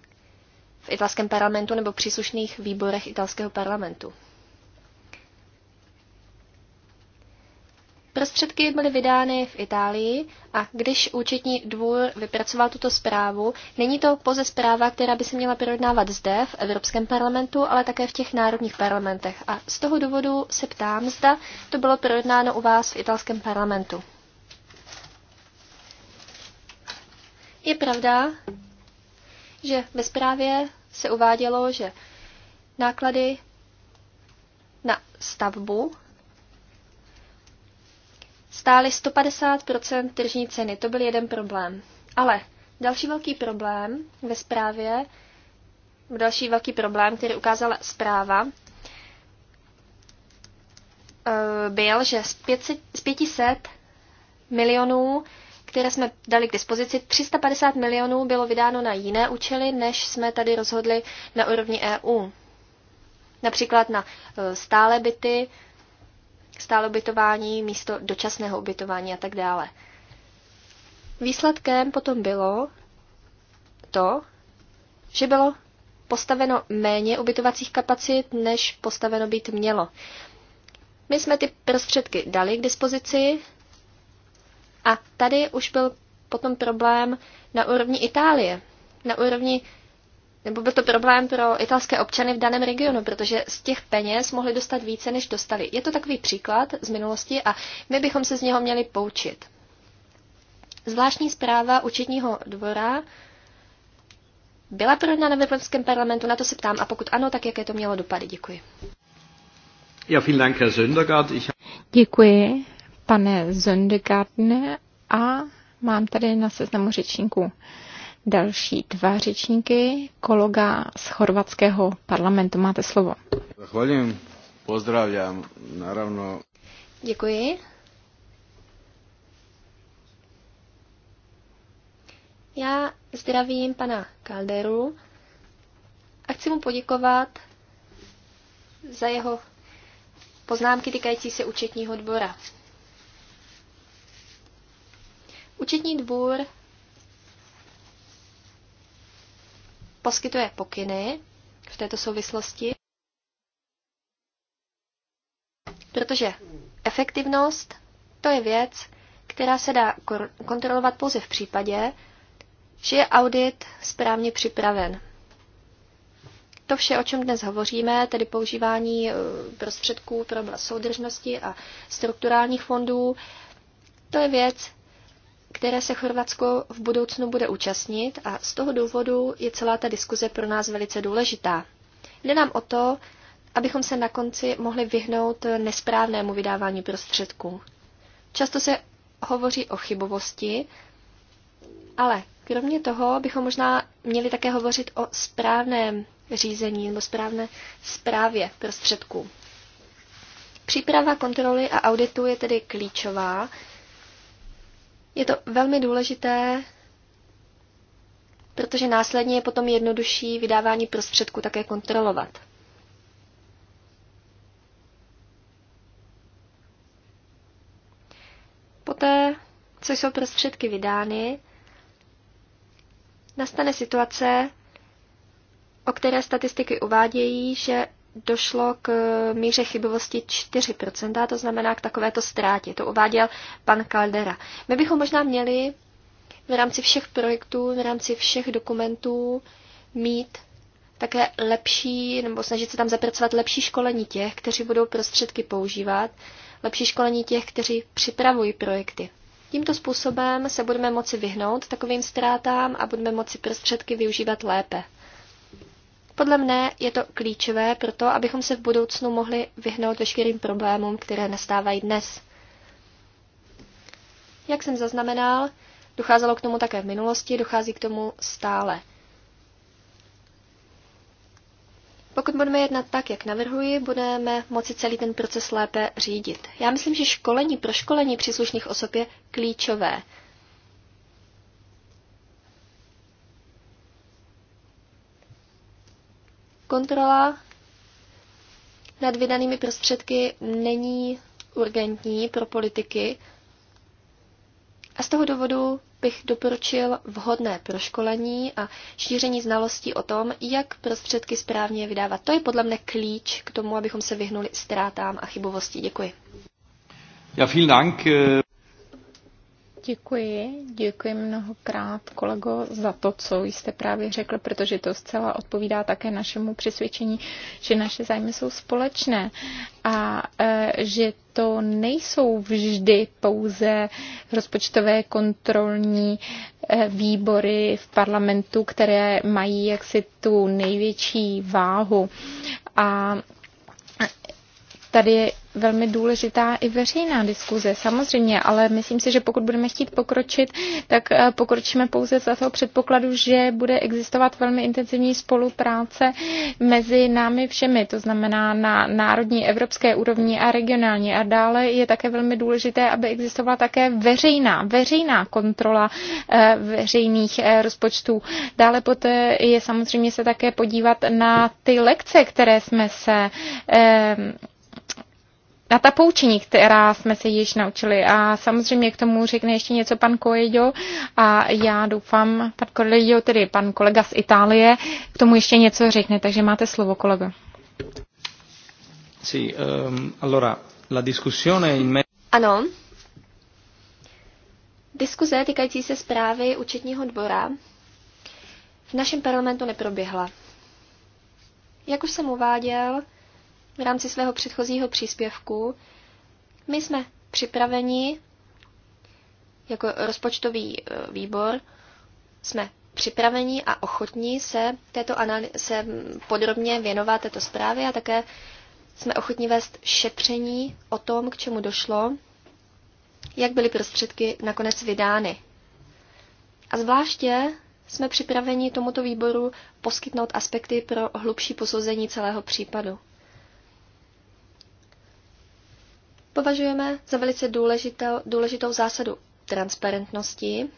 v italském parlamentu nebo příslušných výborech italského parlamentu. Prostředky byly vydány v Itálii a když účetní dvůr vypracoval tuto zprávu, není to pouze zpráva, která by se měla projednávat zde v Evropském parlamentu, ale také v těch národních parlamentech. A z toho důvodu se ptám, zda to bylo projednáno u vás v italském parlamentu. Je pravda, že ve zprávě se uvádělo, že náklady na stavbu stály 150% tržní ceny. To byl jeden problém. Ale další velký problém ve zprávě, další velký problém, který ukázala zpráva, eh, byl, že z 500, milionů, které jsme dali k dispozici, 350 milionů bylo vydáno na jiné účely, než jsme tady rozhodli na úrovni EU. Například na eh, stále byty, stále ubytování místo dočasného ubytování a tak dále. Výsledkem potom bylo to, že bylo postaveno méně ubytovacích kapacit, než postaveno být mělo. My jsme ty prostředky dali k dispozici a tady už byl potom problém na úrovni Itálie. Na úrovni nebo byl to problém pro italské občany v daném regionu, protože z těch peněz mohli dostat více, než dostali. Je to takový příklad z minulosti a my bychom se z něho měli poučit. Zvláštní zpráva účetního dvora byla projednána v Evropském parlamentu, na to se ptám, a pokud ano, tak jaké to mělo dopady? Děkuji. Ja, vielen Dank, Herr Söndergaard. Ich... Děkuji, pane Söndergaardne, a mám tady na seznamu řečníků další dva řečníky, kolega z chorvatského parlamentu. Máte slovo. Zahvaljujem, pozdravím, naravno. Děkuji. Já zdravím pana Kalderu a chci mu poděkovat za jeho poznámky týkající se účetního dvora. Účetní dvůr poskytuje pokyny v této souvislosti, protože efektivnost to je věc, která se dá kontrolovat pouze v případě, že je audit správně připraven. To vše, o čem dnes hovoříme, tedy používání eh, prostředků pro oblast soudržnosti a strukturálních fondů, to je věc, které se Chorvatsko v budoucnu bude účastnit a z toho důvodu je celá ta diskuze pro nás velice důležitá. Jde nám o to, abychom se na konci mohli vyhnout nesprávnému vydávání prostředků. Často se hovoří o chybovosti, ale kromě toho bychom možná měli také hovořit o správném řízení nebo správné správě prostředků. Příprava kontroly a auditu je tedy klíčová je to velmi důležité, protože následně je potom jednodušší vydávání prostředků také kontrolovat. Poté, co jsou prostředky vydány, nastane situace, o které statistiky uvádějí, že došlo k eh, míře chybovosti 4%, to znamená k takovéto ztrátě. To uváděl pan Caldera. My bychom možná měli v rámci všech projektů, v rámci všech dokumentů mít také lepší, nebo snažit se tam zapracovat lepší školení těch, kteří budou prostředky používat, lepší školení těch, kteří připravují projekty. Tímto způsobem se budeme moci vyhnout takovým ztrátám a budeme moci prostředky využívat lépe. Podle mne je to klíčové pro to, abychom se v budoucnu mohli vyhnout veškerým problémům, které nastávají dnes. Jak jsem zaznamenal, docházelo k tomu také v minulosti, dochází k tomu stále. Pokud budeme jednat tak, jak navrhuji, budeme moci celý ten proces lépe řídit. Já myslím, že školení pro školení příslušných osob je klíčové. Kontrola nad vydanými prostředky není urgentní pro politiky a z toho důvodu bych doporučil vhodné proškolení a šíření znalostí o tom, jak prostředky správně vydávat. To je podle mne klíč k tomu, abychom se vyhnuli ztrátám a chybovosti. Děkuji. Ja, vielen Dank. Eh, Děkuji, děkuji mnohokrát, kolego, za to, co jste právě řekl, protože to zcela odpovídá také našemu přesvědčení, že naše zájmy jsou společné a e, že to nejsou vždy pouze rozpočtové kontrolní e, výbory v parlamentu, které mají jaksi tu největší váhu. A tady velmi důležitá i veřejná diskuze, samozřejmě, ale myslím si, že pokud budeme chtít pokročit, tak eh, pokročíme pouze za toho předpokladu, že bude existovat velmi intenzivní spolupráce mezi námi všemi, to znamená na národní, evropské úrovni a regionální. A dále je také velmi důležité, aby existovala také veřejná, veřejná kontrola eh, veřejných eh, rozpočtů. Dále poté je samozřejmě se také podívat na ty lekce, které jsme se na ta poučení, která jsme se již naučili. A samozřejmě k tomu řekne ještě něco pan Koejo a já doufám, pan Koejo, tedy pan kolega z Itálie, k tomu ještě něco řekne, takže máte slovo, kolego. Sí, um, allora, la discussione in me... Ano. Diskuze týkající se zprávy účetního dvora v našem parlamentu neproběhla. Jak už jsem uváděl, v rámci svého předchozího příspěvku, my jsme připraveni, jako rozpočtový e, výbor, jsme připraveni a ochotní se, této se podrobně věnovat této zprávě a také jsme ochotní vést šetření o tom, k čemu došlo, jak byly prostředky nakonec vydány. A zvláště jsme připraveni tomuto výboru poskytnout aspekty pro hlubší posouzení celého případu. považujeme za velice důležitou, důležitou zásadu transparentnosti.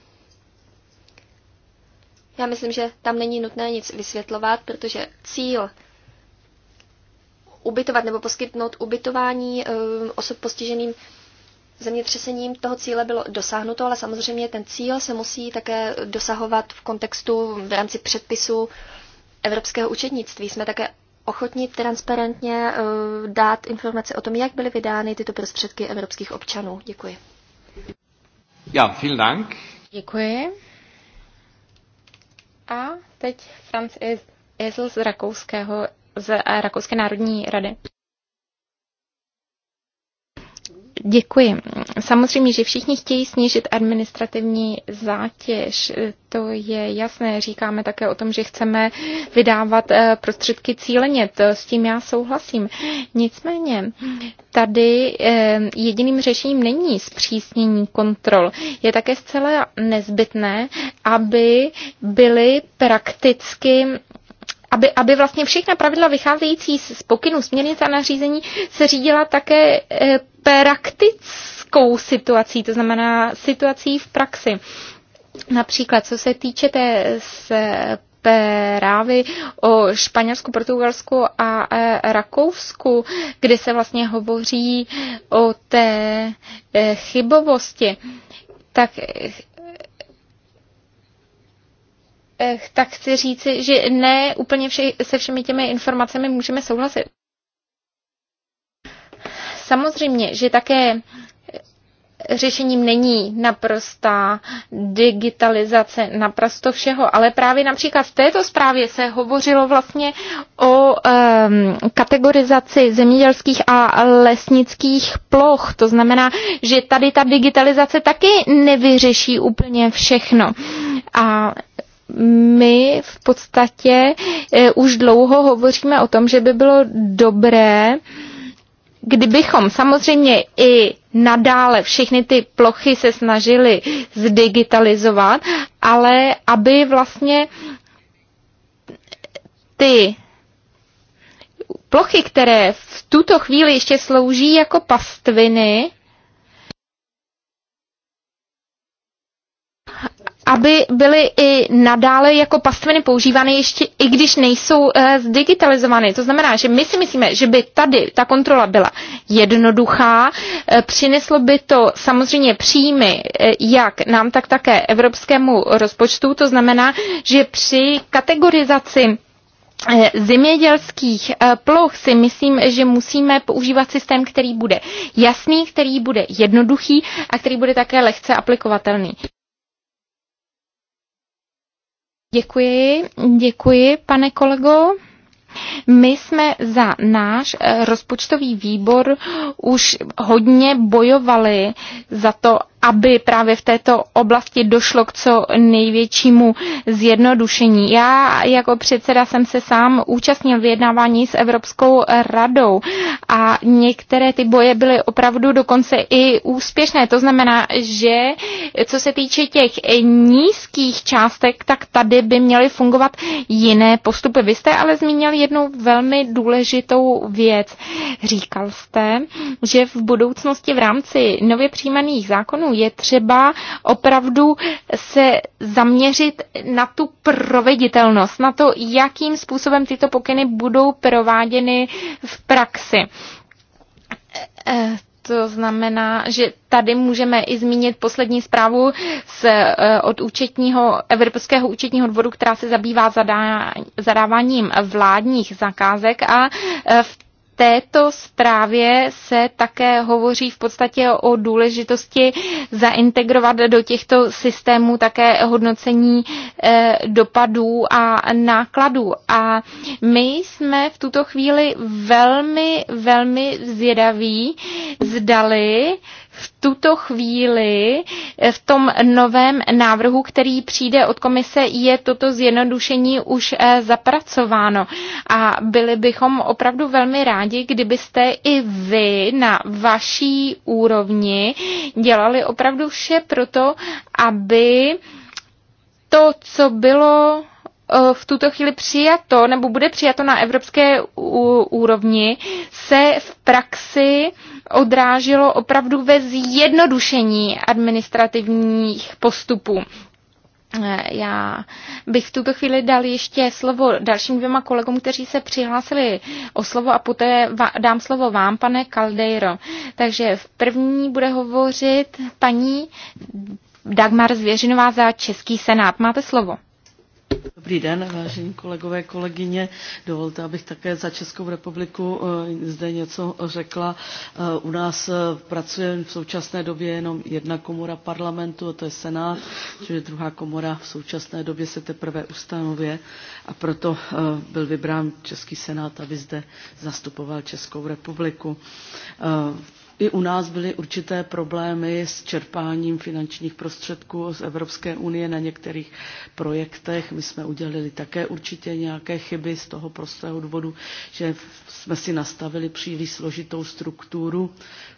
Já myslím, že tam není nutné nic vysvětlovat, protože cíl ubytovat nebo poskytnout ubytování um, osob postiženým zemětřesením toho cíle bylo dosáhnuto, ale samozřejmě ten cíl se musí také dosahovat v kontextu v rámci předpisu Evropského účetnictví. Jsme také ochotní transparentně eh, dát informace o tom, jak byly vydány tyto prostředky evropských občanů. Děkuji. Ja, vielen Dank. Děkuji. A teď Franz Esl z Rakouského, z eh, Rakouské národní rady. Děkuji. Samozřejmě, že všichni chtějí snížit administrativní zátěž. Eh, to je jasné. Říkáme také o tom, že chceme vydávat eh, prostředky cíleně. To s tím já souhlasím. Nicméně, tady eh, jediným řešením není zpřísnění kontrol. Je také zcela nezbytné, aby byly prakticky aby, aby vlastně všechna pravidla vycházející z pokynu směrnice a nařízení se řídila také e, praktickou situací, to znamená situací v praxi. Například, co se týče té právy o Španělsku, Portugalsku a e, Rakousku, kde se vlastně hovoří o té e, chybovosti, tak Eh, tak chci říci, že ne úplně vše, se všemi těmi informacemi můžeme souhlasit. Samozřejmě, že také eh, řešením není naprostá digitalizace naprosto všeho, ale právě například v této zprávě se hovořilo vlastně o um, kategorizaci zemědělských a lesnických ploch. To znamená, že tady ta digitalizace taky nevyřeší úplně všechno. A my v podstatě eh, už dlouho hovoříme o tom, že by bylo dobré, kdybychom samozřejmě i nadále všechny ty plochy se snažili zdigitalizovat, ale aby vlastně ty plochy, které v tuto chvíli ještě slouží jako pastviny, aby byly i nadále jako pastviny používány ještě i když nejsou e, eh, zdigitalizovány. To znamená, že my si myslíme, že by tady ta kontrola byla jednoduchá, e, přineslo by to samozřejmě příjmy e, jak nám, tak také evropskému rozpočtu. To znamená, že při kategorizaci zemědělských ploch si myslím, že musíme používat systém, který bude jasný, který bude jednoduchý a který bude také lehce aplikovatelný. Děkuji, děkuji, pane kolego. My jsme za náš eh, rozpočtový výbor už hodně bojovali za to, aby právě v této oblasti došlo k co největšímu zjednodušení. Já jako předseda jsem se sám účastnil vyjednávání s Evropskou radou a některé ty boje byly opravdu dokonce i úspěšné. To znamená, že co se týče těch nízkých částek, tak tady by měly fungovat jiné postupy. Vy jste ale zmínil jednu velmi důležitou věc. Říkal jste, že v budoucnosti v rámci nově přijímaných zákonů je třeba opravdu se zaměřit na tu proveditelnost, na to, jakým způsobem tyto pokyny budou prováděny v praxi. Eh, to znamená, že tady můžeme i zmínit poslední zprávu z, eh, od účetního, Evropského účetního dvoru, která se zabývá zadá, zadáváním vládních zakázek a eh, v této zprávě se také hovoří v podstatě o důležitosti zaintegrovat do těchto systémů také hodnocení eh, dopadů a nákladů. A my jsme v tuto chvíli velmi, velmi zvědaví, zdali v tuto chvíli eh, v tom novém návrhu, který přijde od komise, je toto zjednodušení už eh, zapracováno. A byli bychom opravdu velmi rádi, kdybyste i vy na vaší úrovni dělali opravdu vše pro to, aby to, co bylo Eh, v tuto chvíli přijato nebo bude přijato na evropské úrovni, se v praxi odráželo opravdu ve zjednodušení administrativních postupů. Eh, já bych v tuto chvíli dal ještě slovo dalším dvěma kolegům, kteří se přihlásili o slovo a poté dám slovo vám, pane Caldeiro. Takže v první bude hovořit paní Dagmar Zvěřinová za Český senát. Máte slovo. Dobrý den, vážení kolegové, kolegyně. Dovolte, abych také za Českou republiku eh, zde něco řekla. Eh, u nás eh, pracuje v současné době jenom jedna komora parlamentu, a to je Senát, čili druhá komora v současné době se teprve ustanovuje a proto byl vybrán Český senát, aby zde zastupoval Českou republiku i u nás byly určité problémy s čerpáním finančních prostředků z Evropské unie na některých projektech. My jsme udělali také určitě nějaké chyby z toho prostého důvodu, že jsme si nastavili příliš složitou strukturu,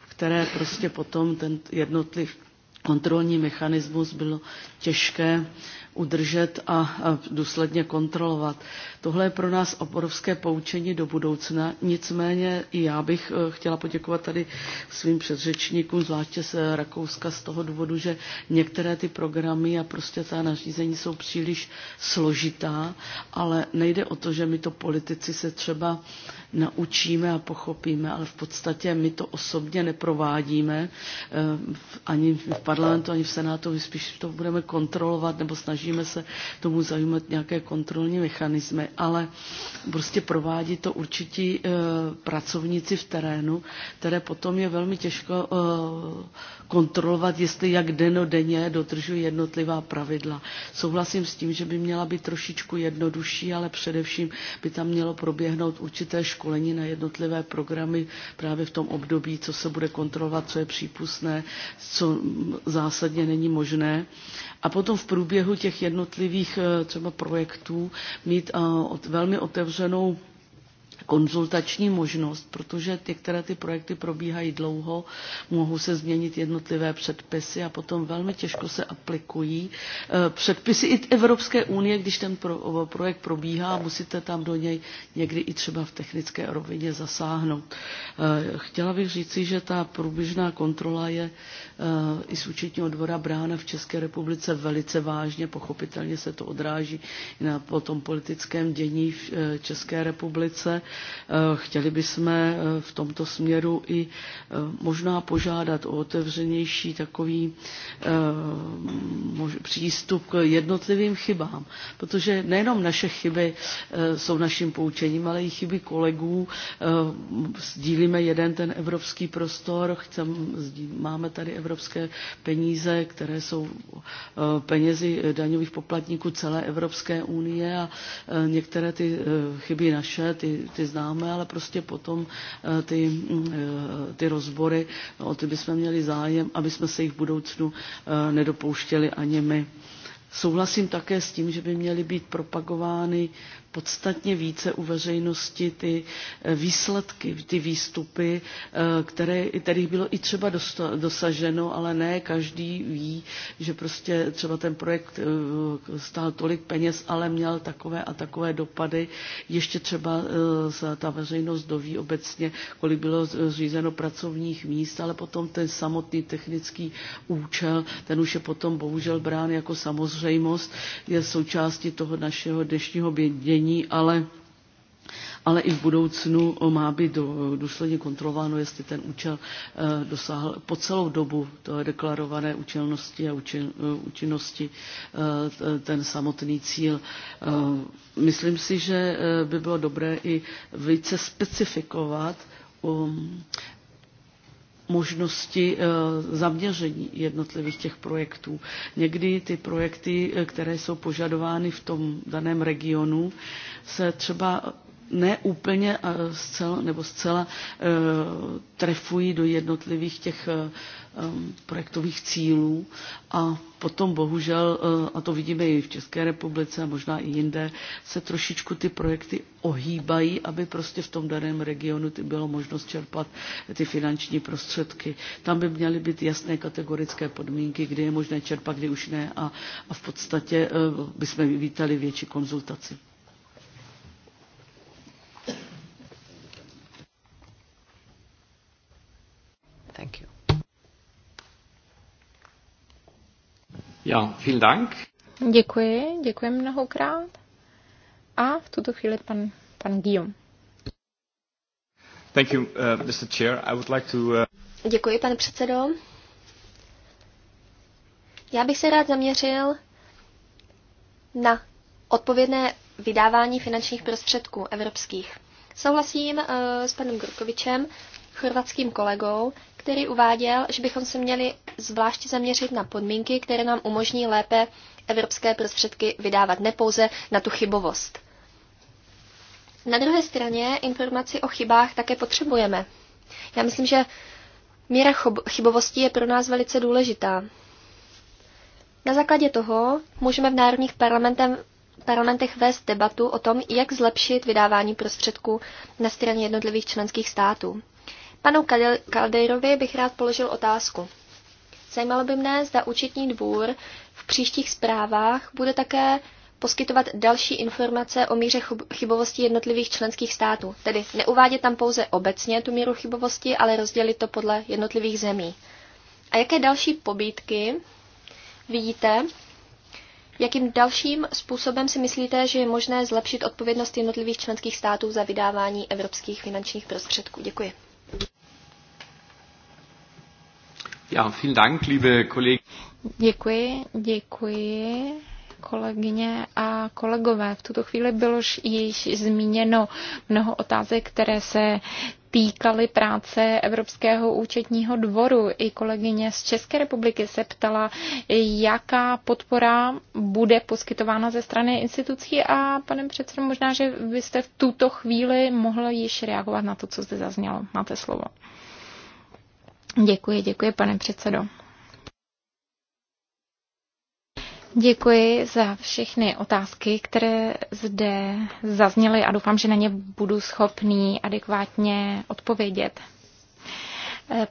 které prostě potom ten jednotliv, kontrolní mechanismus bylo těžké udržet a důsledně kontrolovat. Tohle je pro nás obrovské poučení do budoucna. Nicméně i já bych e, chtěla poděkovat tady svým předřečníkům, zvláště z Rakouska, z toho důvodu, že některé ty programy a prostě ta nařízení jsou příliš složitá, ale nejde o to, že my to politici se třeba naučíme a pochopíme, ale v podstatě my to osobně neprovádíme e, ani v parlamentu, ani v Senátu, spíš to budeme kontrolovat nebo snažíme se tomu zajímat nějaké kontrolní mechanismy, ale prostě provádí to určití e, pracovníci v terénu, které potom je velmi těžko e, kontrolovat, jestli jak denodenně dodržují jednotlivá pravidla. Souhlasím s tím, že by měla být trošičku jednodušší, ale především by tam mělo proběhnout určité školení na jednotlivé programy právě v tom období, co se bude kontrolovat, co je přípustné, co zásadně není možné. A potom v průběhu těch jednotlivých eh, třeba projektů mít eh, velmi otevřenou konzultační možnost, protože ty, které ty projekty probíhají dlouho, mohou se změnit jednotlivé předpisy a potom velmi těžko se aplikují eh, předpisy i Evropské unie, když ten pro, projekt probíhá, musíte tam do něj někdy i třeba v technické rovině zasáhnout. Eh, chtěla bych říci, že ta průběžná kontrola je eh, i z účetního dvora brána v České republice velice vážně, pochopitelně se to odráží i na potom politickém dění v České republice Eh, chtěli bychom eh, v tomto směru i eh, možná požádat o otevřenější takový přístup k jednotlivým chybám, protože nejenom naše chyby jsou naším poučením, ale i chyby kolegů. Sdílíme jeden ten evropský prostor, chcem, máme tady evropské peníze, které jsou penězi daňových poplatníků celé Evropské unie a některé ty chyby naše, ty, ty ty známe, ale prostě potom eh, ty, mm, eh, ty rozbory, no, o ty bychom měli zájem, aby jsme se jich v budoucnu eh, nedopouštěli ani my. Souhlasím také s tím, že by měly být propagovány podstatně více u veřejnosti ty eh, výsledky, ty výstupy, eh, které, kterých bylo i třeba dosaženo, ale ne každý ví, že prostě třeba ten projekt eh, stál tolik peněz, ale měl takové a takové dopady. Ještě třeba se ta veřejnost doví obecně, kolik bylo zřízeno pracovních míst, ale potom ten samotný technický účel, ten už je potom bohužel brán jako samozřejmost, je součástí toho našeho dnešního bědění nyní, ale ale i v budoucnu má být důsledně kontrolováno, jestli ten účel eh, dosáhl po celou dobu to deklarované účelnosti a eh, účinnosti eh, ten samotný cíl. Myslím si, že by bylo dobré i více specifikovat um, možnosti eh, zaměření jednotlivých těch projektů. Někdy ty projekty, eh, které jsou požadovány v tom daném regionu, se třeba ne úplně eh, zcela, nebo zcela trefují do jednotlivých těch Um, projektových cílů a potom bohužel, uh, a to vidíme i v České republice a možná i jinde, se trošičku ty projekty ohýbají, aby prostě v tom daném regionu ty bylo možnost čerpat ty finanční prostředky. Tam by měly být jasné kategorické podmínky, kdy je možné čerpat, kdy už ne a, a v podstatě uh, bychom vítali větší konzultaci. Thank you. Ja, vielen Dank. Děkuji, děkuji mnohokrát. A v tuto chvíli pan, pan Guillaume. Thank you, uh, Mr. Chair. I would like to, uh... Děkuji, pane předsedo. Já bych se rád zaměřil na odpovědné vydávání finančních prostředků evropských. Souhlasím uh, s panem Grukovičem, chorvatským kolegou, který uváděl, že bychom se měli zvláště zaměřit na podmínky, které nám umožní lépe evropské prostředky vydávat, ne pouze na tu chybovost. Na druhé straně informaci o chybách také potřebujeme. Já myslím, že míra chybovosti je pro nás velice důležitá. Na základě toho můžeme v národních parlamentech vést debatu o tom, jak zlepšit vydávání prostředků na straně jednotlivých členských států. Panu Kaldejrovi bych rád položil otázku. Zajímalo by mne, zda účetní dvůr v příštích zprávách bude také poskytovat další informace o míře chybovosti jednotlivých členských států. Tedy neuvádět tam pouze obecně tu míru chybovosti, ale rozdělit to podle jednotlivých zemí. A jaké další pobídky vidíte, jakým dalším způsobem si myslíte, že je možné zlepšit odpovědnost jednotlivých členských států za vydávání evropských finančních prostředků? Děkuji. Ja, vielen Dank, liebe Kollegen. Děkuji, děkuji kolegyně a kolegové. V tuto chvíli bylo již zmíněno mnoho otázek, které se týkaly práce Evropského účetního dvoru. I kolegyně z České republiky se ptala, jaká podpora bude poskytována ze strany institucí a panem předsedom možná, že byste v tuto chvíli mohli již reagovat na to, co zde zaznělo. Máte slovo. Děkuji, děkuji, pane předsedo. Děkuji za všechny otázky, které zde zazněly a doufám, že na ně budu schopný adekvátně odpovědět.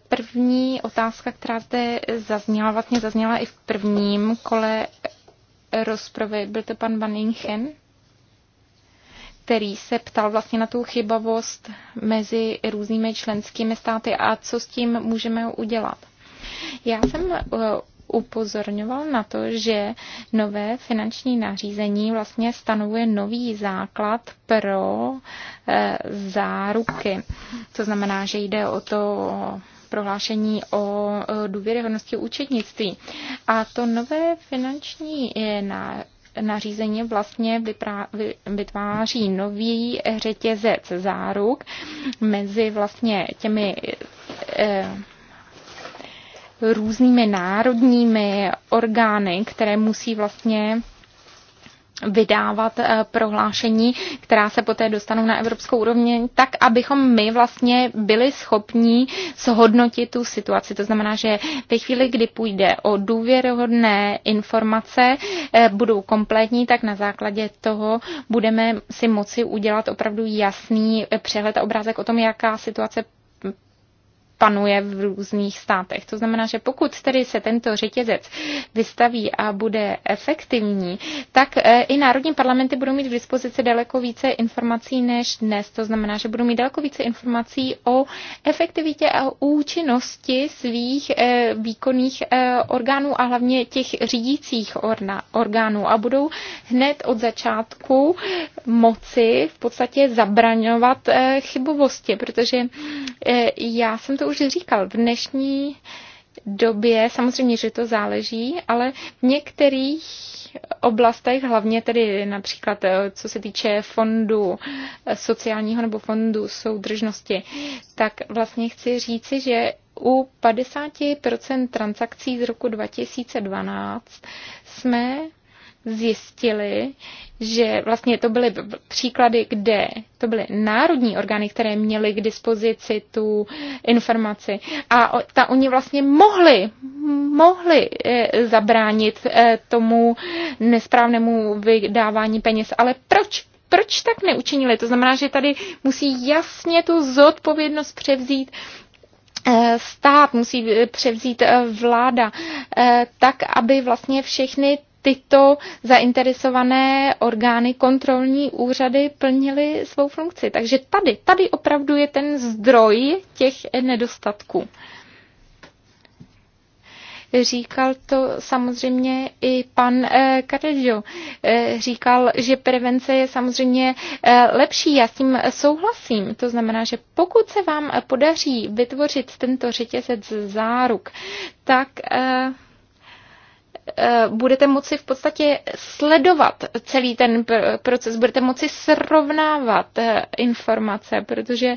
První otázka, která zde zazněla, vlastně zazněla i v prvním kole rozpravy, byl to pan Van Inchen, který se ptal vlastně na tu chybavost mezi různými členskými státy a co s tím můžeme udělat. Já jsem eh, upozorňoval na to, že nové finanční nařízení vlastně stanovuje nový základ pro eh, záruky. To znamená, že jde o to prohlášení o důvěryhodnosti účetnictví. A to nové finanční eh, na nařízení vlastně vytváří nový řetězec záruk mezi vlastně těmi eh, různými národními orgány, které musí vlastně vydávat eh, prohlášení, která se poté dostanou na evropskou úroveň, tak abychom my vlastně byli schopní shodnotit tu situaci. To znamená, že ve chvíli, kdy půjde o důvěrohodné informace, eh, budou kompletní, tak na základě toho budeme si moci udělat opravdu jasný eh, přehled a obrázek o tom, jaká situace panuje v různých státech. To znamená, že pokud tedy se tento řetězec vystaví a bude efektivní, tak eh, i národní parlamenty budou mít v dispozici daleko více informací než dnes. To znamená, že budou mít daleko více informací o efektivitě a účinnosti svých eh, výkonných eh, orgánů a hlavně těch řídících orgánů a budou hned od začátku moci v podstatě zabraňovat chybovosti, protože já jsem to už říkal, v dnešní době, samozřejmě, že to záleží, ale v některých oblastech, hlavně tedy například eh, co se týče fondu eh, sociálního nebo fondu soudržnosti, tak vlastně chci říci, že u 50% transakcí z roku 2012 jsme zjistili, že vlastně to byly příklady, kde to byly národní orgány, které měly k dispozici tu informaci a ta oni vlastně mohli, mohli eh, zabránit eh, tomu nesprávnému vydávání peněz. Ale proč? Proč tak neučinili? To znamená, že tady musí jasně tu zodpovědnost převzít eh, stát, musí převzít vláda, tak, aby vlastně všechny tyto zainteresované orgány, kontrolní úřady plnily svou funkci. Takže tady, tady opravdu je ten zdroj těch nedostatků. Říkal to samozřejmě i pan eh, Karežo. Eh, říkal, že prevence je samozřejmě eh, lepší. Já s tím souhlasím. To znamená, že pokud se vám podaří vytvořit tento řetězec záruk, tak Eh, budete moci v podstatě sledovat celý ten proces, budete moci srovnávat eh, informace, protože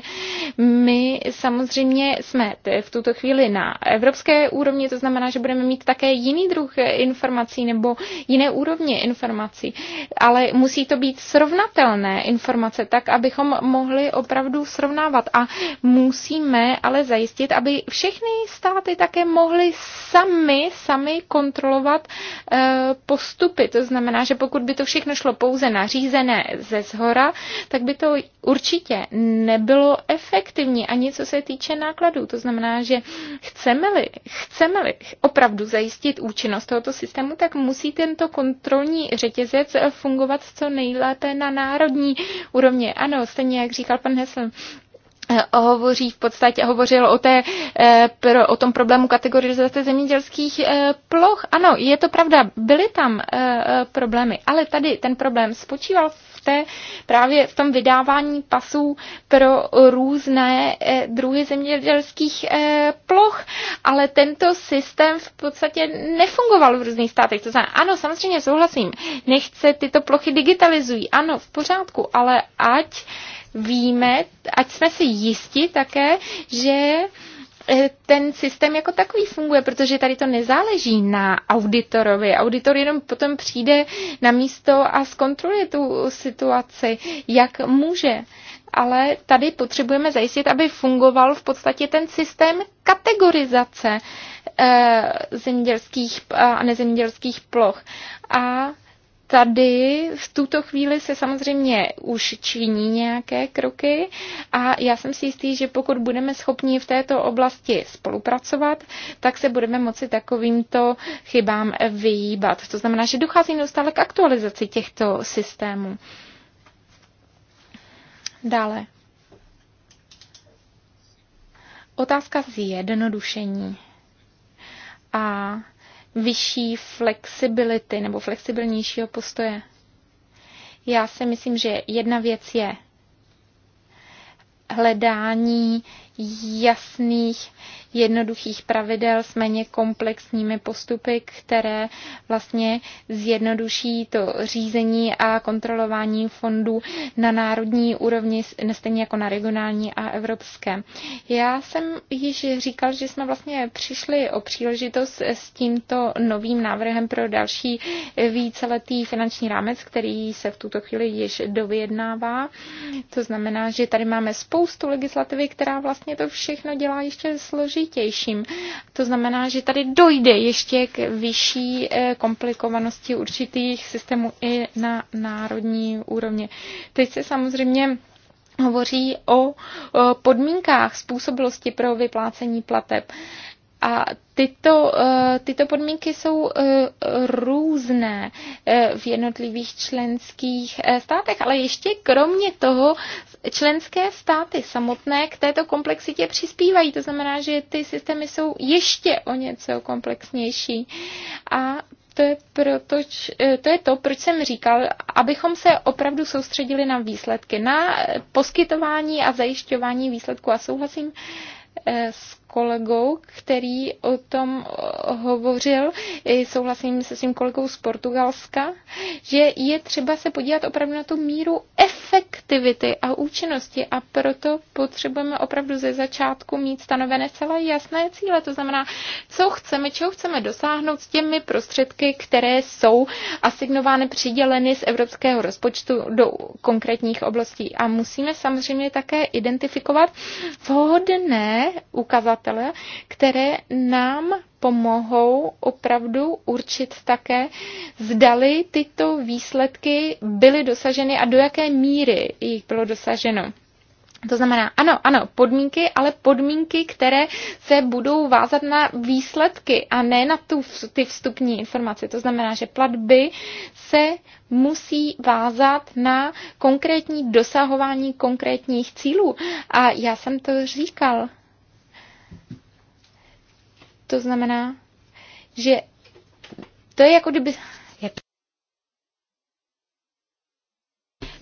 my samozřejmě jsme v tuto chvíli na evropské úrovni, to znamená, že budeme mít také jiný druh eh, informací nebo jiné úrovně informací, ale musí to být srovnatelné informace, tak abychom mohli opravdu srovnávat a musíme ale zajistit, aby všechny státy také mohly sami, sami kontrolovat e, postupy. To znamená, že pokud by to všechno šlo pouze nařízené ze zhora, tak by to určitě nebylo efektivní ani co se týče nákladů. To znamená, že chceme-li, chceme-li opravdu zajistit účinnost tohoto systému, tak musí tento kontrolní řetězec fungovat co nejlépe na národní úrovni. Ano, stejně jak říkal pan Hesl, Eh, hovoří v podstatě, hovořil o, té, eh, o tom problému kategorizace zemědělských eh, ploch. Ano, je to pravda, byly tam problémy, ale tady ten problém spočíval v té, právě v tom vydávání pasů pro různé druhy zemědělských ploch, ale tento systém v podstatě nefungoval v různých státech. To znamená, ano, samozřejmě souhlasím, nechce tyto plochy digitalizují, ano, v pořádku, ale ať víme, ať jsme si jisti také, že eh, ten systém jako takový funguje, protože tady to nezáleží na auditorovi. Auditor jenom potom přijde na místo a zkontroluje tu situaci, jak může. Ale tady potřebujeme zajistit, aby fungoval v podstatě ten systém kategorizace eh, zemědělských a nezemědělských ploch. A Tady v tuto chvíli se samozřejmě už činí nějaké kroky a já jsem si jistý, že pokud budeme schopni v této oblasti spolupracovat, tak se budeme moci takovýmto chybám vyjíbat. To znamená, že dochází neustále k aktualizaci těchto systémů. Dále. Otázka zjednodušení. A vyšší flexibility nebo flexibilnějšího postoje. Já si myslím, že jedna věc je hledání jasných, jednoduchých pravidel s méně komplexními postupy, které vlastně zjednoduší to řízení a kontrolování fondů na národní úrovni, stejně jako na regionální a evropské. Já jsem již říkal, že jsme vlastně přišli o příležitost s tímto novým návrhem pro další víceletý finanční rámec, který se v tuto chvíli již dovyjednává. To znamená, že tady máme spoustu legislativy, která vlastně vlastně to všechno dělá ještě složitějším. To znamená, že tady dojde ještě k vyšší eh, komplikovanosti určitých systémů i na národní úrovni. Teď se samozřejmě hovoří o podmínkách způsobilosti pro vyplácení plateb. A tyto, eh, tyto podmínky jsou eh, různé eh, v jednotlivých členských státech, ale ještě kromě toho členské státy samotné k této komplexitě přispívají. To znamená, že ty systémy jsou ještě o něco komplexnější. A to je, proto, to je to, proč jsem říkal, abychom se opravdu soustředili na výsledky, na poskytování a zajišťování výsledků. A souhlasím s kolegou, který o tom eh, hovořil, souhlasím se svým kolegou z Portugalska, že je třeba se podívat opravdu na tu míru efektivity a účinnosti a proto potřebujeme opravdu ze začátku mít stanovené celé jasné cíle, to znamená, co chceme, čeho chceme dosáhnout s těmi prostředky, které jsou asignovány, přiděleny z evropského rozpočtu do konkrétních oblastí. A musíme samozřejmě také identifikovat vhodné ukazatele, přátelé, které nám pomohou opravdu určit také, zdali tyto výsledky byly dosaženy a do jaké míry jich bylo dosaženo. To znamená, ano, ano, podmínky, ale podmínky, které se budou vázat na výsledky a ne na tu, ty vstupní informace. To znamená, že platby se musí vázat na konkrétní dosahování konkrétních cílů. A já jsem to říkal to znamená, že to je jako kdyby...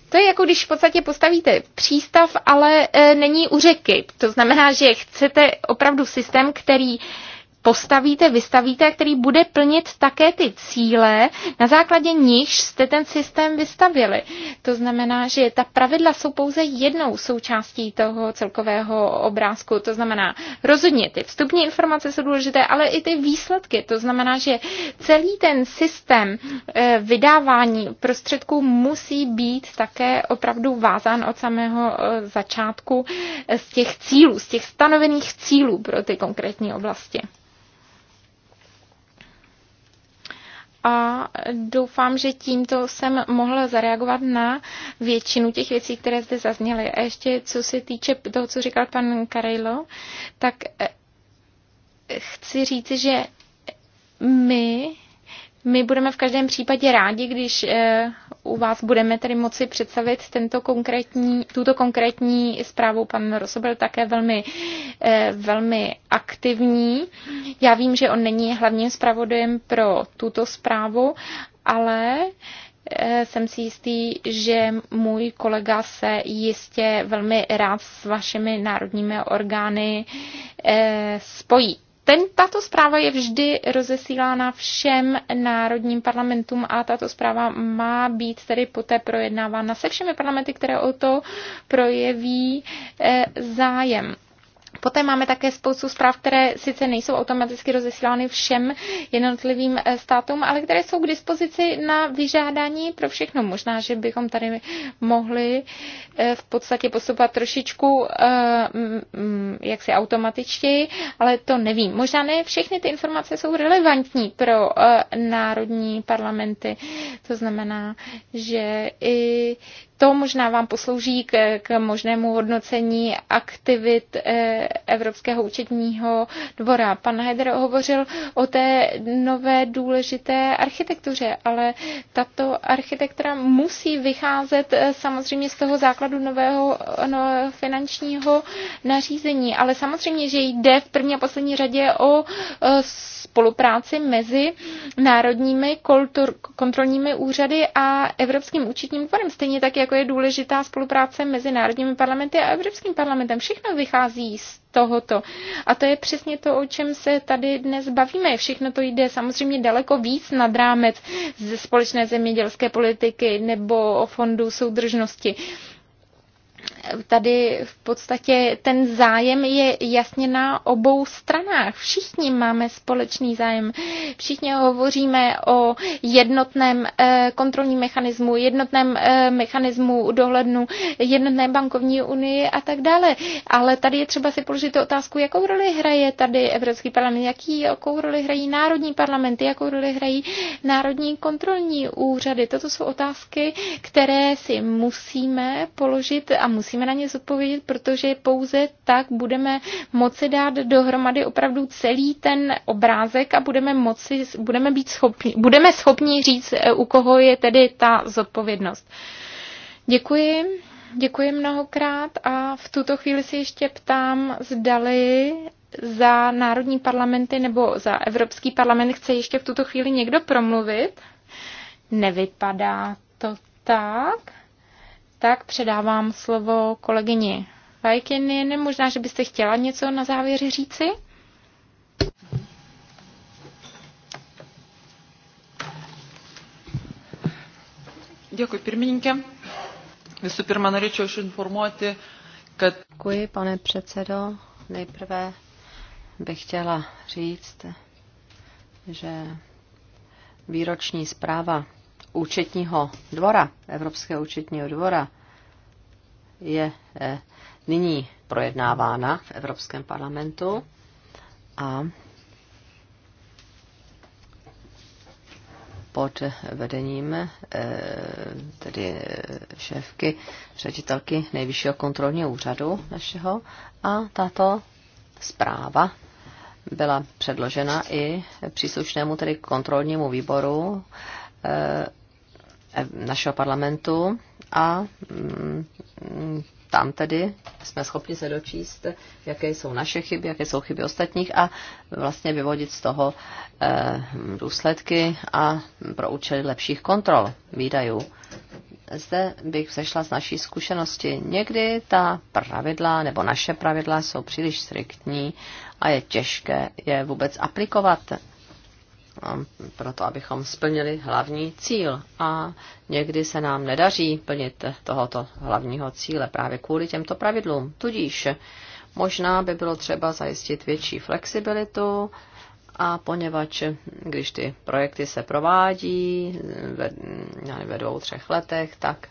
To je jako když v podstatě postavíte přístav, ale e, není u řeky. To znamená, že chcete opravdu systém, který postavíte, vystavíte, který bude plnit také ty cíle, na základě nichž jste ten systém vystavili. To znamená, že ta pravidla jsou pouze jednou součástí toho celkového obrázku. To znamená, rozhodně ty vstupní informace jsou důležité, ale i ty výsledky. To znamená, že celý ten systém eh, vydávání prostředků musí být také opravdu vázán od samého eh, začátku eh, z těch cílů, z těch stanovených cílů pro ty konkrétní oblasti. a doufám, že tímto jsem mohla zareagovat na většinu těch věcí, které zde zazněly. A ještě co se týče toho, co říkal pan Karejlo, tak eh, chci říci, že my my budeme v každém případě rádi, když eh, u vás budeme tedy moci představit tento konkrétní, tuto konkrétní zprávu. Pan Roso byl také velmi, eh, velmi aktivní. Já vím, že on není hlavním zpravodajem pro tuto zprávu, ale eh, jsem si jistý, že můj kolega se jistě velmi rád s vašimi národními orgány spojí. Ten, tato zpráva je vždy rozesílána všem národním parlamentům a tato zpráva má být tedy poté projednávána se všemi parlamenty, které o to projeví eh, zájem. Poté máme také spoustu zpráv, které sice nejsou automaticky rozesílány všem jednotlivým eh, státům, ale které jsou k dispozici na vyžádání pro všechno. Možná, že bychom tady mohli eh, v podstatě postupovat trošičku eh, jaksi automatičtěji, ale to nevím. Možná ne všechny ty informace jsou relevantní pro národní parlamenty. To znamená, že i to možná vám poslouží k, k možnému hodnocení aktivit eh, Evropského účetního dvora. Pan Heider hovořil o té nové důležité architektuře, ale tato architektura musí vycházet eh, samozřejmě z toho základu nového nového finančního nařízení. Ale samozřejmě, že jde v první a poslední řadě o eh, spolupráci mezi národními kontrolními úřady a Evropským účetním dvorem, stejně tak jako jako je důležitá spolupráce mezi národními parlamenty a Evropským parlamentem. Všechno vychází z tohoto. A to je přesně to, o čem se tady dnes bavíme. Všechno to jde samozřejmě daleko víc nad rámec ze společné zemědělské politiky nebo o fondu soudržnosti tady v podstatě ten zájem je jasně na obou stranách. Všichni máme společný zájem. Všichni hovoříme o jednotném eh, kontrolním mechanismu, jednotném eh, mechanismu dohlednu, jednotné bankovní unii a tak dále. Ale tady je třeba si položit otázku, jakou roli hraje tady Evropský parlament, jaký, jakou roli hrají národní parlamenty, jakou roli hrají národní kontrolní úřady. Toto jsou otázky, které si musíme položit a musíme musíme na ně zodpovědět, protože pouze tak budeme moci dát dohromady opravdu celý ten obrázek a budeme, moci, budeme, být schopni, budeme schopni říct, eh, u koho je tedy ta zodpovědnost. Děkuji. Děkuji mnohokrát a v tuto chvíli si ještě ptám, zdali za národní parlamenty nebo za Evropský parlament chce ještě v tuto chvíli někdo promluvit. Nevypadá to tak tak předávám slovo kolegyni Vajkiny. Možná, že byste chtěla něco na závěr říci? Děkuji, pirmininkė. Visų pirma, norėčiau aš Děkuji, pane předsedo. Nejprve bych chtěla říct, že výroční zpráva účetního dvora, Evropského účetního dvora, je eh, nyní projednávána v Evropském parlamentu a pod vedením eh, tedy šéfky, ředitelky Nejvyššího kontrolního úřadu našeho a tato zpráva byla předložena i příslušnému tedy kontrolnímu výboru eh, Eh, našeho parlamentu a mm, tam tedy jsme schopni se dočíst, jaké jsou naše chyby, jaké jsou chyby ostatních a vlastně vyvodit z toho eh, důsledky a pro účely lepších kontrol výdajů. Zde bych sešla z naší zkušenosti. Někdy ta pravidla nebo naše pravidla jsou příliš striktní a je těžké je vůbec aplikovat proto abychom splnili hlavní cíl. A někdy se nám nedaří plnit tohoto hlavního cíle právě kvůli těmto pravidlům. Tudíž možná by bylo třeba zajistit větší flexibilitu, a poněvadž, když ty projekty se provádí ve, ve dvou, třech letech, tak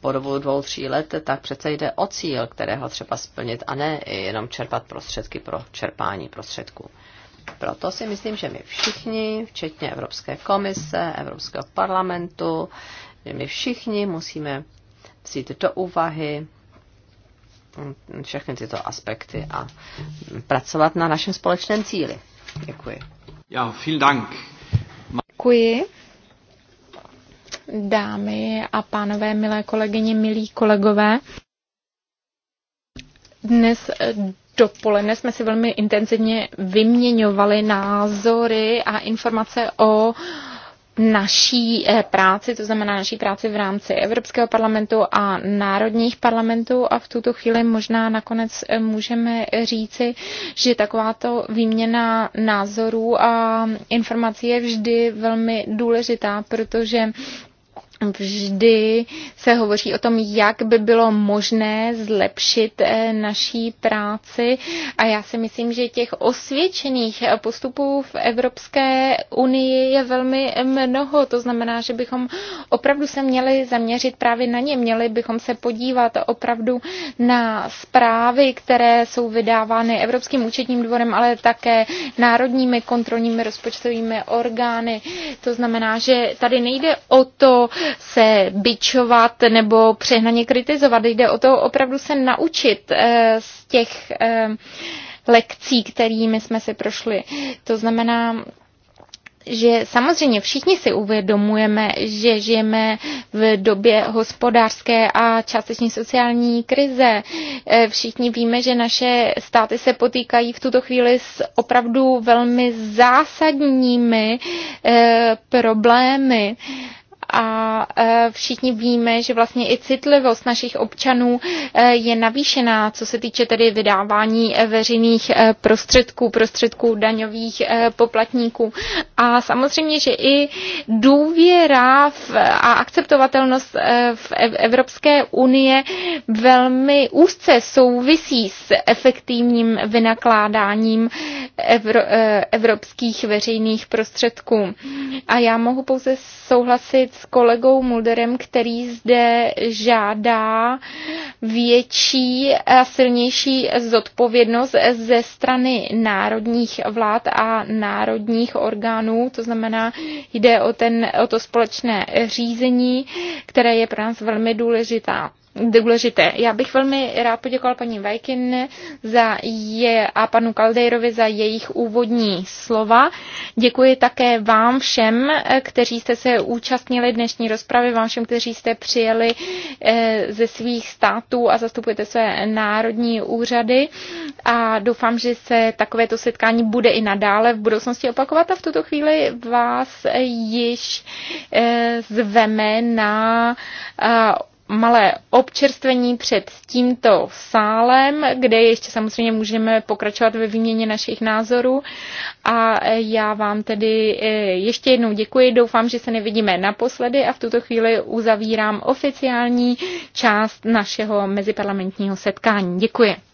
po dobu dvou, tří let, tak přece jde o cíl, kterého třeba splnit a ne jenom čerpat prostředky pro čerpání prostředků. Proto si myslím, že my všichni, včetně Evropské komise, Evropského parlamentu, že my všichni musíme vzít do úvahy všechny tyto aspekty a pracovat na našem společném cíli. Děkuji. Ja, vielen Dank. Děkuji. Dámy a pánové, milé kolegyně, milí kolegové, dnes dopoledne jsme si velmi intenzivně vyměňovali názory a informace o naší eh, práci, to znamená naší práci v rámci Evropského parlamentu a národních parlamentů a v tuto chvíli možná nakonec eh, můžeme říci, že takováto výměna názorů a informací je vždy velmi důležitá, protože vždy se hovoří o tom, jak by bylo možné zlepšit eh, naší práci a já si myslím, že těch osvědčených eh, postupů v Evropské unii je velmi eh, mnoho. To znamená, že bychom opravdu se měli zaměřit právě na ně. Měli bychom se podívat opravdu na zprávy, které jsou vydávány Evropským účetním dvorem, ale také národními kontrolními rozpočtovými orgány. To znamená, že tady nejde o to, se bičovat nebo přehnaně kritizovat. Jde o to opravdu se naučit eh, z těch eh, lekcí, kterými jsme si prošli. To znamená, že samozřejmě všichni si uvědomujeme, že žijeme v době hospodářské a částečně sociální krize. Eh, všichni víme, že naše státy se potýkají v tuto chvíli s opravdu velmi zásadními problémy a e, všichni víme, že vlastně i citlivost našich občanů e, je navýšená, co se týče tedy vydávání e, veřejných prostředků, prostředků daňových poplatníků. A samozřejmě, že i důvěra v, a akceptovatelnost v Evropské unie velmi úzce souvisí s efektivním vynakládáním evro, evropských veřejných prostředků. A já mohu pouze souhlasit souhlasit s kolegou Mulderem, který zde žádá větší a silnější zodpovědnost ze strany národních vlád a národních orgánů. To znamená, jde o, ten, o to společné řízení, které je pro nás velmi důležitá důležité. Já bych velmi rád poděkoval paní Vajkin za je, a panu Kaldejrovi za jejich úvodní slova. Děkuji také vám všem, kteří jste se účastnili dnešní rozpravy, vám všem, kteří jste přijeli eh, ze svých států a zastupujete své národní úřady a doufám, že se takovéto setkání bude i nadále v budoucnosti opakovat a v tuto chvíli vás již eh, zveme na eh, malé občerstvení před tímto sálem, kde ještě samozřejmě můžeme pokračovat ve výměně našich názorů. A já vám tedy eh, ještě jednou děkuji, doufám, že se nevidíme naposledy a v tuto chvíli uzavírám oficiální část našeho meziparlamentního setkání. Děkuji.